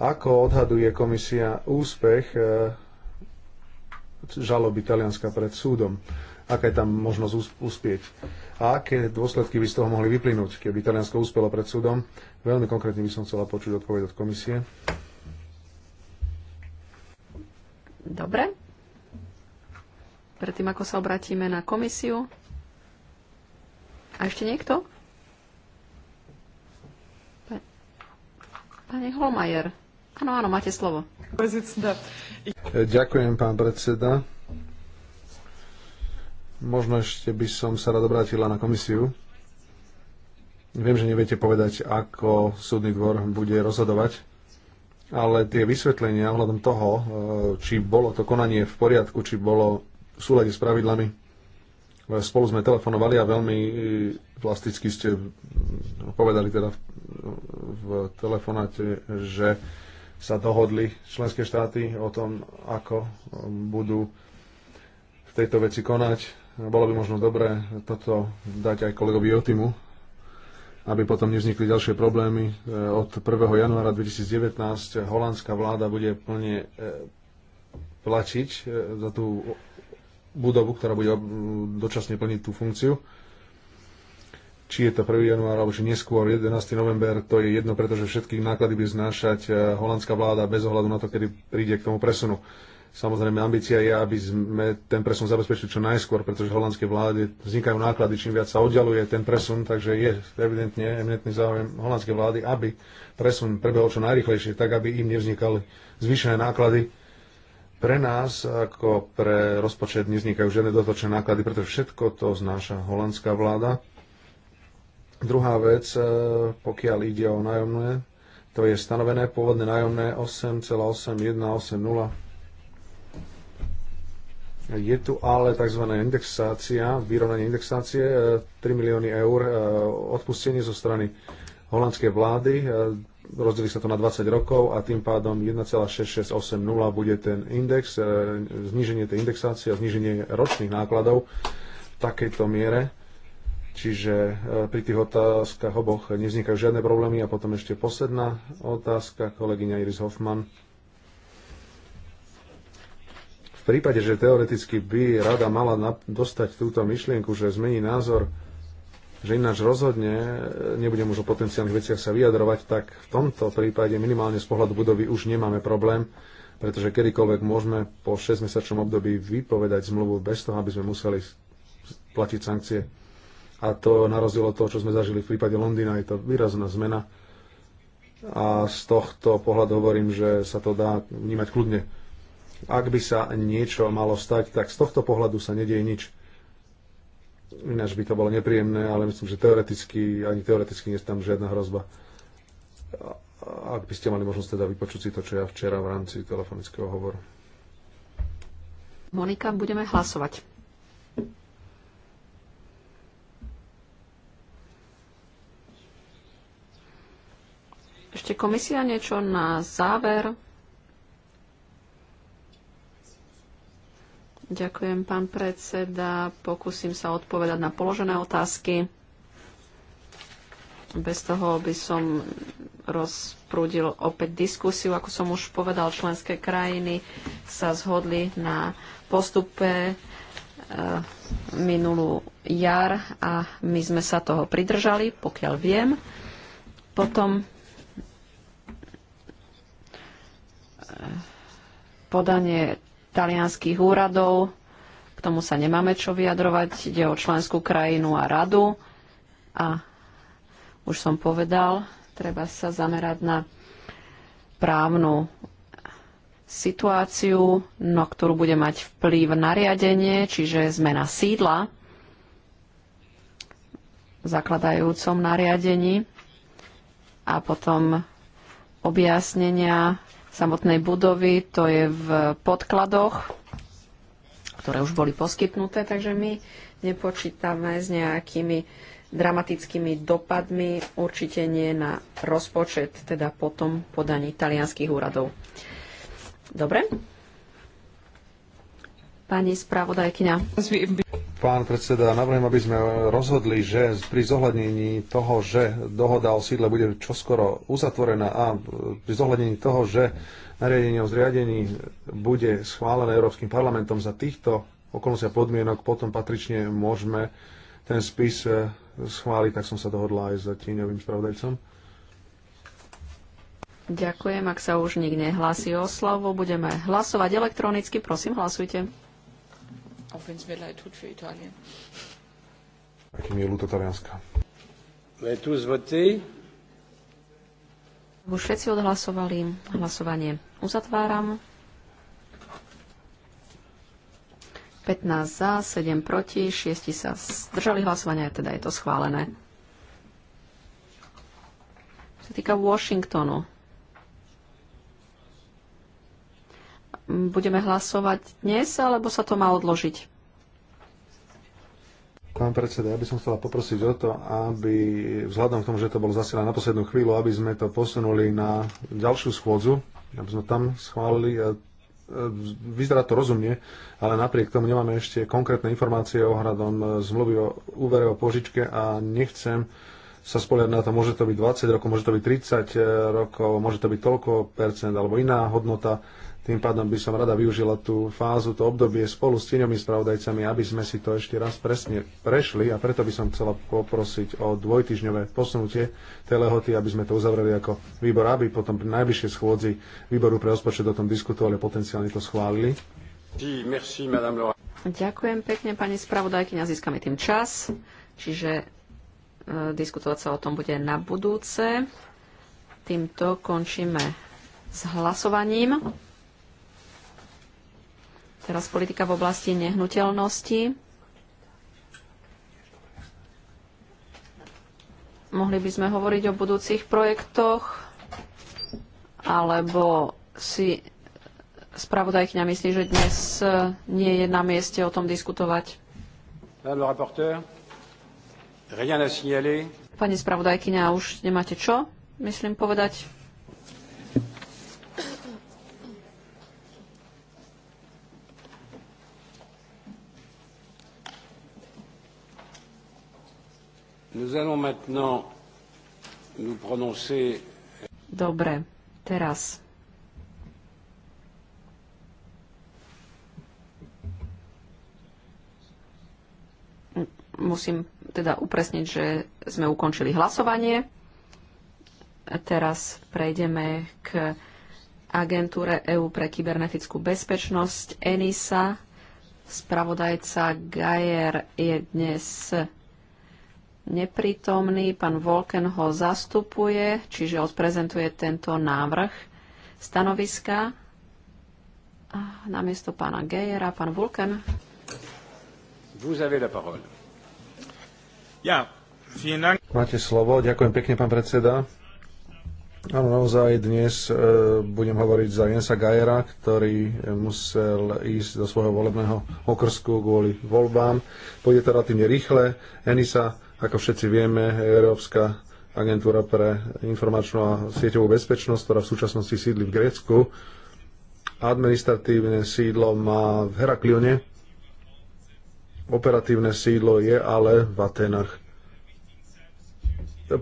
Ako odhaduje komisia úspech e, žaloby Talianska pred súdom? Aká je tam možnosť uspieť? A aké dôsledky by z toho mohli vyplynúť, keby Taliansko uspelo pred súdom? Veľmi konkrétne by som chcela počuť odpoveď od komisie. Dobre predtým ako sa obratíme na komisiu. A ešte niekto? Pane Holmajer. Áno, áno, máte slovo. Ďakujem, pán predseda. Možno ešte by som sa rád obrátila na komisiu. Viem, že neviete povedať, ako súdny dvor bude rozhodovať, ale tie vysvetlenia ohľadom toho, e, či bolo to konanie v poriadku, či bolo v súlade s pravidlami. E, Spolu sme telefonovali a veľmi plasticky e, ste povedali teda v, v telefonáte, že sa dohodli členské štáty o tom, ako e, budú v tejto veci konať. Bolo by možno dobré toto dať aj kolegovi Jotimu, aby potom nevznikli ďalšie problémy. Od 1. januára 2019 holandská vláda bude plne platiť za tú budovu, ktorá bude mm, dočasne plniť tú funkciu. Či je to 1. január alebo či neskôr 11. november, to je jedno, pretože všetky náklady by znášať eh, holandská vláda bez ohľadu na to, kedy príde k tomu presunu. Samozrejme, ambícia je, aby sme ten presun zabezpečili čo najskôr, pretože holandské vlády vznikajú náklady, čím viac sa oddialuje ten presun, takže je evidentne eminentný záujem holandskej vlády, aby presun prebehol čo najrychlejšie, tak aby im nevznikali zvyšené náklady, pre nás, ako pre rozpočet, nevznikajú žiadne dotočné náklady, pretože všetko to znáša holandská vláda. Druhá vec, e, pokiaľ ide o nájomné, to je stanovené pôvodné nájomné 8,8180. Je tu ale tzv. indexácia, vyrovnanie indexácie, 3 e, milióny eur, e, odpustenie zo strany holandskej vlády, rozdeli sa to na 20 rokov a tým pádom 1,6680 bude ten index, e, zníženie tej indexácie a zníženie ročných nákladov v takejto miere. Čiže e, pri tých otázkach oboch nevznikajú žiadne problémy. A potom ešte posledná otázka, kolegyňa Iris Hoffman. V prípade, že teoreticky by rada mala dostať túto myšlienku, že zmení názor, že ináč rozhodne e, nebudem už o potenciálnych veciach sa vyjadrovať, tak v tomto prípade minimálne z pohľadu budovy už nemáme problém, pretože kedykoľvek môžeme po 6-mesačnom období vypovedať zmluvu bez toho, aby sme museli platiť sankcie. A to na rozdiel od toho, čo sme zažili v prípade Londýna, je to výrazná zmena. A z tohto pohľadu hovorím, že sa to dá vnímať kľudne. Ak by sa niečo malo stať, tak z tohto pohľadu sa nedieje nič Ináč by to bolo nepríjemné, ale myslím, že teoreticky, ani teoreticky nie je tam žiadna hrozba. Ak by ste mali možnosť teda vypočuť si to, čo ja včera v rámci telefonického hovoru. Monika, budeme hlasovať. Ešte komisia niečo na záver. Ďakujem, pán predseda. Pokúsim sa odpovedať na položené otázky. Bez toho by som rozprúdil opäť diskusiu. Ako som už povedal, členské krajiny sa zhodli na postupe eh, minulú jar a my sme sa toho pridržali, pokiaľ viem. Potom eh, podanie talianských úradov. K tomu sa nemáme čo vyjadrovať. Ide o členskú krajinu a radu. A už som povedal, treba sa zamerať na právnu situáciu, no ktorú bude mať vplyv nariadenie, čiže zmena sídla v zakladajúcom nariadení a potom objasnenia samotnej budovy, to je v podkladoch, ktoré už boli poskytnuté, takže my nepočítame s nejakými dramatickými dopadmi, určite nie na rozpočet, teda potom podaní talianských úradov. Dobre? pani spravodajkyňa. Pán predseda, navrhujem, aby sme rozhodli, že pri zohľadnení toho, že dohoda o sídle bude čoskoro uzatvorená a pri zohľadnení toho, že nariadenie o zriadení bude schválené Európskym parlamentom za týchto okolností a podmienok, potom patrične môžeme ten spis eh, schváliť, tak som sa dohodla aj s tieňovým spravodajcom. Ďakujem, ak sa už nikto nehlási o slovo, budeme hlasovať elektronicky, prosím hlasujte. Auch wenn es mir leid tut für Italien. Aký Už všetci odhlasovali hlasovanie. Uzatváram. 15 za, 7 proti, 6 sa zdržali hlasovania, teda je to schválené. Čo sa týka Washingtonu, budeme hlasovať dnes, alebo sa to má odložiť? Pán predseda, ja by som chcela poprosiť o to, aby vzhľadom k tomu, že to bolo zasielané na poslednú chvíľu, aby sme to posunuli na ďalšiu schôdzu, aby sme tam schválili. Vyzerá to rozumne, ale napriek tomu nemáme ešte konkrétne informácie ohľadom e, zmluvy o úvere o požičke a nechcem sa spoliať na to, môže to byť 20 rokov, môže to byť 30 e, rokov, môže to byť toľko percent alebo iná hodnota tým pádom by som rada využila tú fázu, to obdobie spolu s tieňovými spravodajcami, aby sme si to ešte raz presne prešli a preto by som chcela poprosiť o dvojtyžňové posunutie tej lehoty, aby sme to uzavreli ako výbor, aby potom pri najbližšej schôdzi výboru pre rozpočet o tom diskutovali a potenciálne to schválili. Ďakujem pekne, pani spravodajkyňa, získame tým čas, čiže e, diskutovať sa o tom bude na budúce. Týmto končíme s hlasovaním. Teraz politika v oblasti nehnuteľnosti. Mohli by sme hovoriť o budúcich projektoch, alebo si spravodajkňa myslí, že dnes eh, nie je na mieste o tom diskutovať. Pani spravodajkyňa, už nemáte čo, myslím povedať. Dobre, teraz musím teda upresniť, že sme ukončili hlasovanie. A teraz prejdeme k agentúre EÚ pre kybernetickú bezpečnosť ENISA. Spravodajca Gajer je dnes neprítomný, pán Volken ho zastupuje, čiže odprezentuje tento návrh stanoviska namiesto pána Gejera, pán Volken. Vous avez la parole. Ja, Máte slovo. Ďakujem pekne, pán predseda. Áno, naozaj dnes e, budem hovoriť za Jensa Gajera, ktorý e, musel ísť do svojho volebného okrsku kvôli voľbám. Pôjde to teda relatívne rýchle. Enisa ako všetci vieme, Európska agentúra pre informačnú a sieťovú bezpečnosť, ktorá v súčasnosti sídli v Grécku, administratívne sídlo má v Heraklione, operatívne sídlo je ale v Atenách.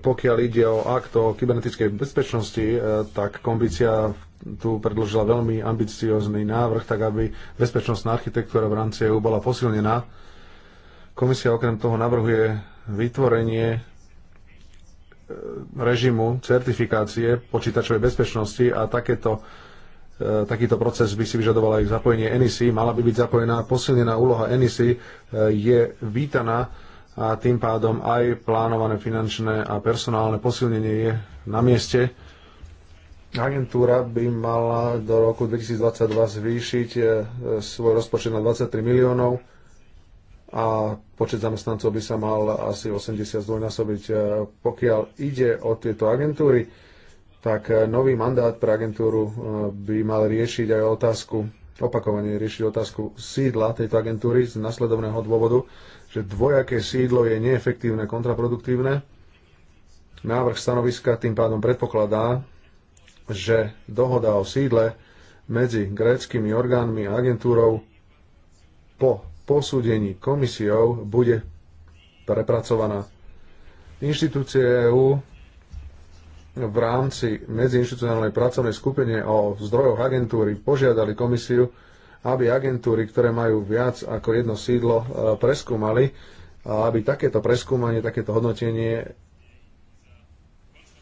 Pokiaľ ide o akt o kybernetickej bezpečnosti, eh, tak kombicia tu predložila veľmi ambiciózny návrh, tak aby bezpečnostná architektúra v rámci EU bola posilnená. Komisia okrem toho navrhuje vytvorenie e, režimu certifikácie počítačovej bezpečnosti a takéto, e, takýto proces by si vyžadoval aj zapojenie NEC. Mala by byť zapojená posilnená úloha NEC, e, je vítaná a tým pádom aj plánované finančné a personálne posilnenie je na mieste. Agentúra by mala do roku 2022 zvýšiť svoj rozpočet na 23 miliónov a počet zamestnancov by sa mal asi 80 zdvojnásobiť. E, pokiaľ ide o tieto agentúry, tak e, nový mandát pre agentúru e, by mal riešiť aj otázku, opakovane riešiť otázku sídla tejto agentúry z nasledovného dôvodu, že dvojaké sídlo je neefektívne, kontraproduktívne. Návrh stanoviska tým pádom predpokladá, že dohoda o sídle medzi gréckými orgánmi a agentúrou po posúdení komisiou bude prepracovaná. Inštitúcie EÚ v rámci medziinstitucionálnej pracovnej skupine o zdrojoch agentúry požiadali komisiu, aby agentúry, ktoré majú viac ako jedno sídlo, e, preskúmali a aby takéto preskúmanie, takéto hodnotenie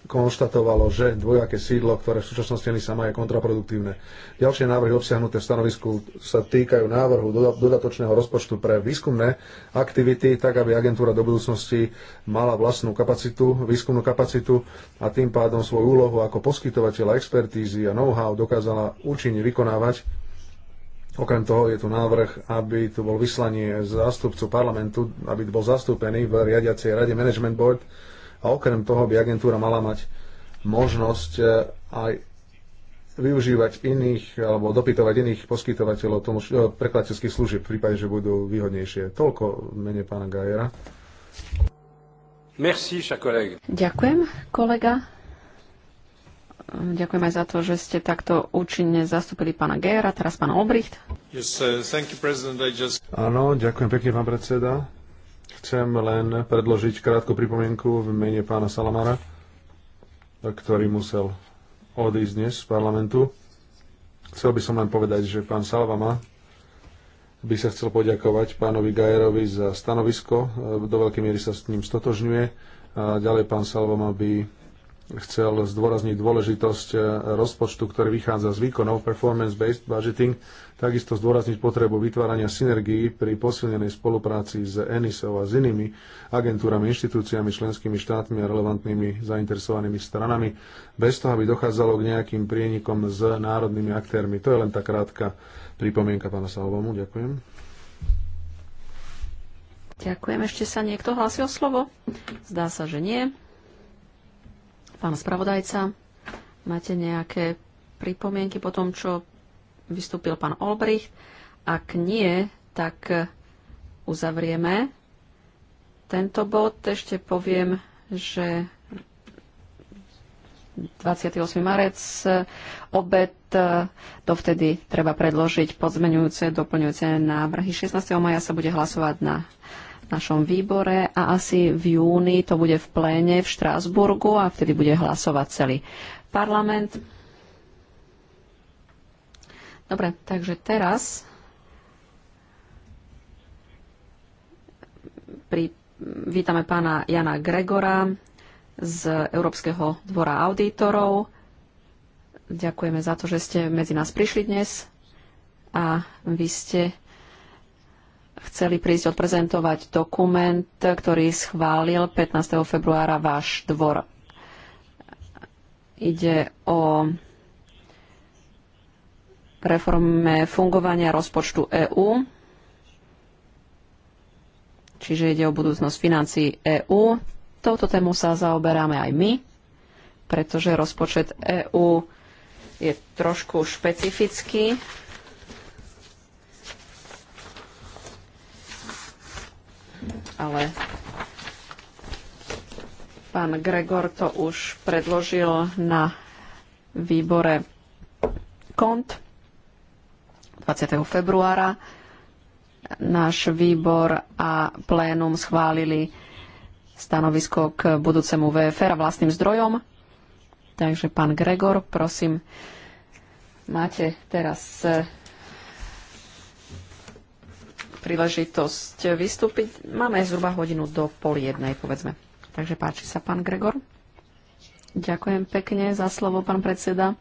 konštatovalo, že dvojaké sídlo, ktoré v súčasnosti ani sama je kontraproduktívne. Ďalšie návrhy obsiahnuté v stanovisku sa týkajú návrhu dodatočného rozpočtu pre výskumné aktivity, tak aby agentúra do budúcnosti mala vlastnú kapacitu, výskumnú kapacitu a tým pádom svoju úlohu ako poskytovateľa expertízy a know-how dokázala účinne vykonávať. Okrem toho je tu návrh, aby tu bol vyslanie zástupcu parlamentu, aby bol zastúpený v riadiacej rade Management Board, a okrem toho by agentúra mala mať možnosť e, aj využívať iných alebo dopytovať iných poskytovateľov tomu, e, prekladateľských služieb v prípade, že budú výhodnejšie. Toľko mene pána Gajera. Merci, Ďakujem, kolega. Ďakujem aj za to, že ste takto účinne zastúpili pána Gera, teraz pána Obricht. Yes, uh, just... ďakujem pekne, pán predseda. Chcem len predložiť krátku pripomienku v mene pána Salamara, ktorý musel odísť dnes z parlamentu. Chcel by som len povedať, že pán Salvama by sa chcel poďakovať pánovi Gajerovi za stanovisko. E, do veľkej miery sa s ním stotožňuje. A ďalej pán Salvama by chcel zdôrazniť dôležitosť e, rozpočtu, ktorý vychádza z výkonov, performance-based budgeting, Takisto zdôrazniť potrebu vytvárania synergií pri posilnenej spolupráci s Eniso a s inými agentúrami, inštitúciami, členskými štátmi a relevantnými zainteresovanými stranami, bez toho, aby dochádzalo k nejakým prienikom s národnými aktérmi. To je len tá krátka pripomienka pána Salvomu. Ďakujem. Ďakujem. Ešte sa niekto hlási o slovo? Zdá sa, že nie. Pán spravodajca, máte nejaké pripomienky po tom, čo vystúpil pán Olbricht. Ak nie, tak uzavrieme tento bod. Ešte poviem, že 28. marec obed. Dovtedy treba predložiť podzmenujúce, doplňujúce návrhy. 16. maja sa bude hlasovať na našom výbore a asi v júni to bude v pléne v Štrásburgu a vtedy bude hlasovať celý parlament. Dobre, takže teraz pri, vítame pána Jana Gregora z Európskeho dvora auditorov. Ďakujeme za to, že ste medzi nás prišli dnes a vy ste chceli prísť odprezentovať dokument, ktorý schválil 15. februára váš dvor. Ide o reforme fungovania rozpočtu EÚ. Čiže ide o budúcnosť financií EÚ. Touto tému sa zaoberáme aj my, pretože rozpočet EÚ je trošku špecifický. Ale pán Gregor to už predložil na výbore kont. 20. februára. Náš výbor a plénum schválili stanovisko k budúcemu VFR a vlastným zdrojom. Takže pán Gregor, prosím, máte teraz e, príležitosť vystúpiť. Máme zhruba hodinu do pol jednej, povedzme. Takže páči sa, pán Gregor. Ďakujem pekne za slovo, pán predseda.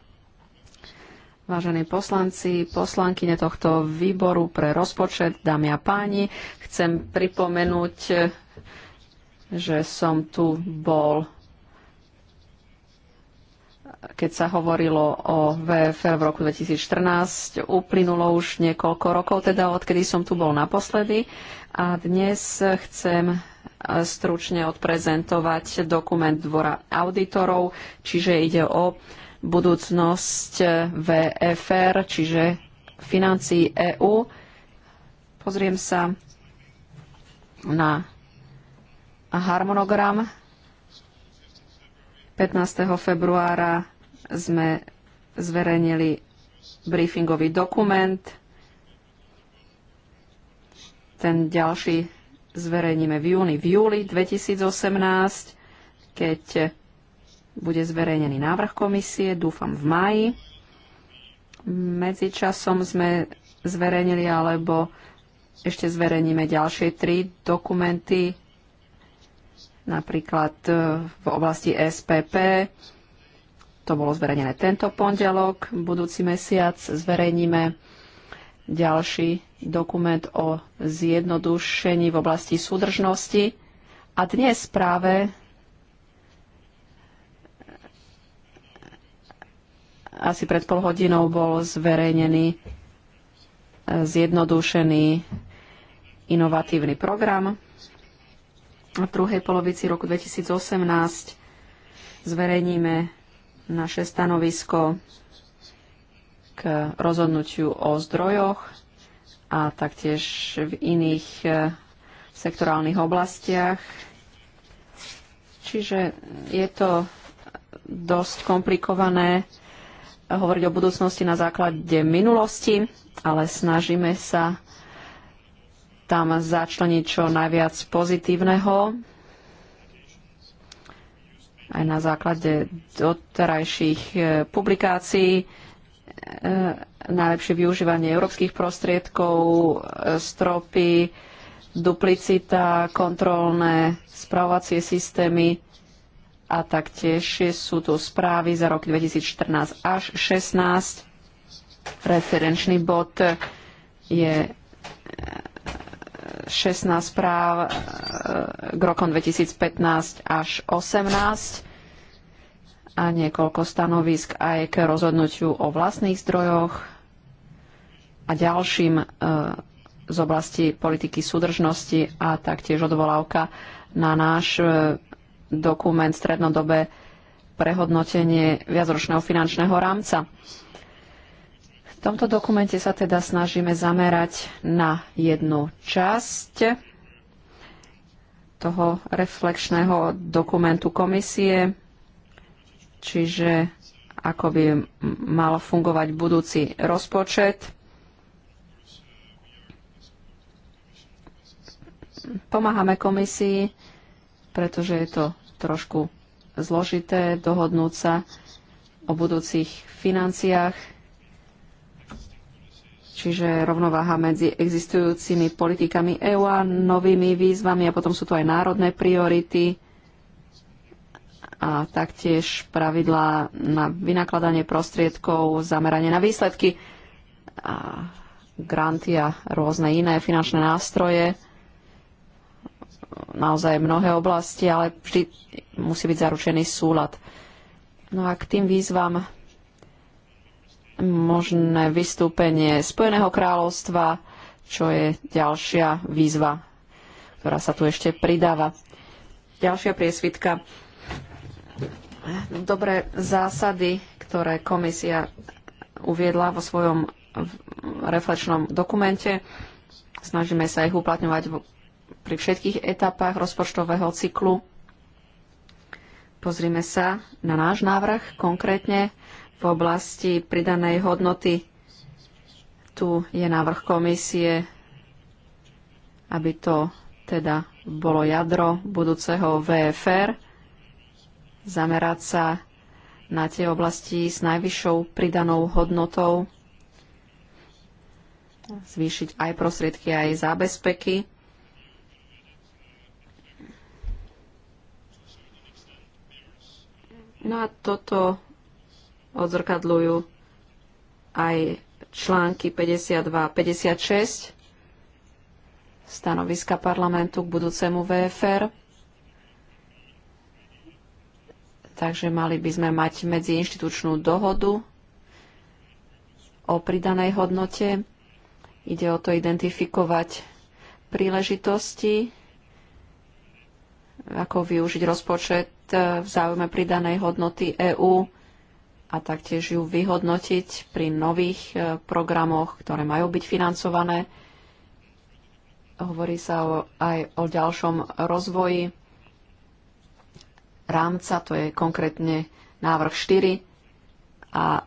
Vážení poslanci, poslankyne tohto výboru pre rozpočet, dámy a páni, chcem pripomenúť, že som tu bol keď sa hovorilo o VFR v roku 2014, uplynulo už niekoľko rokov, teda odkedy som tu bol naposledy. A dnes chcem e, stručne odprezentovať dokument Dvora auditorov, čiže ide o budúcnosť eh, VFR, čiže financií EÚ. Pozriem sa na harmonogram. 15. februára sme zverejnili briefingový dokument. Ten ďalší zverejníme v júni, v júli 2018, keď bude zverejnený návrh komisie, dúfam v maji. Medzičasom sme zverejnili alebo ešte zverejníme ďalšie tri dokumenty, napríklad e, v oblasti SPP. To bolo zverejnené tento pondelok. Budúci mesiac zverejníme ďalší dokument o zjednodušení v oblasti súdržnosti. A dnes práve asi pred pol hodinou bol zverejnený e, zjednodušený inovatívny program. V druhej polovici roku 2018 zverejníme naše stanovisko k rozhodnutiu o zdrojoch a taktiež v iných e, sektorálnych oblastiach. Čiže je to dosť komplikované hovoriť o budúcnosti na základe minulosti, ale snažíme sa tam začleniť čo najviac pozitívneho aj na základe doterajších e, publikácií e, najlepšie využívanie európskych prostriedkov, e, stropy, duplicita, kontrolné spravovacie systémy, a taktiež sú tu správy za rok 2014 až 16. Referenčný bod je 16 e, správ e, k rokom 2015 až 2018 a niekoľko stanovisk aj k rozhodnutiu o vlastných zdrojoch a ďalším e, z oblasti politiky súdržnosti a taktiež odvolávka na náš dokument strednodobé prehodnotenie viacročného finančného rámca. V tomto dokumente sa teda snažíme zamerať na jednu časť toho reflexného dokumentu komisie, čiže ako by mal fungovať budúci rozpočet. Pomáhame komisii pretože je to trošku zložité dohodnúť sa o budúcich financiách, čiže rovnováha medzi existujúcimi politikami EÚ a novými výzvami a potom sú tu aj národné priority a taktiež pravidlá na vynakladanie prostriedkov, zameranie na výsledky a granty a rôzne iné finančné nástroje naozaj mnohé oblasti, ale vždy musí byť zaručený súlad. No a k tým výzvam možné vystúpenie Spojeného kráľovstva, čo je ďalšia výzva, ktorá sa tu ešte pridáva. Ďalšia priesvitka. Dobré zásady, ktoré komisia uviedla vo svojom reflečnom dokumente. Snažíme sa ich uplatňovať pri všetkých etapách rozpočtového cyklu. Pozrime sa na náš návrh konkrétne v oblasti pridanej hodnoty. Tu je návrh komisie, aby to teda bolo jadro budúceho VFR, zamerať sa na tie oblasti s najvyššou pridanou hodnotou, zvýšiť aj prostriedky, aj zábezpeky No a toto odzrkadľujú aj články 52 a 56 stanoviska parlamentu k budúcemu VFR. Takže mali by sme mať medziinštitučnú dohodu o pridanej hodnote. Ide o to identifikovať príležitosti, ako využiť rozpočet projekt v záujme pridanej hodnoty EÚ a taktiež ju vyhodnotiť pri nových e, programoch, ktoré majú byť financované. Hovorí sa o, aj o ďalšom rozvoji rámca, to je konkrétne návrh 4 a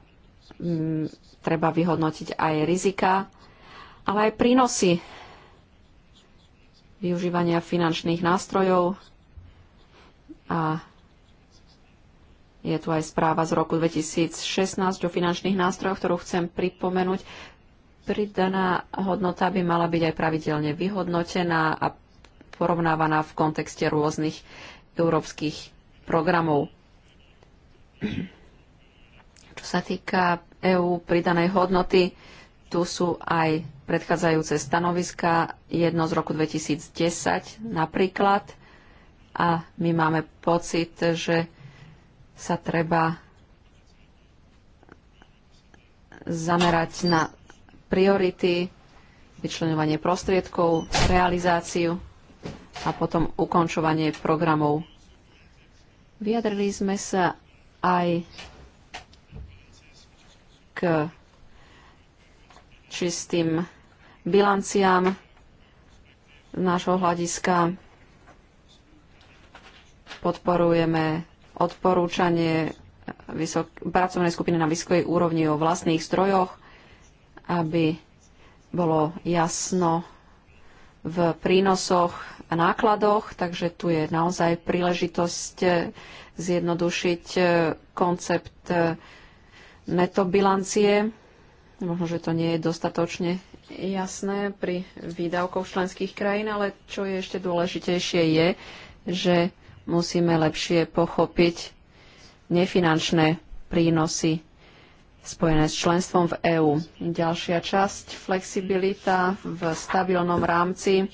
m, mm, treba vyhodnotiť aj rizika, ale aj prínosy využívania finančných nástrojov a je tu aj správa z roku 2016 o finančných nástrojoch, ktorú chcem pripomenúť. Pridaná hodnota by mala byť aj pravidelne vyhodnotená a porovnávaná v kontexte rôznych európskych programov. Čo sa týka EÚ pridanej hodnoty, tu sú aj predchádzajúce stanoviska, jedno z roku 2010 napríklad. A my máme pocit, že sa treba zamerať na priority, vyčlenovanie prostriedkov, realizáciu a potom ukončovanie programov. Vyjadrili sme sa aj k čistým bilanciám z nášho hľadiska. Podporujeme odporúčanie vysok- pracovnej skupiny na vysokej úrovni o vlastných strojoch, aby bolo jasno v prínosoch a nákladoch, takže tu je naozaj príležitosť eh, zjednodušiť eh, koncept eh, netobilancie. Možno, že to nie je dostatočne jasné pri výdavkoch členských krajín, ale čo je ešte dôležitejšie je, že musíme lepšie pochopiť nefinančné prínosy spojené s členstvom v EÚ. Ďalšia časť, flexibilita v stabilnom rámci.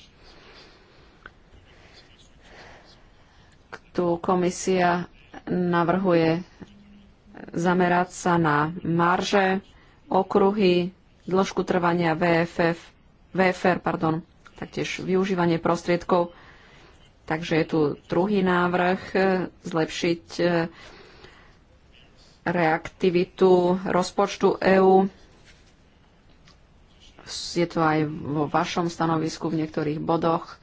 Tu komisia navrhuje zamerať sa na marže, okruhy, dĺžku trvania VFF, VFR, pardon, taktiež využívanie prostriedkov Takže je tu druhý návrh e, zlepšiť e, reaktivitu rozpočtu EÚ. Je to aj vo vašom stanovisku v niektorých bodoch.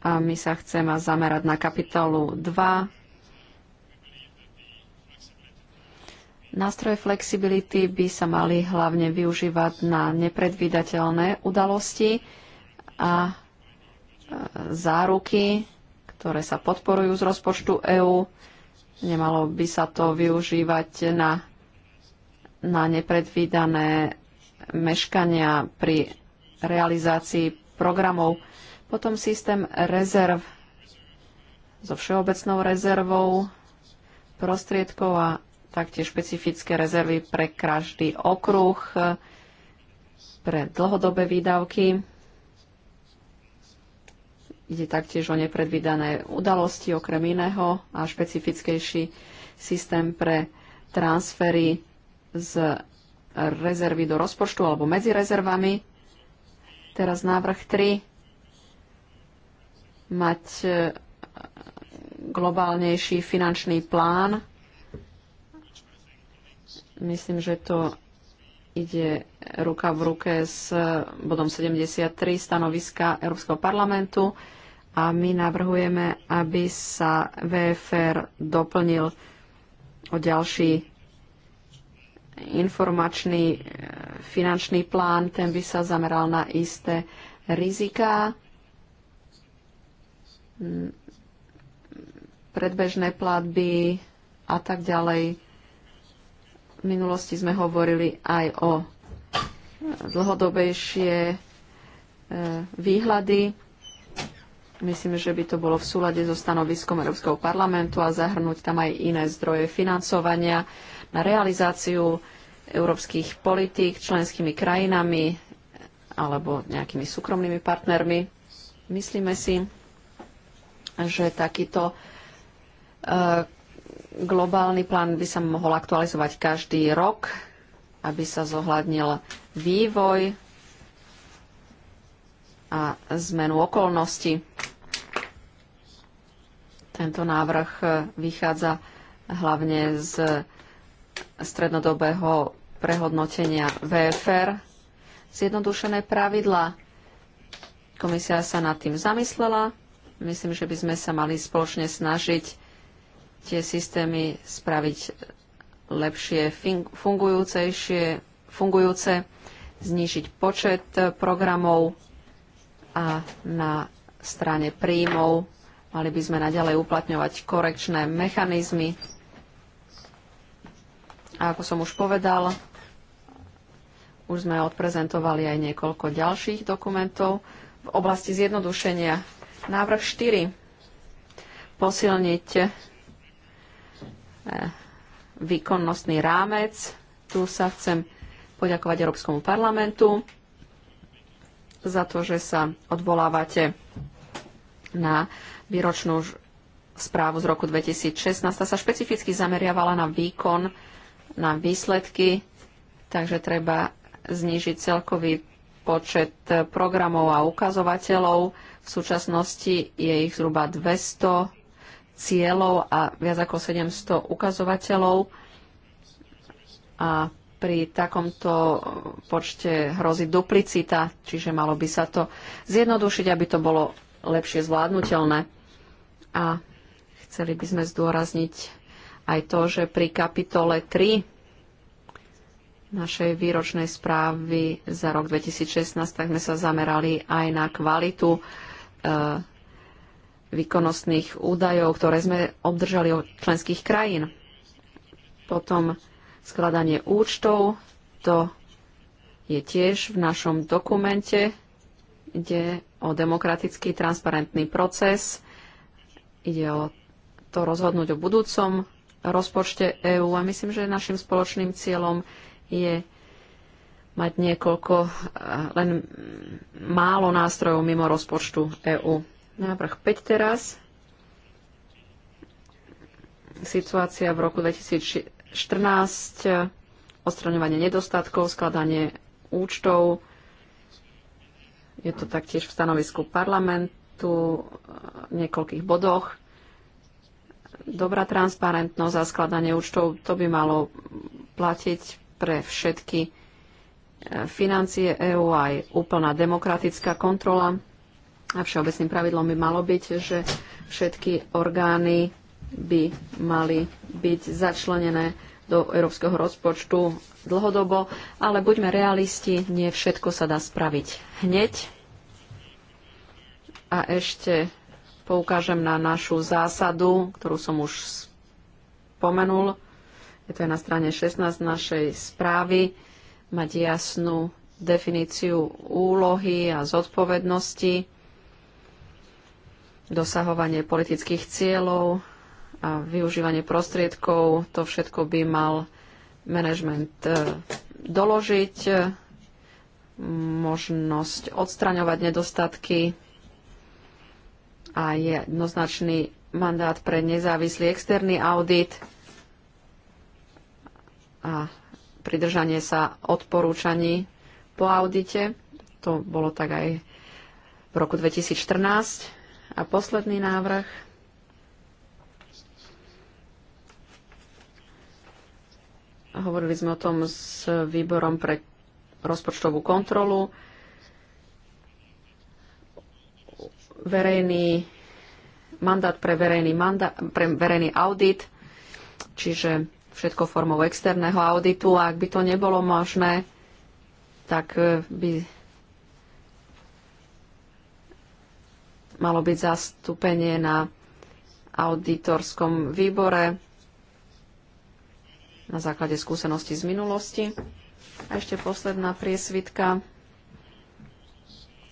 A my sa chceme zamerať na kapitolu 2. Nástroje flexibility by sa mali hlavne využívať na nepredvídateľné udalosti a záruky, ktoré sa podporujú z rozpočtu EÚ. Nemalo by sa to využívať na, na nepredvídané meškania pri realizácii programov. Potom systém rezerv so všeobecnou rezervou prostriedkov a taktiež špecifické rezervy pre každý okruh, pre dlhodobé výdavky. Ide taktiež o nepredvídané udalosti okrem iného a špecifickejší systém pre transfery z rezervy do rozpočtu alebo medzi rezervami. Teraz návrh 3. Mať e, globálnejší finančný plán. Myslím, že to ide ruka v ruke s bodom 73 stanoviska Európskeho parlamentu a my navrhujeme, aby sa VFR doplnil o ďalší informačný e, finančný plán, ten by sa zameral na isté riziká, predbežné platby a tak ďalej. V minulosti sme hovorili aj o dlhodobejšie e, výhľady. Myslím, že by to bolo v súlade so stanoviskom Európskeho parlamentu a zahrnúť tam aj iné zdroje financovania na realizáciu európskych politík členskými krajinami alebo nejakými súkromnými partnermi. Myslíme si, že takýto e, globálny plán by sa mohol aktualizovať každý rok aby sa zohľadnil vývoj a zmenu okolností. Tento návrh vychádza hlavne z strednodobého prehodnotenia VFR. Zjednodušené pravidla. Komisia sa nad tým zamyslela. Myslím, že by sme sa mali spoločne snažiť tie systémy spraviť lepšie fungujúcejšie, fungujúce, znižiť počet eh, programov a na strane príjmov mali by sme naďalej uplatňovať korekčné mechanizmy. A ako som už povedal, už sme odprezentovali aj niekoľko ďalších dokumentov v oblasti zjednodušenia. Návrh 4. Posilniť eh, výkonnostný rámec. Tu sa chcem poďakovať Európskomu parlamentu za to, že sa odvolávate na výročnú správu z roku 2016. Tá sa špecificky zameriavala na výkon, na výsledky, takže treba znižiť celkový počet programov a ukazovateľov. V súčasnosti je ich zhruba 200 cieľov a viac ako 700 ukazovateľov. A pri takomto počte hrozí duplicita, čiže malo by sa to zjednodušiť, aby to bolo lepšie zvládnutelné. A chceli by sme zdôrazniť aj to, že pri kapitole 3 našej výročnej správy za rok 2016, tak sme sa zamerali aj na kvalitu e, výkonnostných údajov, ktoré sme obdržali od členských krajín. Potom skladanie účtov, to je tiež v našom dokumente. Ide o demokratický transparentný proces. Ide o to rozhodnúť o budúcom rozpočte EÚ a myslím, že našim spoločným cieľom je mať niekoľko, eh, len málo nástrojov mimo rozpočtu EÚ. Návrh 5 teraz. Situácia v roku 2014, odstraňovanie nedostatkov, skladanie účtov. Je to taktiež v stanovisku parlamentu v niekoľkých bodoch. Dobrá transparentnosť a skladanie účtov, to by malo platiť pre všetky e, financie EÚ aj úplná demokratická kontrola a všeobecným pravidlom by malo byť, že všetky orgány by mali byť začlenené do európskeho rozpočtu dlhodobo, ale buďme realisti, nie všetko sa dá spraviť hneď. A ešte poukážem na našu zásadu, ktorú som už spomenul. Je to aj na strane 16 našej správy. Mať jasnú definíciu úlohy a zodpovednosti dosahovanie politických cieľov a využívanie prostriedkov. To všetko by mal management e, doložiť, e, možnosť odstraňovať nedostatky a jednoznačný mandát pre nezávislý externý audit a pridržanie sa odporúčaní po audite. To bolo tak aj v roku 2014. A posledný návrh. Hovorili sme o tom s výborom pre rozpočtovú kontrolu. Verejný mandát pre verejný, mandát, pre verejný audit, čiže všetko formou externého auditu. A ak by to nebolo možné, tak by malo byť zastúpenie na auditorskom výbore na základe skúseností z minulosti. A ešte posledná priesvitka.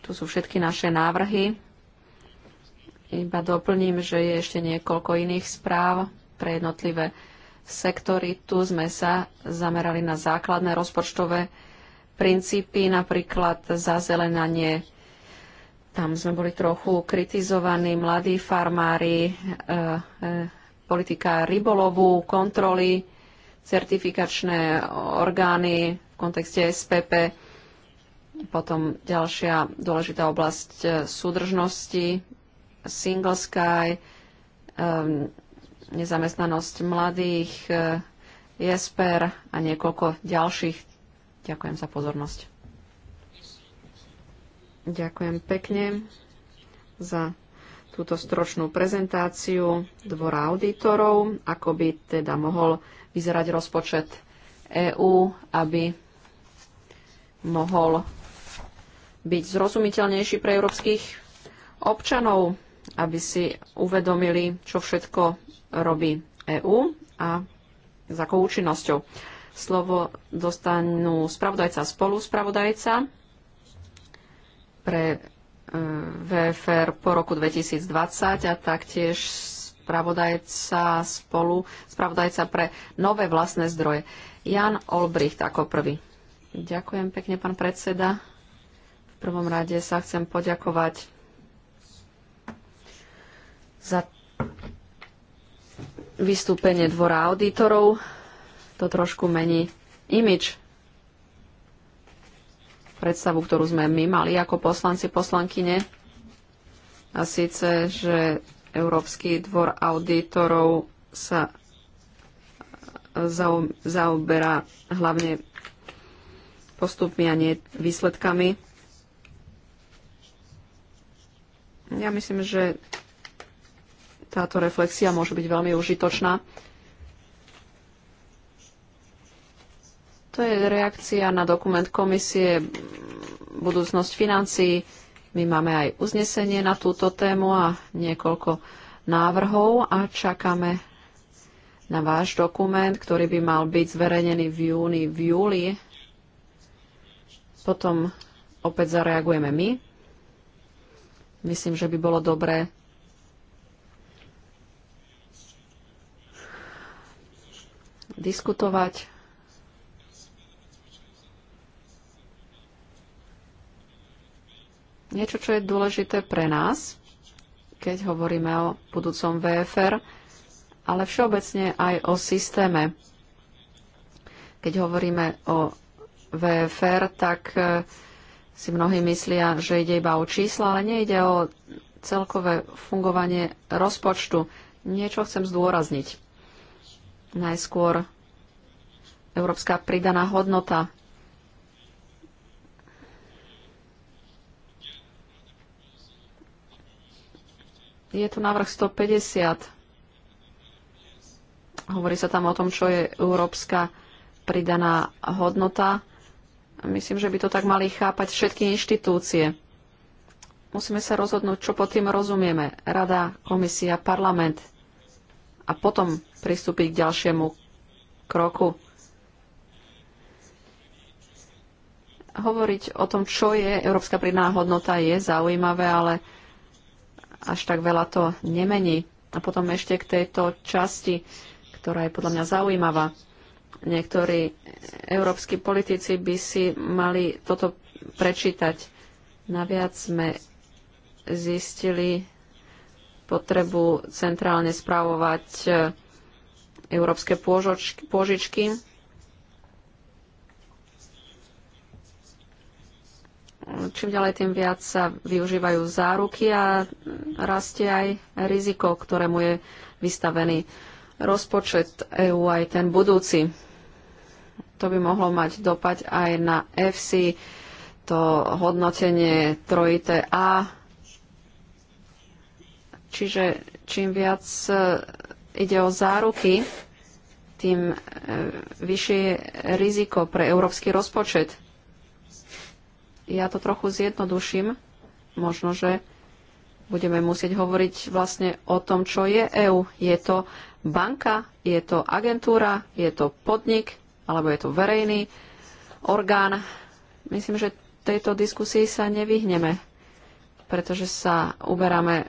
Tu sú všetky naše návrhy. Iba doplním, že je ešte niekoľko iných správ pre jednotlivé sektory. Tu sme sa zamerali na základné rozpočtové princípy, napríklad zazelenanie tam sme boli trochu kritizovaní mladí farmári, e, e, politika rybolovu, kontroly, certifikačné orgány v kontexte SPP. Potom ďalšia dôležitá oblasť e, súdržnosti, single sky, e, nezamestnanosť mladých, e, Jesper a niekoľko ďalších. Ďakujem za pozornosť. Ďakujem pekne za túto stročnú prezentáciu dvora auditorov, ako by teda mohol vyzerať rozpočet EÚ, aby mohol byť zrozumiteľnejší pre európskych občanov, aby si uvedomili, čo všetko robí EÚ a s akou účinnosťou. Slovo dostanú spravodajca a spoluspravodajca pre e, VFR po roku 2020 a taktiež spravodajca spolu, spravodajca pre nové vlastné zdroje. Jan Olbricht ako prvý. Ďakujem pekne, pán predseda. V prvom rade sa chcem poďakovať za vystúpenie dvora auditorov. To trošku mení imič predstavu, ktorú sme my mali ako poslanci, poslankyne. A síce, že Európsky dvor auditorov sa e, zaoberá hlavne postupmi a nie výsledkami. Ja myslím, že táto reflexia môže byť veľmi užitočná. To je reakcia na dokument komisie budúcnosť financií. My máme aj uznesenie na túto tému a niekoľko návrhov a čakáme na váš dokument, ktorý by mal byť zverejnený v júni, v júli. Potom opäť zareagujeme my. Myslím, že by bolo dobré diskutovať niečo, čo je dôležité pre nás, keď hovoríme o budúcom VFR, ale všeobecne aj o systéme. Keď hovoríme o VFR, tak e, si mnohí myslia, že ide iba o čísla, ale nejde o celkové fungovanie rozpočtu. Niečo chcem zdôrazniť. Najskôr európska pridaná hodnota Je tu návrh 150. Hovorí sa tam o tom, čo je európska pridaná hodnota. Myslím, že by to tak mali chápať všetky inštitúcie. Musíme sa rozhodnúť, čo pod tým rozumieme. Rada, komisia, parlament. A potom pristúpiť k ďalšiemu kroku. Hovoriť o tom, čo je európska pridaná hodnota, je zaujímavé, ale až tak veľa to nemení. A potom ešte k tejto časti, ktorá je podľa mňa zaujímavá. Niektorí európsky politici by si mali toto prečítať. Naviac sme zistili potrebu centrálne správovať eh, európske pôžočky, pôžičky čím ďalej tým viac sa využívajú záruky a rastie aj riziko, ktorému je vystavený rozpočet EÚ aj ten budúci. To by mohlo mať dopať aj na FC, to hodnotenie trojité A. Čiže čím viac e, ide o záruky, tým e, vyššie je riziko pre európsky rozpočet. Ja to trochu zjednoduším. Možno, že budeme musieť hovoriť vlastne o tom, čo je EU. Je to banka, je to agentúra, je to podnik, alebo je to verejný orgán. Myslím, že tejto diskusii sa nevyhneme, pretože sa uberáme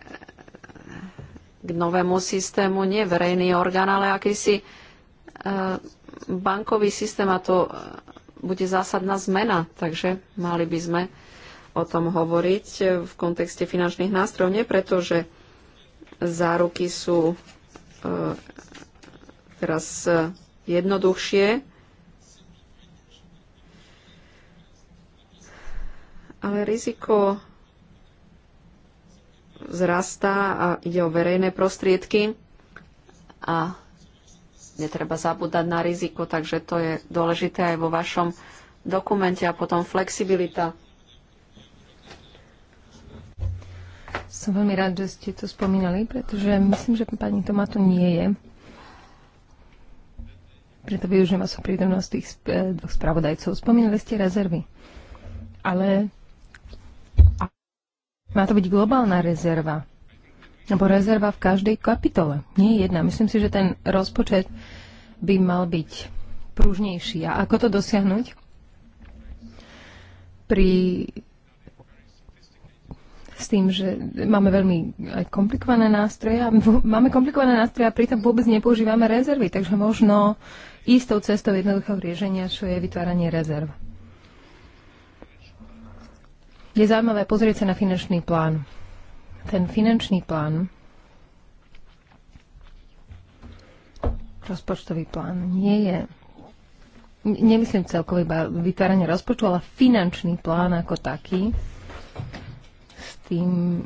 k novému systému, nie verejný orgán, ale akýsi e, bankový systém a to bude zásadná zmena, takže mali by sme o tom hovoriť v kontexte finančných nástrojov, nie preto, že záruky sú e, teraz e, jednoduchšie, ale riziko zrastá a ide o verejné prostriedky a netreba zabúdať na riziko, takže to je dôležité aj vo vašom dokumente a potom flexibilita. Som veľmi rád, že ste to spomínali, pretože myslím, že pani Tomá to nie je. Preto využijem vás o prítomnosť tých eh, dvoch spravodajcov. Spomínali ste rezervy. Ale má to byť globálna rezerva alebo rezerva v každej kapitole. Nie je jedna. Myslím si, že ten rozpočet by mal byť prúžnejší. A ako to dosiahnuť? Pri s tým, že máme veľmi aj komplikované nástroje a máme komplikované nástroje a pritom vôbec nepoužívame rezervy, takže možno istou cestou jednoduchého riešenia, čo je vytváranie rezerv. Je zaujímavé pozrieť sa na finančný plán ten finančný plán, rozpočtový plán nie je, nemyslím celkovo iba vytváranie rozpočtu, ale finančný plán ako taký, s tým,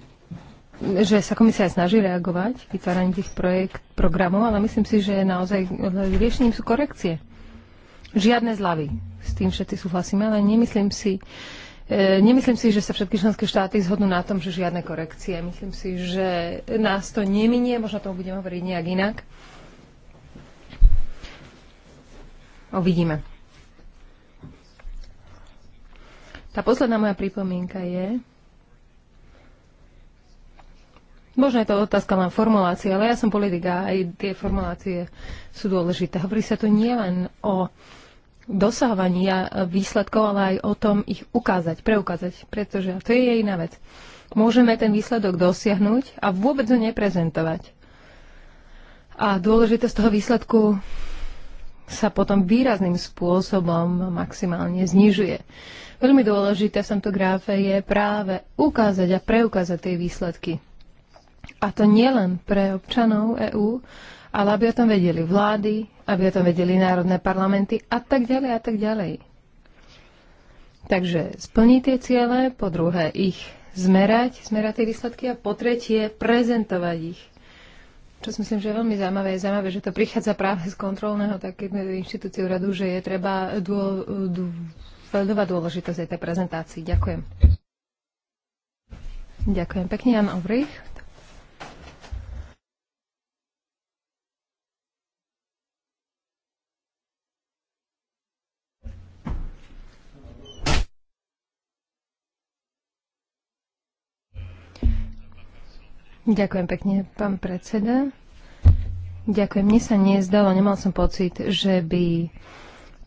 že sa komisia aj snaží reagovať vytváraním tých projekt, programov, ale myslím si, že naozaj riešením sú korekcie. Žiadne zľavy. S tým všetci súhlasíme, ale nemyslím si, E, nemyslím si, že sa všetky členské štáty zhodnú na tom, že žiadne korekcie. Myslím si, že nás to neminie, možno tomu budeme hovoriť nejak inak. Uvidíme. Tá posledná moja pripomienka je, možno je to otázka len formulácie, ale ja som politika a aj tie formulácie sú dôležité. Hovorí sa tu nielen o dosahovania e, výsledkov, ale aj o tom ich ukázať, preukázať, pretože to je iná vec. Môžeme ten výsledok dosiahnuť a vôbec ho neprezentovať. A dôležité z toho výsledku sa potom výrazným spôsobom maximálne znižuje. Veľmi dôležité v tomto gráfe je práve ukázať a preukázať tie výsledky. A to nielen pre občanov EÚ, ale aby o tom vedeli vlády, aby o tom vedeli národné parlamenty a tak ďalej a tak ďalej. Takže splniť tie ciele, po druhé ich zmerať, zmerať tie výsledky a po tretie prezentovať ich. Čo si myslím, že je veľmi zaujímavé. Je zaujímavé, že to prichádza práve z kontrolného takého inštitúciu radu, že je treba dô, dô, dôležitosť aj tej prezentácii. Ďakujem. Ďakujem pekne, Jan Ovrich. Ďakujem pekne, pán predseda. Ďakujem. Mne sa nezdalo, nemal som pocit, že by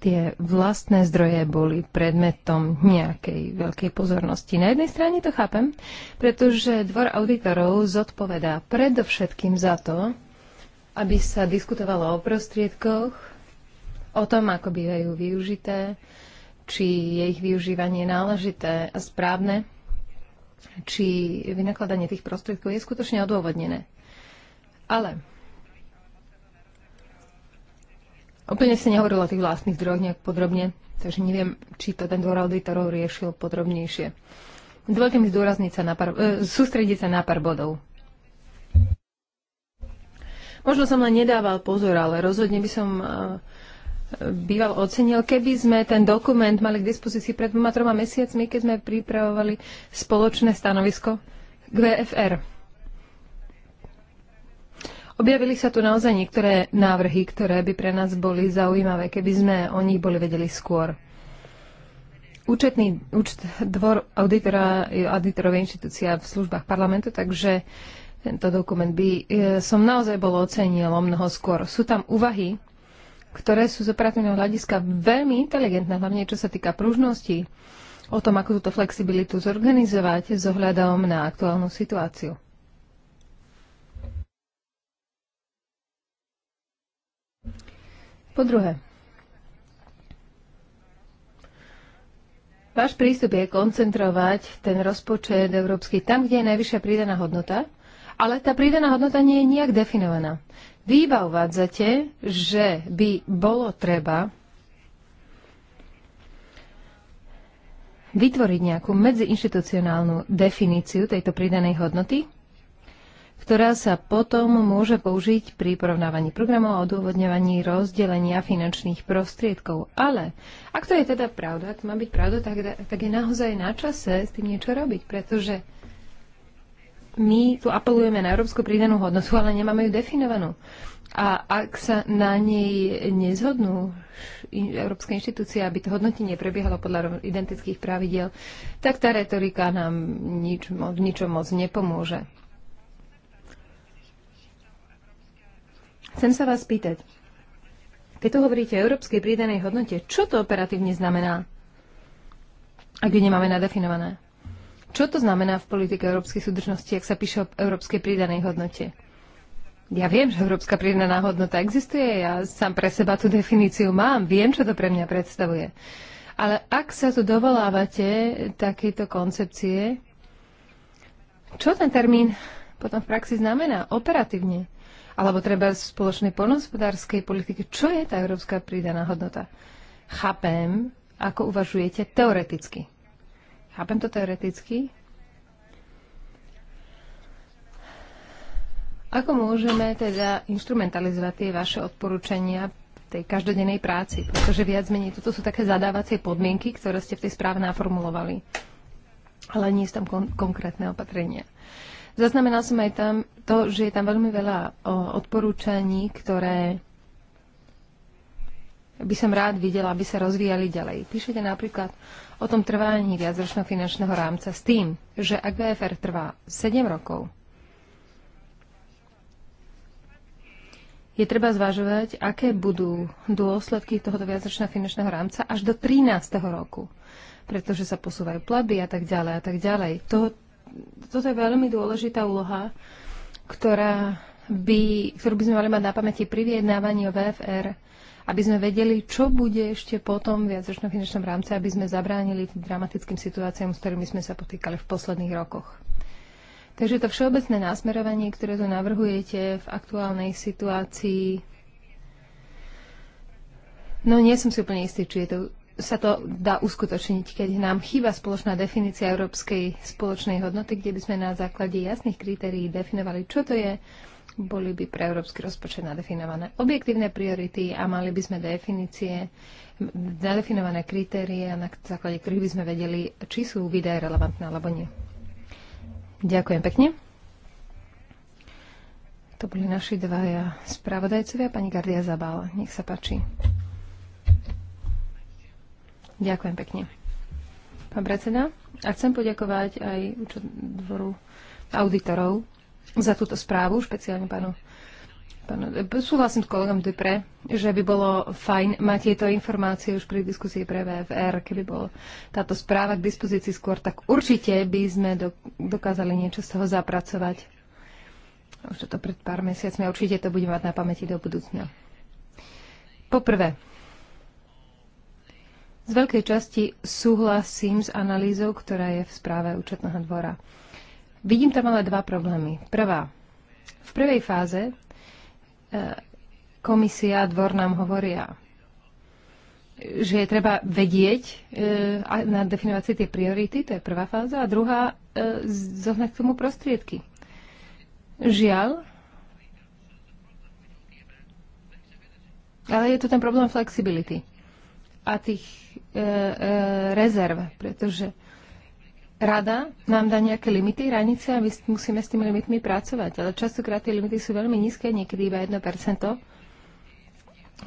tie vlastné zdroje boli predmetom nejakej veľkej pozornosti. Na jednej strane to chápem, pretože dvor auditorov zodpovedá predovšetkým za to, aby sa diskutovalo o prostriedkoch, o tom, ako bývajú využité, či je ich využívanie náležité a správne či vynakladanie tých prostriedkov je skutočne odôvodnené. Ale úplne si nehovoril o tých vlastných zdrojoch nejak podrobne, takže neviem, či to ten dvor auditorov riešil podrobnejšie. Dovolte mi zdôrazniť sa na pár, e, sústrediť sa na pár bodov. Možno som len nedával pozor, ale rozhodne by som e, býval ocenil, keby sme ten dokument mali k dispozícii pred dvoma, troma mesiacmi, keď sme pripravovali spoločné stanovisko k VFR. Objavili sa tu naozaj niektoré návrhy, ktoré by pre nás boli zaujímavé, keby sme o nich boli vedeli skôr. Účetný účet, dvor auditora je auditorová inštitúcia v službách parlamentu, takže tento dokument by e, som naozaj bol ocenil o mnoho skôr. Sú tam úvahy, ktoré sú z operatívneho hľadiska veľmi inteligentné, hlavne čo sa týka pružnosti, o tom, ako túto flexibilitu zorganizovať s ohľadom na aktuálnu situáciu. Po druhé, váš prístup je koncentrovať ten rozpočet európsky tam, kde je najvyššia pridaná hodnota, ale tá pridaná hodnota nie je nijak definovaná. Vy iba uvádzate, že by bolo treba vytvoriť nejakú medziinštitucionálnu definíciu tejto pridanej hodnoty, ktorá sa potom môže použiť pri porovnávaní programov a odôvodňovaní rozdelenia finančných prostriedkov. Ale ak to je teda pravda, ak má byť pravda, tak, tak je naozaj na čase s tým niečo robiť, pretože my tu apelujeme na európsku prídanú hodnotu, ale nemáme ju definovanú. A ak sa na nej nezhodnú európske inštitúcie, aby to hodnotenie prebiehalo podľa identických pravidiel, tak tá retorika nám nič, v ničom moc nepomôže. Chcem sa vás pýtať, keď tu hovoríte o európskej prídanej hodnote, čo to operatívne znamená, ak ju nemáme nadefinované? Čo to znamená v politike európskej súdržnosti, ak sa píše o európskej pridanej hodnote? Ja viem, že európska pridaná hodnota existuje, ja sám pre seba tú definíciu mám, viem, čo to pre mňa predstavuje. Ale ak sa tu dovolávate takéto koncepcie, čo ten termín potom v praxi znamená operatívne? Alebo treba v spoločnej poľnohospodárskej politike, čo je tá európska pridaná hodnota? Chápem, ako uvažujete teoreticky. Chápem to teoreticky. Ako môžeme teda instrumentalizovať tie vaše odporúčania tej každodennej práci? Pretože viac menej toto sú také zadávacie podmienky, ktoré ste v tej správe naformulovali. Ale nie sú tam kon- konkrétne opatrenia. Zaznamenal som aj tam to, že je tam veľmi veľa o, odporúčaní, ktoré by som rád videla, aby sa rozvíjali ďalej. Píšete napríklad o tom trvání viacročného finančného rámca s tým, že ak VFR trvá 7 rokov, je treba zvažovať, aké budú dôsledky tohoto viacročného finančného rámca až do 13. roku, pretože sa posúvajú platby a tak ďalej a tak ďalej. To, toto je veľmi dôležitá úloha, ktorá by, ktorú by sme mali mať na pamäti pri vyjednávaní o VFR aby sme vedeli, čo bude ešte potom v viacročnom finančnom rámci, aby sme zabránili tým dramatickým situáciám, s ktorými sme sa potýkali v posledných rokoch. Takže to všeobecné násmerovanie, ktoré tu navrhujete v aktuálnej situácii, no nie som si úplne istý, či je to sa to dá uskutočniť, keď nám chýba spoločná definícia európskej spoločnej hodnoty, kde by sme na základe jasných kritérií definovali, čo to je boli by pre európsky rozpočet nadefinované objektívne priority a mali by sme definície, nadefinované kritérie, na základe ktorých by sme vedeli, či sú výdaje relevantné alebo nie. Ďakujem pekne. To boli naši dvaja spravodajcovia. Pani Gardia Zabal, nech sa páči. Ďakujem pekne. Pán predseda, a chcem poďakovať aj dvoru auditorov za túto správu, špeciálne pánu. Pán, súhlasím s kolegom Dupre, že by bolo fajn mať tieto informácie už pri diskusii pre VFR, keby bola táto správa k dispozícii skôr, tak určite by sme do, dokázali niečo z toho zapracovať. Už toto pred pár mesiacmi a určite to budeme mať na pamäti do budúcna. Poprvé, z veľkej časti súhlasím s analýzou, ktorá je v správe účetného dvora. Vidím tam ale dva problémy. Prvá. V prvej fáze e, komisia a dvor nám hovoria, že je treba vedieť e, a nadefinovať si tie priority, to je prvá fáza, a druhá e, zohnať k tomu prostriedky. Žiaľ, ale je tu ten problém flexibility a tých rezerv, pretože rada nám dá nejaké limity, hranice a my musíme s tými limitmi pracovať. Ale častokrát tie limity sú veľmi nízke, niekedy iba 1%.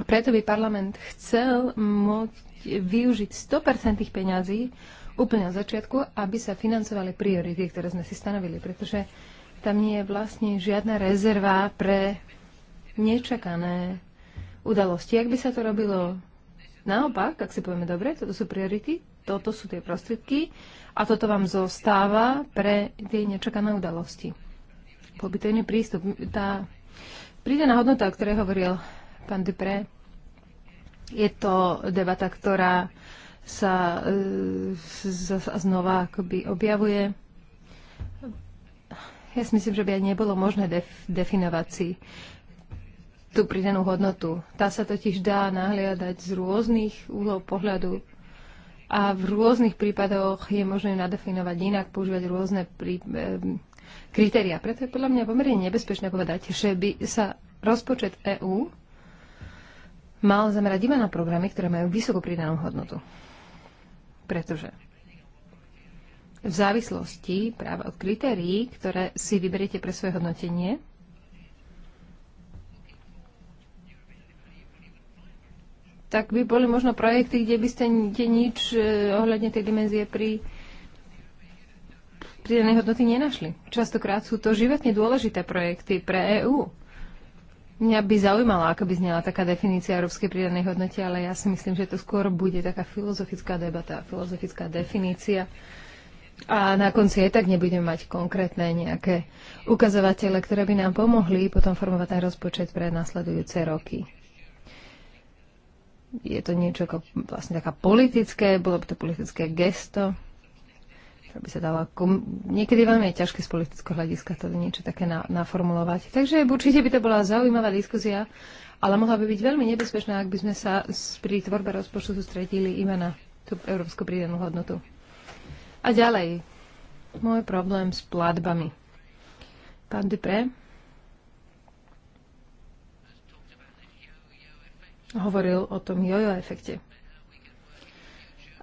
Preto by parlament chcel môcť využiť 100% tých peňazí úplne od začiatku, aby sa financovali priority, ktoré sme si stanovili, pretože tam nie je vlastne žiadna rezerva pre nečakané udalosti. Ak by sa to robilo naopak, ak si povieme dobre, toto sú priority, toto sú tie prostriedky a toto vám zostáva pre tie nečakané udalosti. Pobytejný prístup. Tá prídená hodnota, o ktorej hovoril pán Dupré, je to debata, ktorá sa e, znova akoby objavuje. Ja si myslím, že by aj nebolo možné def- definovať si tú pridanú hodnotu. Tá sa totiž dá nahliadať z rôznych úhlov pohľadu a v rôznych prípadoch je možné nadefinovať inak, používať rôzne prí, e, kritéria. Preto je podľa mňa pomerne nebezpečné povedať, že by sa rozpočet EÚ mal zamerať iba na programy, ktoré majú vysokú pridanú hodnotu. Pretože v závislosti práve od kritérií, ktoré si vyberiete pre svoje hodnotenie, tak by boli možno projekty, kde by ste kde nič e, ohľadne tej dimenzie pri pridanej hodnoty nenašli. Častokrát sú to životne dôležité projekty pre EÚ. Mňa by zaujímala, ako by znela taká definícia európskej pridanej hodnoty, ale ja si myslím, že to skôr bude taká filozofická debata, filozofická definícia. A na konci aj tak nebudeme mať konkrétne nejaké ukazovatele, ktoré by nám pomohli potom formovať ten rozpočet pre nasledujúce roky je to niečo ako vlastne taká politické, bolo by to politické gesto, ktoré by sa dalo... ako... Niekedy veľmi je ťažké z politického hľadiska to niečo také na, naformulovať. Takže určite by to bola zaujímavá diskusia, ale mohla by byť veľmi nebezpečná, ak by sme sa pri tvorbe rozpočtu sústredili iba na tú európsku prídenú hodnotu. A ďalej, môj problém s platbami. Pán Dupré, hovoril o tom jojo efekte.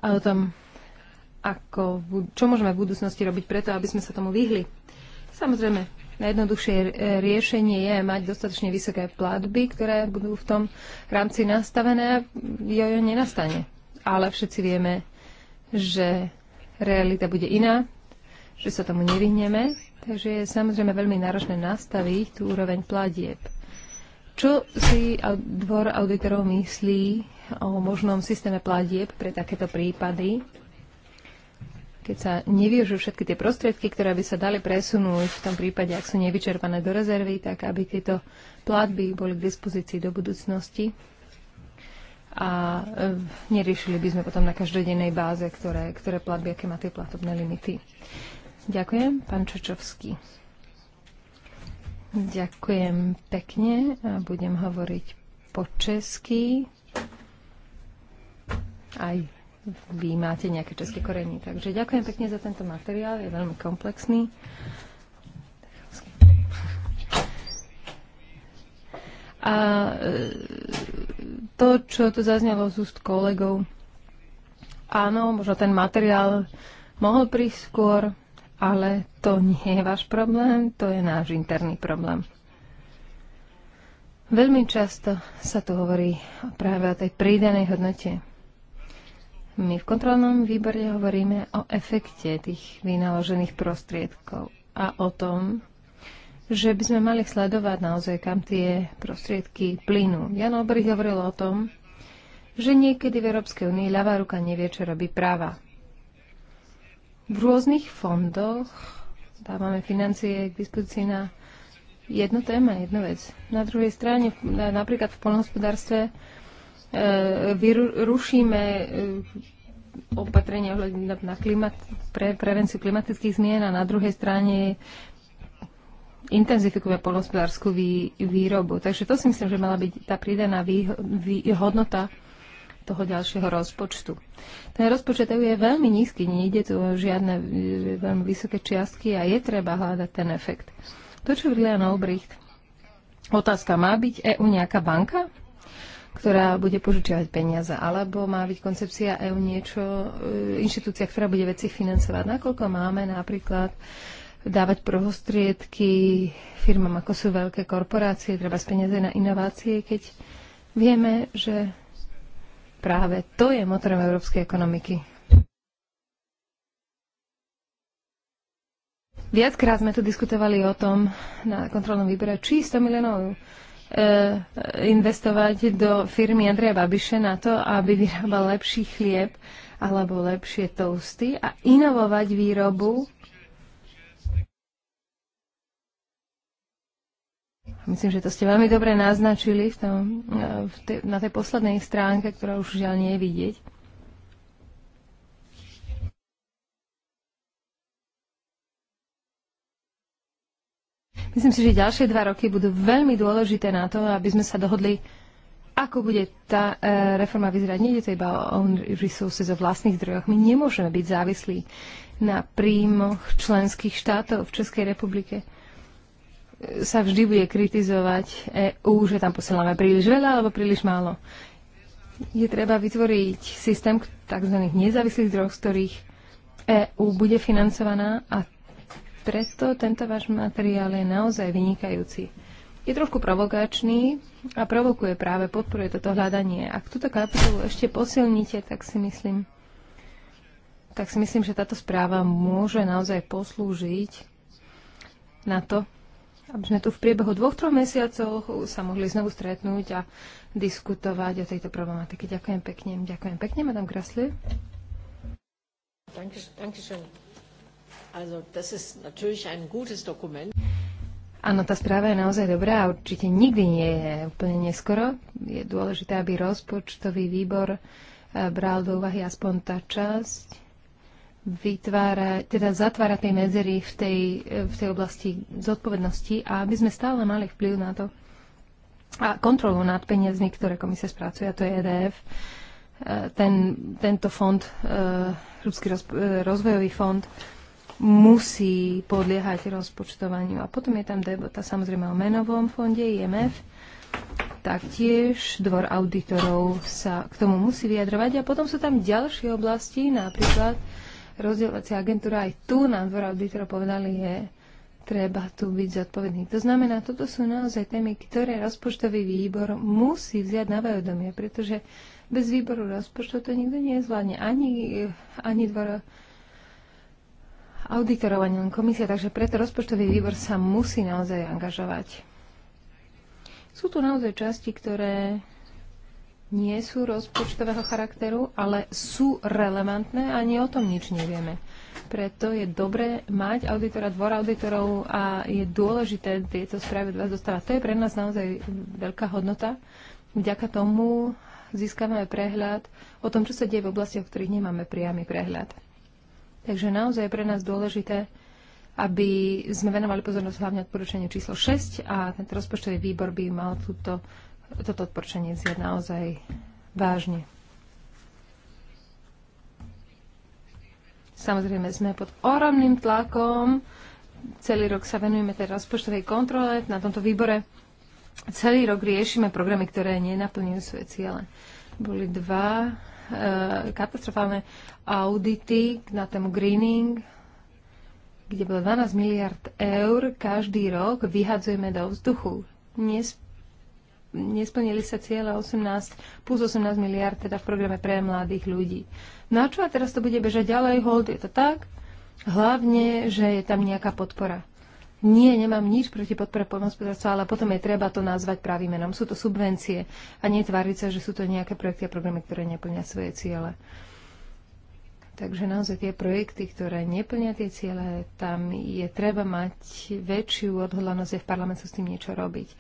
A o tom, ako, čo môžeme v budúcnosti robiť preto, aby sme sa tomu vyhli. Samozrejme, najjednoduchšie riešenie je mať dostatočne vysoké platby, ktoré budú v tom rámci nastavené a jojo nenastane. Ale všetci vieme, že realita bude iná, že sa tomu nevyhneme, takže je samozrejme veľmi náročné nastaviť tú úroveň platieb. Čo si dvor auditorov myslí o možnom systéme platieb pre takéto prípady, keď sa nevyužijú všetky tie prostriedky, ktoré by sa dali presunúť v tom prípade, ak sú nevyčerpané do rezervy, tak aby tieto platby boli k dispozícii do budúcnosti a e, neriešili by sme potom na každodennej báze, ktoré, ktoré platby, aké má tie platobné limity. Ďakujem, pán Čočovský. Ďakujem pekne. a Budem hovoriť po česky. Aj vy máte nejaké české korenie. Takže ďakujem pekne za tento materiál. Je veľmi komplexný. A e, to, čo tu zaznelo z úst kolegov, áno, možno ten materiál mohol prísť skôr, ale to nie je váš problém, to je náš interný problém. Veľmi často sa tu hovorí práve o tej prídanej hodnote. My v kontrolnom výbore hovoríme o efekte tých vynaložených prostriedkov a o tom, že by sme mali sledovať naozaj, kam tie prostriedky plynú. Jan Obrich hovoril o tom, že niekedy v Európskej únii ľavá ruka nevie, čo robí práva. V rôznych fondoch dávame financie k dispozícii na jednu téma, jednu vec. Na druhej strane, napríklad v polnohospodárstve, e, vyrušíme e, opatrenia na klimat, pre prevenciu klimatických zmien a na druhej strane intenzifikujeme polnohospodárskú vý, výrobu. Takže to si myslím, že mala byť tá pridaná vý, hodnota toho ďalšieho rozpočtu. Ten rozpočet e je veľmi nízky, nejde tu žiadne e, veľmi vysoké čiastky a je treba hľadať ten efekt. To, čo videla obricht, otázka, má byť EU nejaká banka? ktorá bude požičiavať peniaze, alebo má byť koncepcia EU niečo, e, inštitúcia, ktorá bude veci financovať. Nakoľko máme napríklad dávať prostriedky firmám, ako sú veľké korporácie, treba z peniaze na inovácie, keď vieme, že Práve to je motorom európskej ekonomiky. Viackrát sme tu diskutovali o tom na kontrolnom výbere, či 100 miliónov e, investovať do firmy Andreja Babiše na to, aby vyrábal lepší chlieb alebo lepšie toasty a inovovať výrobu Myslím, že to ste veľmi dobre naznačili v tom, e, v te, na tej poslednej stránke, ktorá už žiaľ nie je vidieť. Myslím si, že ďalšie dva roky budú veľmi dôležité na to, aby sme sa dohodli, ako bude tá e, reforma vyzerať. je to iba o own resources, o vlastných zdrojoch. My nemôžeme byť závislí na príjmoch členských štátov v Českej republike sa vždy bude kritizovať EÚ, že tam posielame príliš veľa alebo príliš málo. Je treba vytvoriť systém tzv. nezávislých zdrojov, z ktorých EÚ bude financovaná a preto tento váš materiál je naozaj vynikajúci. Je trošku provokačný a provokuje práve, podporuje toto hľadanie. Ak túto kapitolu ešte posilníte, tak si myslím, tak si myslím, že táto správa môže naozaj poslúžiť na to, aby sme tu v priebehu dvoch, troch mesiacov sa mohli znovu stretnúť a diskutovať o tejto problematike. Ďakujem pekne. Ďakujem pekne, madam Grasli. Áno, tá správa je naozaj dobrá a určite nikdy nie je úplne neskoro. Je dôležité, aby rozpočtový výbor eh, bral do úvahy aspoň tá časť, vytvára, teda zatvára tie medzery v tej, v tej oblasti zodpovednosti a aby sme stále mali vplyv na to a kontrolu nad peniazmi, ktoré komisia spracuje, a to je EDF, e, ten, tento fond, e, Európsky e, rozvojový fond, musí podliehať rozpočtovaniu. A potom je tam debata samozrejme o menovom fonde IMF, Taktiež dvor auditorov sa k tomu musí vyjadrovať a potom sú tam ďalšie oblasti, napríklad rozdielovacia agentúra aj tu nám dvora auditorov povedali, je treba tu byť zodpovedný. To znamená, toto sú naozaj témy, ktoré rozpočtový výbor musí vziať na vedomie, pretože bez výboru rozpočtu to nikto nezvládne. Ani, ani dvor auditorov, ani len komisia, takže preto rozpočtový výbor sa musí naozaj angažovať. Sú tu naozaj časti, ktoré nie sú rozpočtového charakteru, ale sú relevantné a ani o tom nič nevieme. Preto je dobré mať auditora dvor auditorov a je dôležité tieto správy od vás dostávať. To je pre nás naozaj veľká hodnota. Vďaka tomu získavame prehľad o tom, čo sa deje v oblastiach, v ktorých nemáme priamy prehľad. Takže naozaj je pre nás dôležité, aby sme venovali pozornosť hlavne odporúčaniu číslo 6 a tento rozpočtový výbor by mal túto toto odporčenie zjať naozaj vážne. Samozrejme, sme pod ohromným tlakom. Celý rok sa venujeme tej rozpočtovej kontrole na tomto výbore. Celý rok riešime programy, ktoré nenaplňujú svoje ciele. Boli dva e, katastrofálne audity na tému greening, kde bolo 12 miliard eur každý rok vyhadzujeme do vzduchu. Nesp- nesplnili sa cieľa 18, plus 18 miliard teda v programe pre mladých ľudí. No a čo a teraz to bude bežať ďalej, hold, je to tak? Hlavne, že je tam nejaká podpora. Nie, nemám nič proti podpore poľnohospodárstva, ale potom je treba to nazvať pravým menom. Sú to subvencie a netváriť sa, že sú to nejaké projekty a programy, ktoré neplnia svoje ciele. Takže naozaj tie projekty, ktoré neplnia tie ciele, tam je treba mať väčšiu odhodlanosť v parlamentu s tým niečo robiť. E,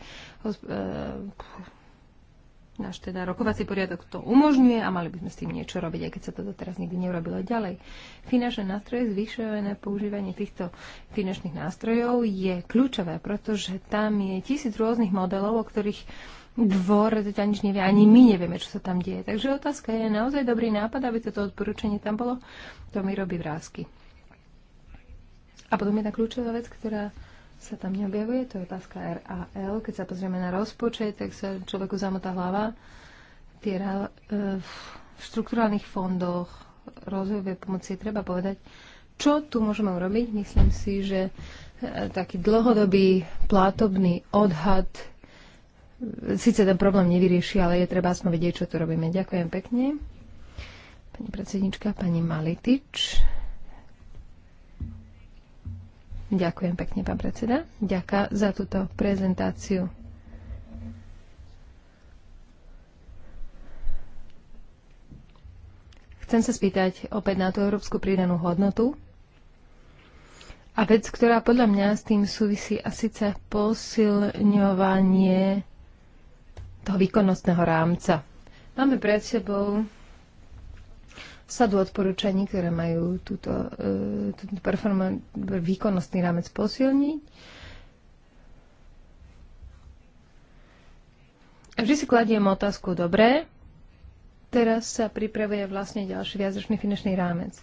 náš teda rokovací poriadok to umožňuje a mali by sme s tým niečo robiť, aj keď sa to doteraz nikdy neurobilo ďalej. Finančné nástroje, zvyšované používanie týchto finančných nástrojov je kľúčové, pretože tam je tisíc rôznych modelov, o ktorých dvor teda nič nevie, ani my nevieme, čo sa tam deje. Takže otázka je naozaj dobrý nápad, aby toto odporúčanie tam bolo. To mi robí vrázky. A potom jedna kľúčová vec, ktorá sa tam neobjavuje, to je otázka RAL. Keď sa pozrieme na rozpočet, tak sa človeku zamotá hlava. Tie RAL, e, v štruktúrálnych fondoch rozvojovej pomoci treba povedať, čo tu môžeme urobiť. Myslím si, že e, taký dlhodobý plátobný odhad síce ten problém nevyrieši, ale je treba aspoň vedieť, čo tu robíme. Ďakujem pekne. Pani predsednička, pani Malitič. Ďakujem pekne, pán predseda. Ďaká za túto prezentáciu. Chcem sa spýtať opäť na tú európsku pridanú hodnotu. A vec, ktorá podľa mňa s tým súvisí, a síce posilňovanie toho výkonnostného rámca. Máme pred sebou sadu odporúčaní, ktoré majú túto, e, túto performan- výkonnostný rámec posilniť. A vždy si kladiem otázku, dobre, teraz sa pripravuje vlastne ďalší viacročný finančný rámec.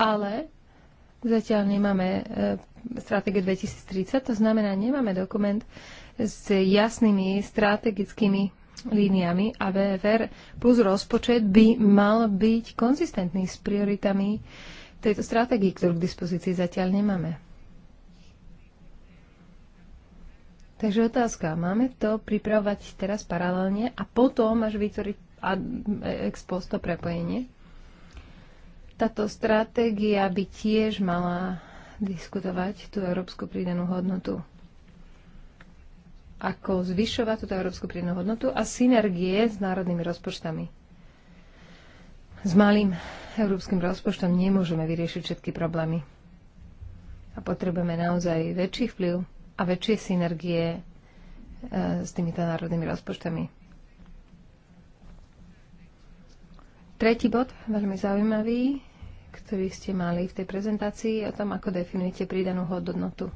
Ale Zatiaľ nemáme e, stratégiu 2030, to znamená, nemáme dokument s jasnými strategickými líniami a VFR plus rozpočet by mal byť konzistentný s prioritami tejto stratégie, ktorú k dispozícii zatiaľ nemáme. Takže otázka, máme to pripravovať teraz paralelne a potom až vytvoriť ex posto prepojenie? Táto stratégia by tiež mala diskutovať tú európsku prídenú hodnotu. Ako zvyšovať túto európsku prídenú hodnotu a synergie s národnými rozpočtami. S malým európskym rozpočtom nemôžeme vyriešiť všetky problémy. A potrebujeme naozaj väčší vplyv a väčšie synergie e, s týmito národnými rozpočtami. Tretí bod, veľmi zaujímavý, ktorý ste mali v tej prezentácii o tom, ako definujete pridanú hodnotu.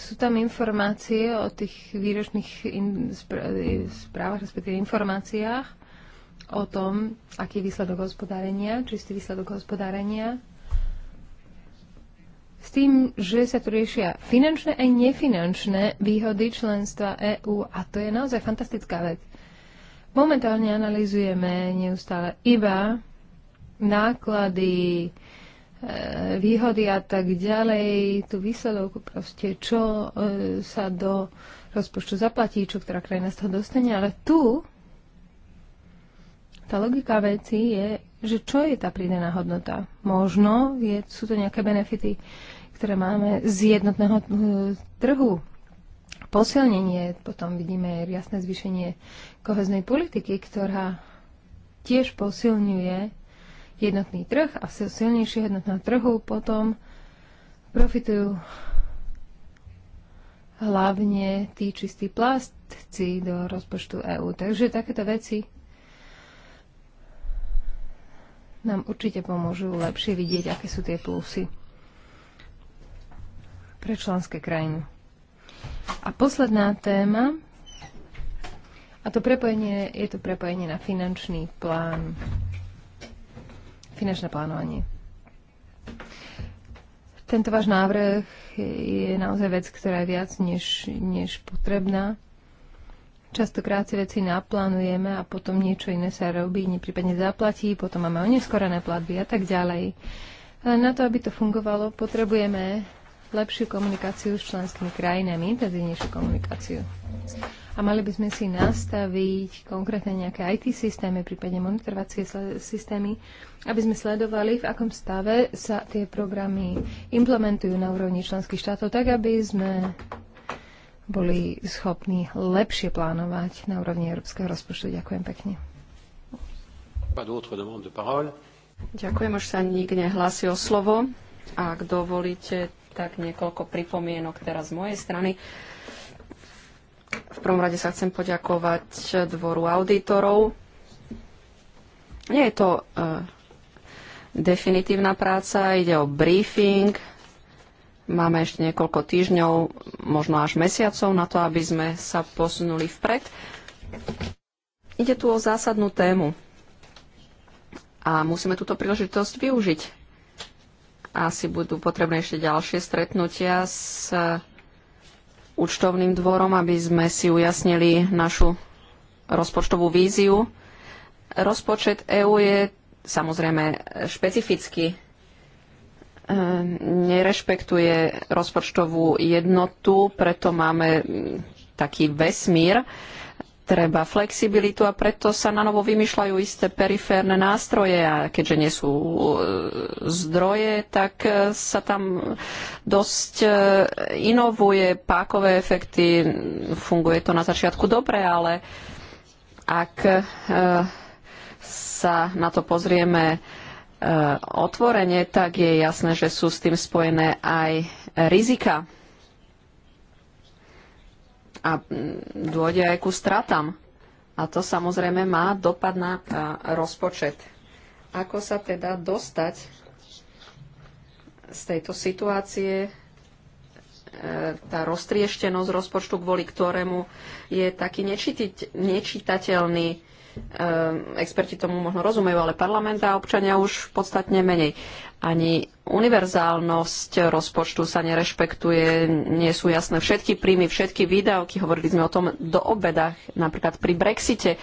Sú tam informácie o tých výročných in, e, správach, respektíve informáciách o tom, aký je výsledok hospodárenia, čistý výsledok hospodárenia. S tým, že sa tu riešia finančné aj nefinančné výhody členstva EÚ a to je naozaj fantastická vec. Momentálne analizujeme neustále iba náklady, e, výhody a tak ďalej, tú výsledovku proste, čo e, sa do rozpočtu zaplatí, čo ktorá krajina z toho dostane, ale tu tá logika veci je, že čo je tá prídená hodnota. Možno je, sú to nejaké benefity, ktoré máme z jednotného e, trhu, posilnenie, potom vidíme jasné zvýšenie koheznej politiky, ktorá tiež posilňuje jednotný trh a silnejšie jednotná trhu potom profitujú hlavne tí čistí plastci do rozpočtu EÚ. Takže takéto veci nám určite pomôžu lepšie vidieť, aké sú tie plusy pre členské krajiny. A posledná téma, a to prepojenie, je to prepojenie na finančný plán, finančné plánovanie. Tento váš návrh je naozaj vec, ktorá je viac než, než potrebná. Častokrát si veci naplánujeme a potom niečo iné sa robí, neprípadne zaplatí, potom máme oneskorené platby a tak ďalej. Ale na to, aby to fungovalo, potrebujeme lepšiu komunikáciu s členskými krajinami, intenzívnejšiu komunikáciu. A mali by sme si nastaviť konkrétne nejaké IT systémy, prípadne monitorovacie systémy, aby sme sledovali, v akom stave sa tie programy implementujú na úrovni členských štátov, tak aby sme boli schopní lepšie plánovať na úrovni európskeho rozpočtu. Ďakujem pekne. Ďakujem, už sa nik nehlási o slovo. Ak dovolíte, tak niekoľko pripomienok teraz z mojej strany. V prvom rade sa chcem poďakovať dvoru auditorov. Nie je to uh, definitívna práca, ide o briefing. Máme ešte niekoľko týždňov, možno až mesiacov na to, aby sme sa posunuli vpred. Ide tu o zásadnú tému a musíme túto príležitosť využiť asi budú potrebné ešte ďalšie stretnutia s účtovným dvorom, aby sme si ujasnili našu rozpočtovú víziu. Rozpočet EÚ je samozrejme špecificky e, nerešpektuje rozpočtovú jednotu, preto máme taký vesmír treba flexibilitu a preto sa na novo vymýšľajú isté periférne nástroje a keďže nie sú e, zdroje, tak e, sa tam dosť e, inovuje pákové efekty. Funguje to na začiatku dobre, ale ak sa na to pozrieme otvorene, tak je jasné, že sú s tým spojené aj rizika a dôjde aj ku stratám. A to samozrejme má dopad na rozpočet. Ako sa teda dostať z tejto situácie, e, tá roztrieštenosť rozpočtu, kvôli ktorému je taký nečitateľný Ehm, experti tomu možno rozumejú, ale parlament a občania už podstatne menej. Ani univerzálnosť rozpočtu sa nerešpektuje, nie sú jasné všetky príjmy, všetky výdavky. Hovorili sme o tom do obedách, napríklad pri Brexite.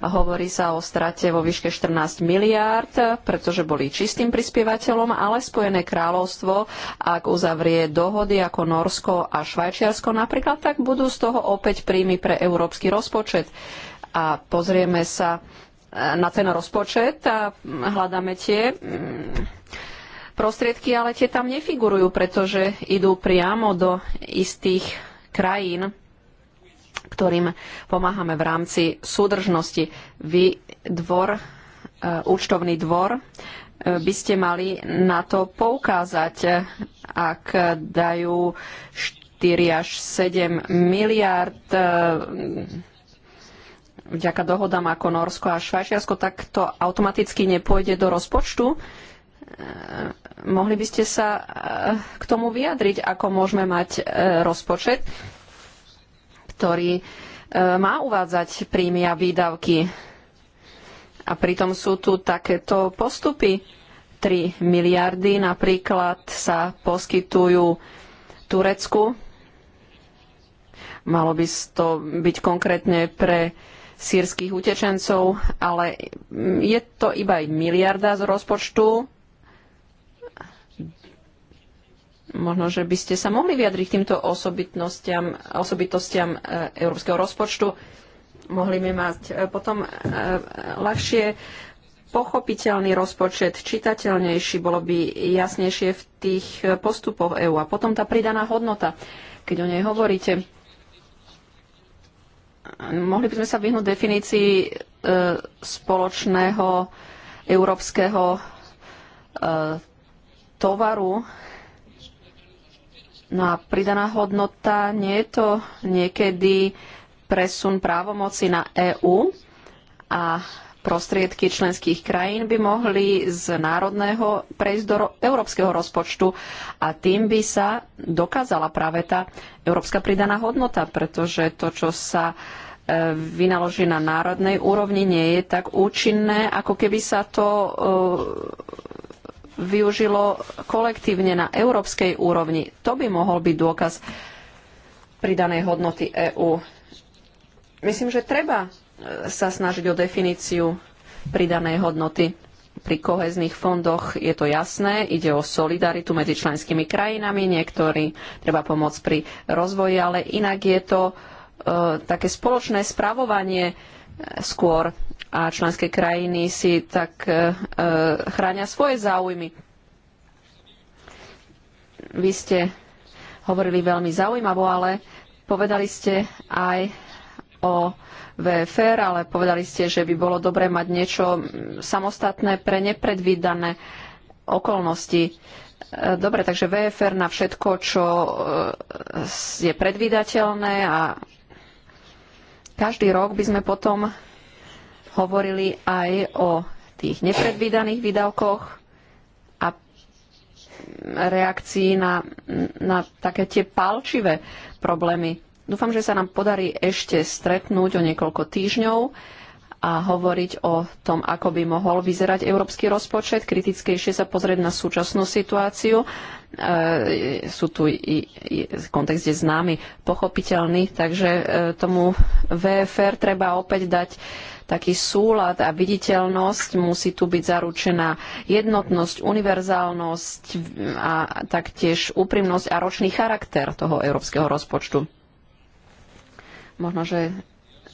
Hovorí sa o strate vo výške 14 miliárd, pretože boli čistým prispievateľom, ale Spojené kráľovstvo, ak uzavrie dohody ako Norsko a Švajčiarsko napríklad, tak budú z toho opäť príjmy pre európsky rozpočet a pozrieme sa e, na ten rozpočet a hľadáme tie mm, prostriedky, ale tie tam nefigurujú, pretože idú priamo do istých krajín, ktorým pomáhame v rámci súdržnosti. Vy dvor, e, účtovný dvor, e, by ste mali na to poukázať, ak dajú 4 až 7 miliard vďaka dohodám ako Norsko a Švajčiarsko, tak to automaticky nepôjde do rozpočtu. E, mohli by ste sa e, k tomu vyjadriť, ako môžeme mať e, rozpočet, ktorý má uvádzať príjmy a výdavky. A pritom sú tu takéto postupy. 3 miliardy napríklad sa poskytujú Turecku. Malo by to byť konkrétne pre sírskych utečencov, ale je to iba aj miliarda z rozpočtu. Možno, že by ste sa mohli vyjadriť k týmto osobitostiam, osobitostiam e, európskeho rozpočtu. Mohli by mať e, potom e, ľahšie pochopiteľný rozpočet, čitateľnejší, bolo by jasnejšie v tých postupoch EÚ. A potom tá pridaná hodnota, keď o nej hovoríte mohli by sme sa vyhnúť definícii e, spoločného európskeho e, tovaru. No a pridaná hodnota nie je to niekedy presun právomoci na EÚ a prostriedky členských krajín by mohli z národného prejsť do európskeho rozpočtu a tým by sa dokázala práve tá európska pridaná hodnota, pretože to, čo sa e, vynaloží na národnej úrovni, nie je tak účinné, ako keby sa to e, využilo kolektívne na európskej úrovni. To by mohol byť dôkaz pridanej hodnoty EÚ. Myslím, že treba sa snažiť o definíciu pridanej hodnoty. Pri kohezných fondoch je to jasné, ide o solidaritu medzi členskými krajinami, niektorí treba pomôcť pri rozvoji, ale inak je to e, také spoločné spravovanie e, skôr a členské krajiny si tak e, e, chránia svoje záujmy. Vy ste hovorili veľmi zaujímavo, ale povedali ste aj o VFR, ale povedali ste, že by bolo dobré mať niečo samostatné pre nepredvídané okolnosti. E, dobre, takže VFR na všetko, čo e, je predvídateľné a každý rok by sme potom hovorili aj o tých nepredvídaných výdavkoch a reakcii na, na také tie palčivé problémy Dúfam, že sa nám podarí ešte stretnúť o niekoľko týždňov a hovoriť o tom, ako by mohol vyzerať európsky rozpočet, kritickejšie sa pozrieť na súčasnú situáciu. E, sú tu i, i v je známy, pochopiteľný, takže e, tomu VFR treba opäť dať taký súlad a viditeľnosť, musí tu byť zaručená jednotnosť, univerzálnosť a taktiež úprimnosť a ročný charakter toho európskeho rozpočtu. Možno, že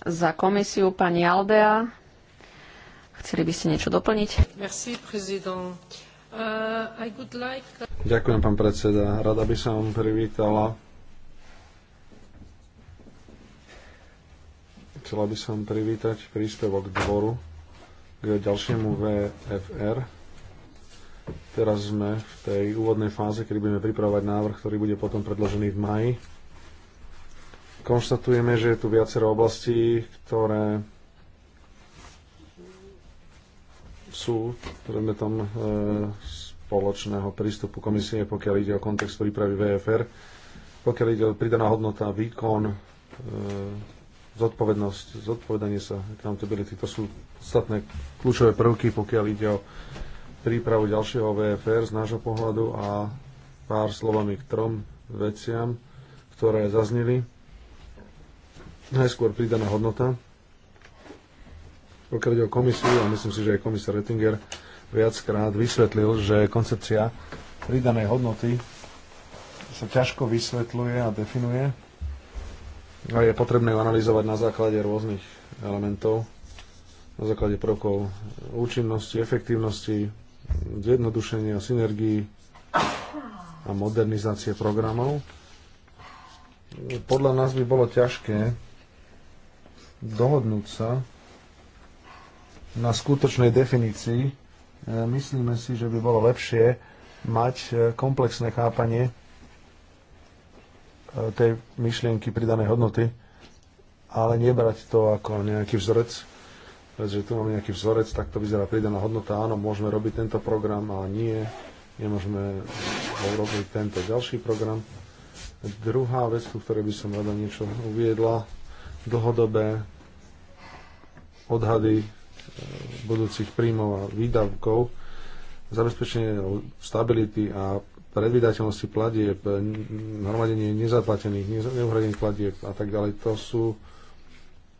za komisiu pani Aldea. Chceli by ste niečo doplniť? Merci, prezident. Uh, like... Ďakujem, pán predseda. Rada by som privítala chcela by som privítať príspevok dvoru k ďalšiemu VFR. Teraz sme v tej úvodnej fáze, kedy budeme pripravovať návrh, ktorý bude potom predložený v maji konštatujeme, že je tu viacero oblastí, ktoré sú predmetom e, spoločného prístupu komisie, pokiaľ ide o kontext prípravy VFR, pokiaľ ide o pridaná hodnota, výkon, e, zodpovednosť, zodpovedanie sa, accountability, to sú podstatné kľúčové prvky, pokiaľ ide o prípravu ďalšieho VFR z nášho pohľadu a pár slovami k trom veciam, ktoré zazneli. Najskôr pridaná hodnota. Pokiaľ ide o komisiu, a myslím si, že aj komisár Rettinger viackrát vysvetlil, že koncepcia pridanej hodnoty sa ťažko vysvetľuje a definuje. A je potrebné ju analyzovať na základe rôznych elementov, na základe prvkov účinnosti, efektívnosti, zjednodušenia, synergií a modernizácie programov. Podľa nás by bolo ťažké dohodnúť sa na skutočnej definícii. E, myslíme si, že by bolo lepšie mať e, komplexné chápanie e, tej myšlienky pridanej hodnoty, ale nebrať to ako nejaký vzorec, že tu máme nejaký vzorec, tak to vyzerá pridaná hodnota. Áno, môžeme robiť tento program, ale nie, nemôžeme robiť tento ďalší program. Druhá vec, ktorej by som rada niečo uviedla, dlhodobé odhady e, budúcich príjmov a výdavkov, zabezpečenie stability a predvydateľnosti platieb, hromadenie nezaplatených, neuhradených platieb a tak ďalej, to sú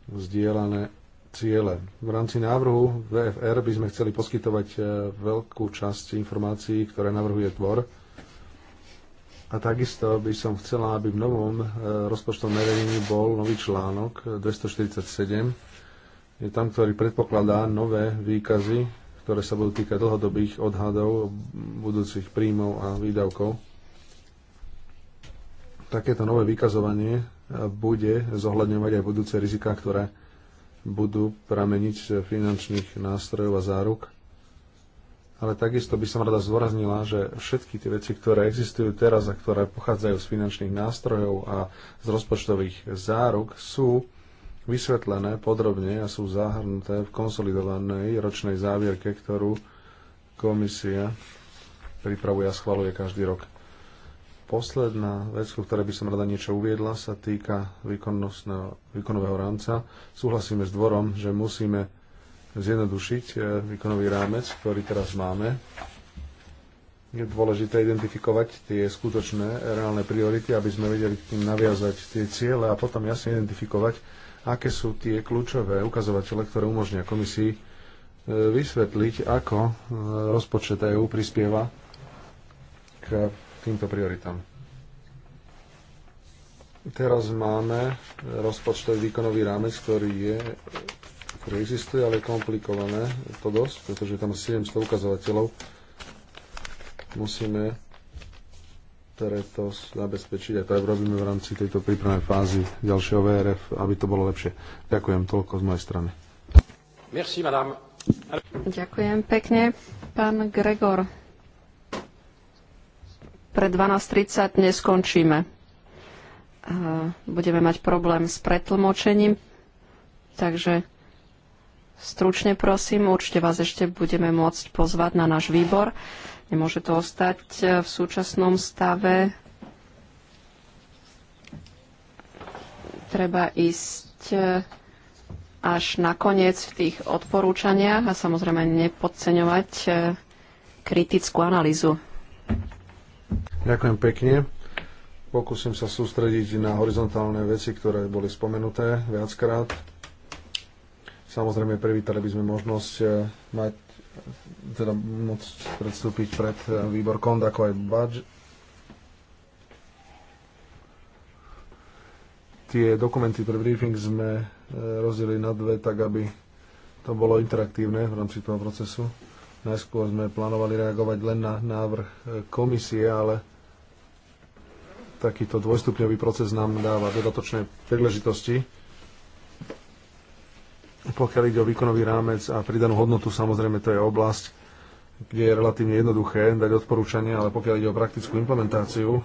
vzdielané ciele. V rámci návrhu VFR by sme chceli poskytovať e, veľkú časť informácií, ktoré navrhuje tvor. A takisto by som chcela, aby v novom e, rozpočtovom nariadení bol nový článok 247, je tam, ktorý predpokladá nové výkazy, ktoré sa budú týkať dlhodobých odhadov budúcich príjmov a výdavkov. Takéto nové vykazovanie bude zohľadňovať aj budúce riziká, ktoré budú prameniť z finančných nástrojov a záruk. Ale takisto by som rada zdôraznila, že všetky tie veci, ktoré existujú teraz a ktoré pochádzajú z finančných nástrojov a z rozpočtových záruk, sú vysvetlené podrobne a sú zahrnuté v konsolidovanej ročnej závierke, ktorú komisia pripravuje a schvaluje každý rok. Posledná vec, o ktorej by som rada niečo uviedla, sa týka výkonového rámca. Súhlasíme s dvorom, že musíme zjednodušiť e, výkonový rámec, ktorý teraz máme. Je dôležité identifikovať tie skutočné reálne priority, aby sme vedeli k tým naviazať tie ciele a potom jasne identifikovať, aké sú tie kľúčové ukazovatele, ktoré umožnia komisii e, vysvetliť, ako e, rozpočet EU prispieva k týmto prioritám. Teraz máme rozpočtový výkonový rámec, ktorý je ktorý existuje, ale je komplikované to dosť, pretože tam 700 ukazovateľov musíme ktoré to zabezpečiť. A to aj robíme v rámci tejto prípravnej fázy ďalšieho VRF, aby to bolo lepšie. Ďakujem toľko z mojej strany. Merci, madame. Ďakujem pekne. Pán Gregor, pre 12.30 neskončíme. Budeme mať problém s pretlmočením, takže stručne prosím, určite vás ešte budeme môcť pozvať na náš výbor. Nemôže to ostať e, v súčasnom stave. Treba ísť e, až nakoniec v tých odporúčaniach a samozrejme nepodceňovať e, kritickú analýzu. Ďakujem pekne. Pokúsim sa sústrediť na horizontálne veci, ktoré boli spomenuté viackrát. Samozrejme, privítali by sme možnosť mať teda môcť predstúpiť pred eh, výbor KOND ako aj Badž. Tie dokumenty pre briefing sme eh, rozdelili na dve, tak aby to bolo interaktívne v rámci toho procesu. Najskôr sme plánovali reagovať len na návrh eh, komisie, ale takýto dvojstupňový proces nám dáva dodatočné príležitosti pokiaľ ide o výkonový rámec a pridanú hodnotu, samozrejme to je oblasť, kde je relatívne jednoduché dať odporúčanie, ale pokiaľ ide o praktickú implementáciu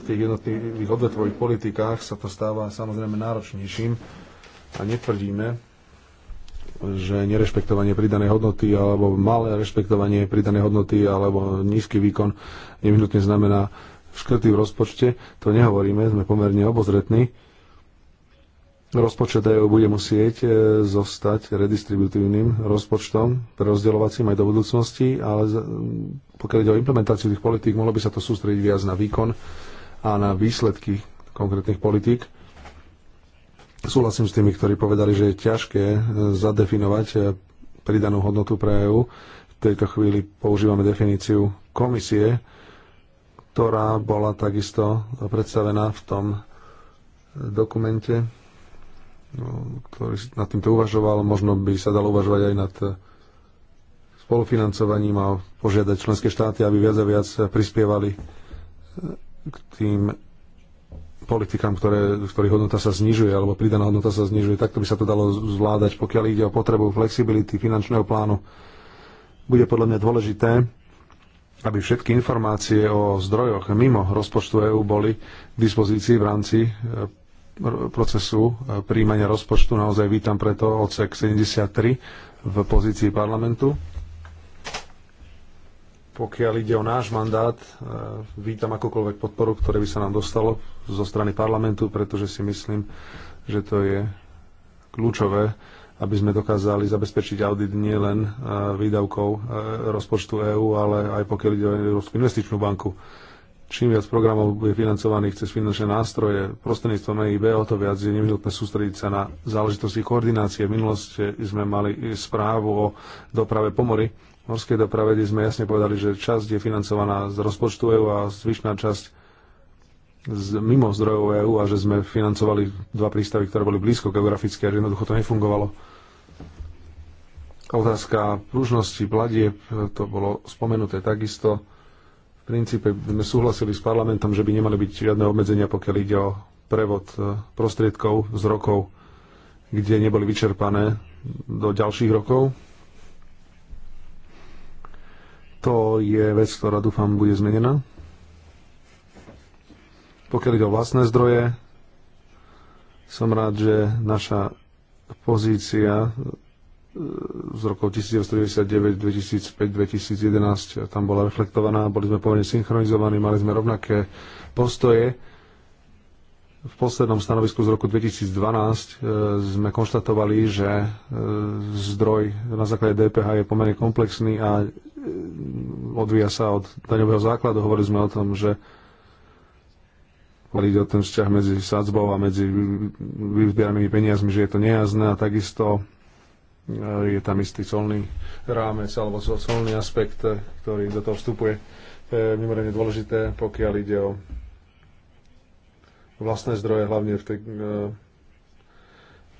v tých jednotlivých odvetvových politikách sa to stáva samozrejme náročnejším a netvrdíme, že nerešpektovanie pridanej hodnoty alebo malé rešpektovanie pridanej hodnoty alebo nízky výkon nevyhnutne znamená škrty v rozpočte. To nehovoríme, sme pomerne obozretní Rozpočet EU bude musieť e, zostať redistributívnym rozpočtom pre rozdeľovacím aj do budúcnosti, ale mm, pokiaľ ide o implementáciu tých politík, mohlo by sa to sústrediť viac na výkon a na výsledky konkrétnych politík. Súhlasím s tými, ktorí povedali, že je ťažké e, zadefinovať e, pridanú hodnotu pre EU. V tejto chvíli používame definíciu komisie, ktorá bola takisto predstavená v tom dokumente No, ktorý nad týmto uvažoval. Možno by sa dalo uvažovať aj nad eh, spolufinancovaním a požiadať členské štáty, aby viac a viac prispievali eh, k tým politikám, ktoré, ktorých hodnota sa znižuje alebo pridaná hodnota sa znižuje. Takto by sa to dalo zvládať, pokiaľ ide o potrebu flexibility finančného plánu. Bude podľa mňa dôležité, aby všetky informácie o zdrojoch mimo rozpočtu EÚ boli k dispozícii v rámci eh, procesu e, príjmania rozpočtu naozaj vítam preto odsek 73 v pozícii parlamentu. Pokiaľ ide o náš mandát, e, vítam akúkoľvek podporu, ktoré by sa nám dostalo zo strany parlamentu, pretože si myslím, že to je kľúčové, aby sme dokázali zabezpečiť audit nielen e, výdavkov rozpočtu EÚ, ale aj pokiaľ ide o Európsku investičnú banku Čím viac programov bude financovaných cez finančné nástroje prostredníctvom EIB, o to viac je nevyhnutné sústrediť sa na záležitosti koordinácie. V minulosti sme mali správu o doprave pomory, morskej doprave, kde sme jasne povedali, že časť je financovaná z rozpočtu EU a zvyšná časť z, mimo zdrojov EÚ a že sme financovali dva prístavy, ktoré boli blízko geograficky a že jednoducho to nefungovalo. Otázka pružnosti platieb, to bolo spomenuté takisto princípe sme súhlasili s parlamentom, že by nemali byť žiadne obmedzenia, pokiaľ ide o prevod e, prostriedkov z rokov, kde neboli vyčerpané do ďalších rokov. To je vec, ktorá dúfam bude zmenená. Pokiaľ ide o vlastné zdroje, som rád, že naša pozícia z rokov 1999, 2005, 2011 tam bola reflektovaná, boli sme pomerne synchronizovaní, mali sme rovnaké postoje. V poslednom stanovisku z roku 2012 sme konštatovali, že zdroj na základe DPH je pomerne komplexný a odvíja sa od daňového základu. Hovorili sme o tom, že ide o ten vzťah medzi sadzbou a medzi vybieranými peniazmi, že je to nejasné a takisto je tam istý colný rámec alebo colný aspekt, ktorý do toho vstupuje. To je mimoriadne dôležité, pokiaľ ide o vlastné zdroje, hlavne v tej e,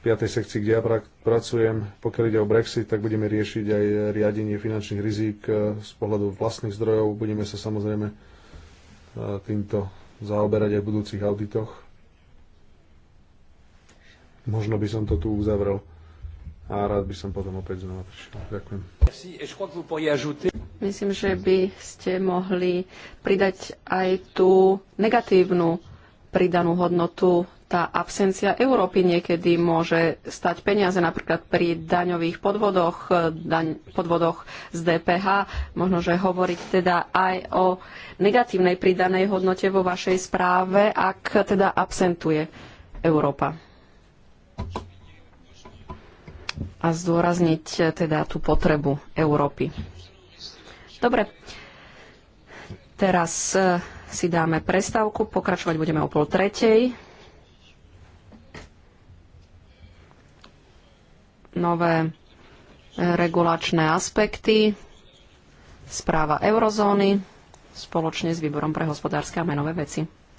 piatej sekcii, kde ja pracujem. Pokiaľ ide o Brexit, tak budeme riešiť aj riadenie finančných rizík e, z pohľadu vlastných zdrojov. Budeme sa samozrejme e, týmto zaoberať aj v budúcich auditoch. Možno by som to tu uzavrel a rád by som potom opäť znova prišiel. Ďakujem. Myslím, že by ste mohli pridať aj tú negatívnu pridanú hodnotu. Tá absencia Európy niekedy môže stať peniaze napríklad pri daňových podvodoch, daň, podvodoch z DPH. Možno, že hovoriť teda aj o negatívnej pridanej hodnote vo vašej správe, ak teda absentuje Európa a zdôrazniť eh, teda tú potrebu Európy. Dobre, teraz eh, si dáme prestávku, pokračovať budeme o pol tretej. Nové eh, regulačné aspekty, správa eurozóny spoločne s Výborom pre hospodárske a menové veci.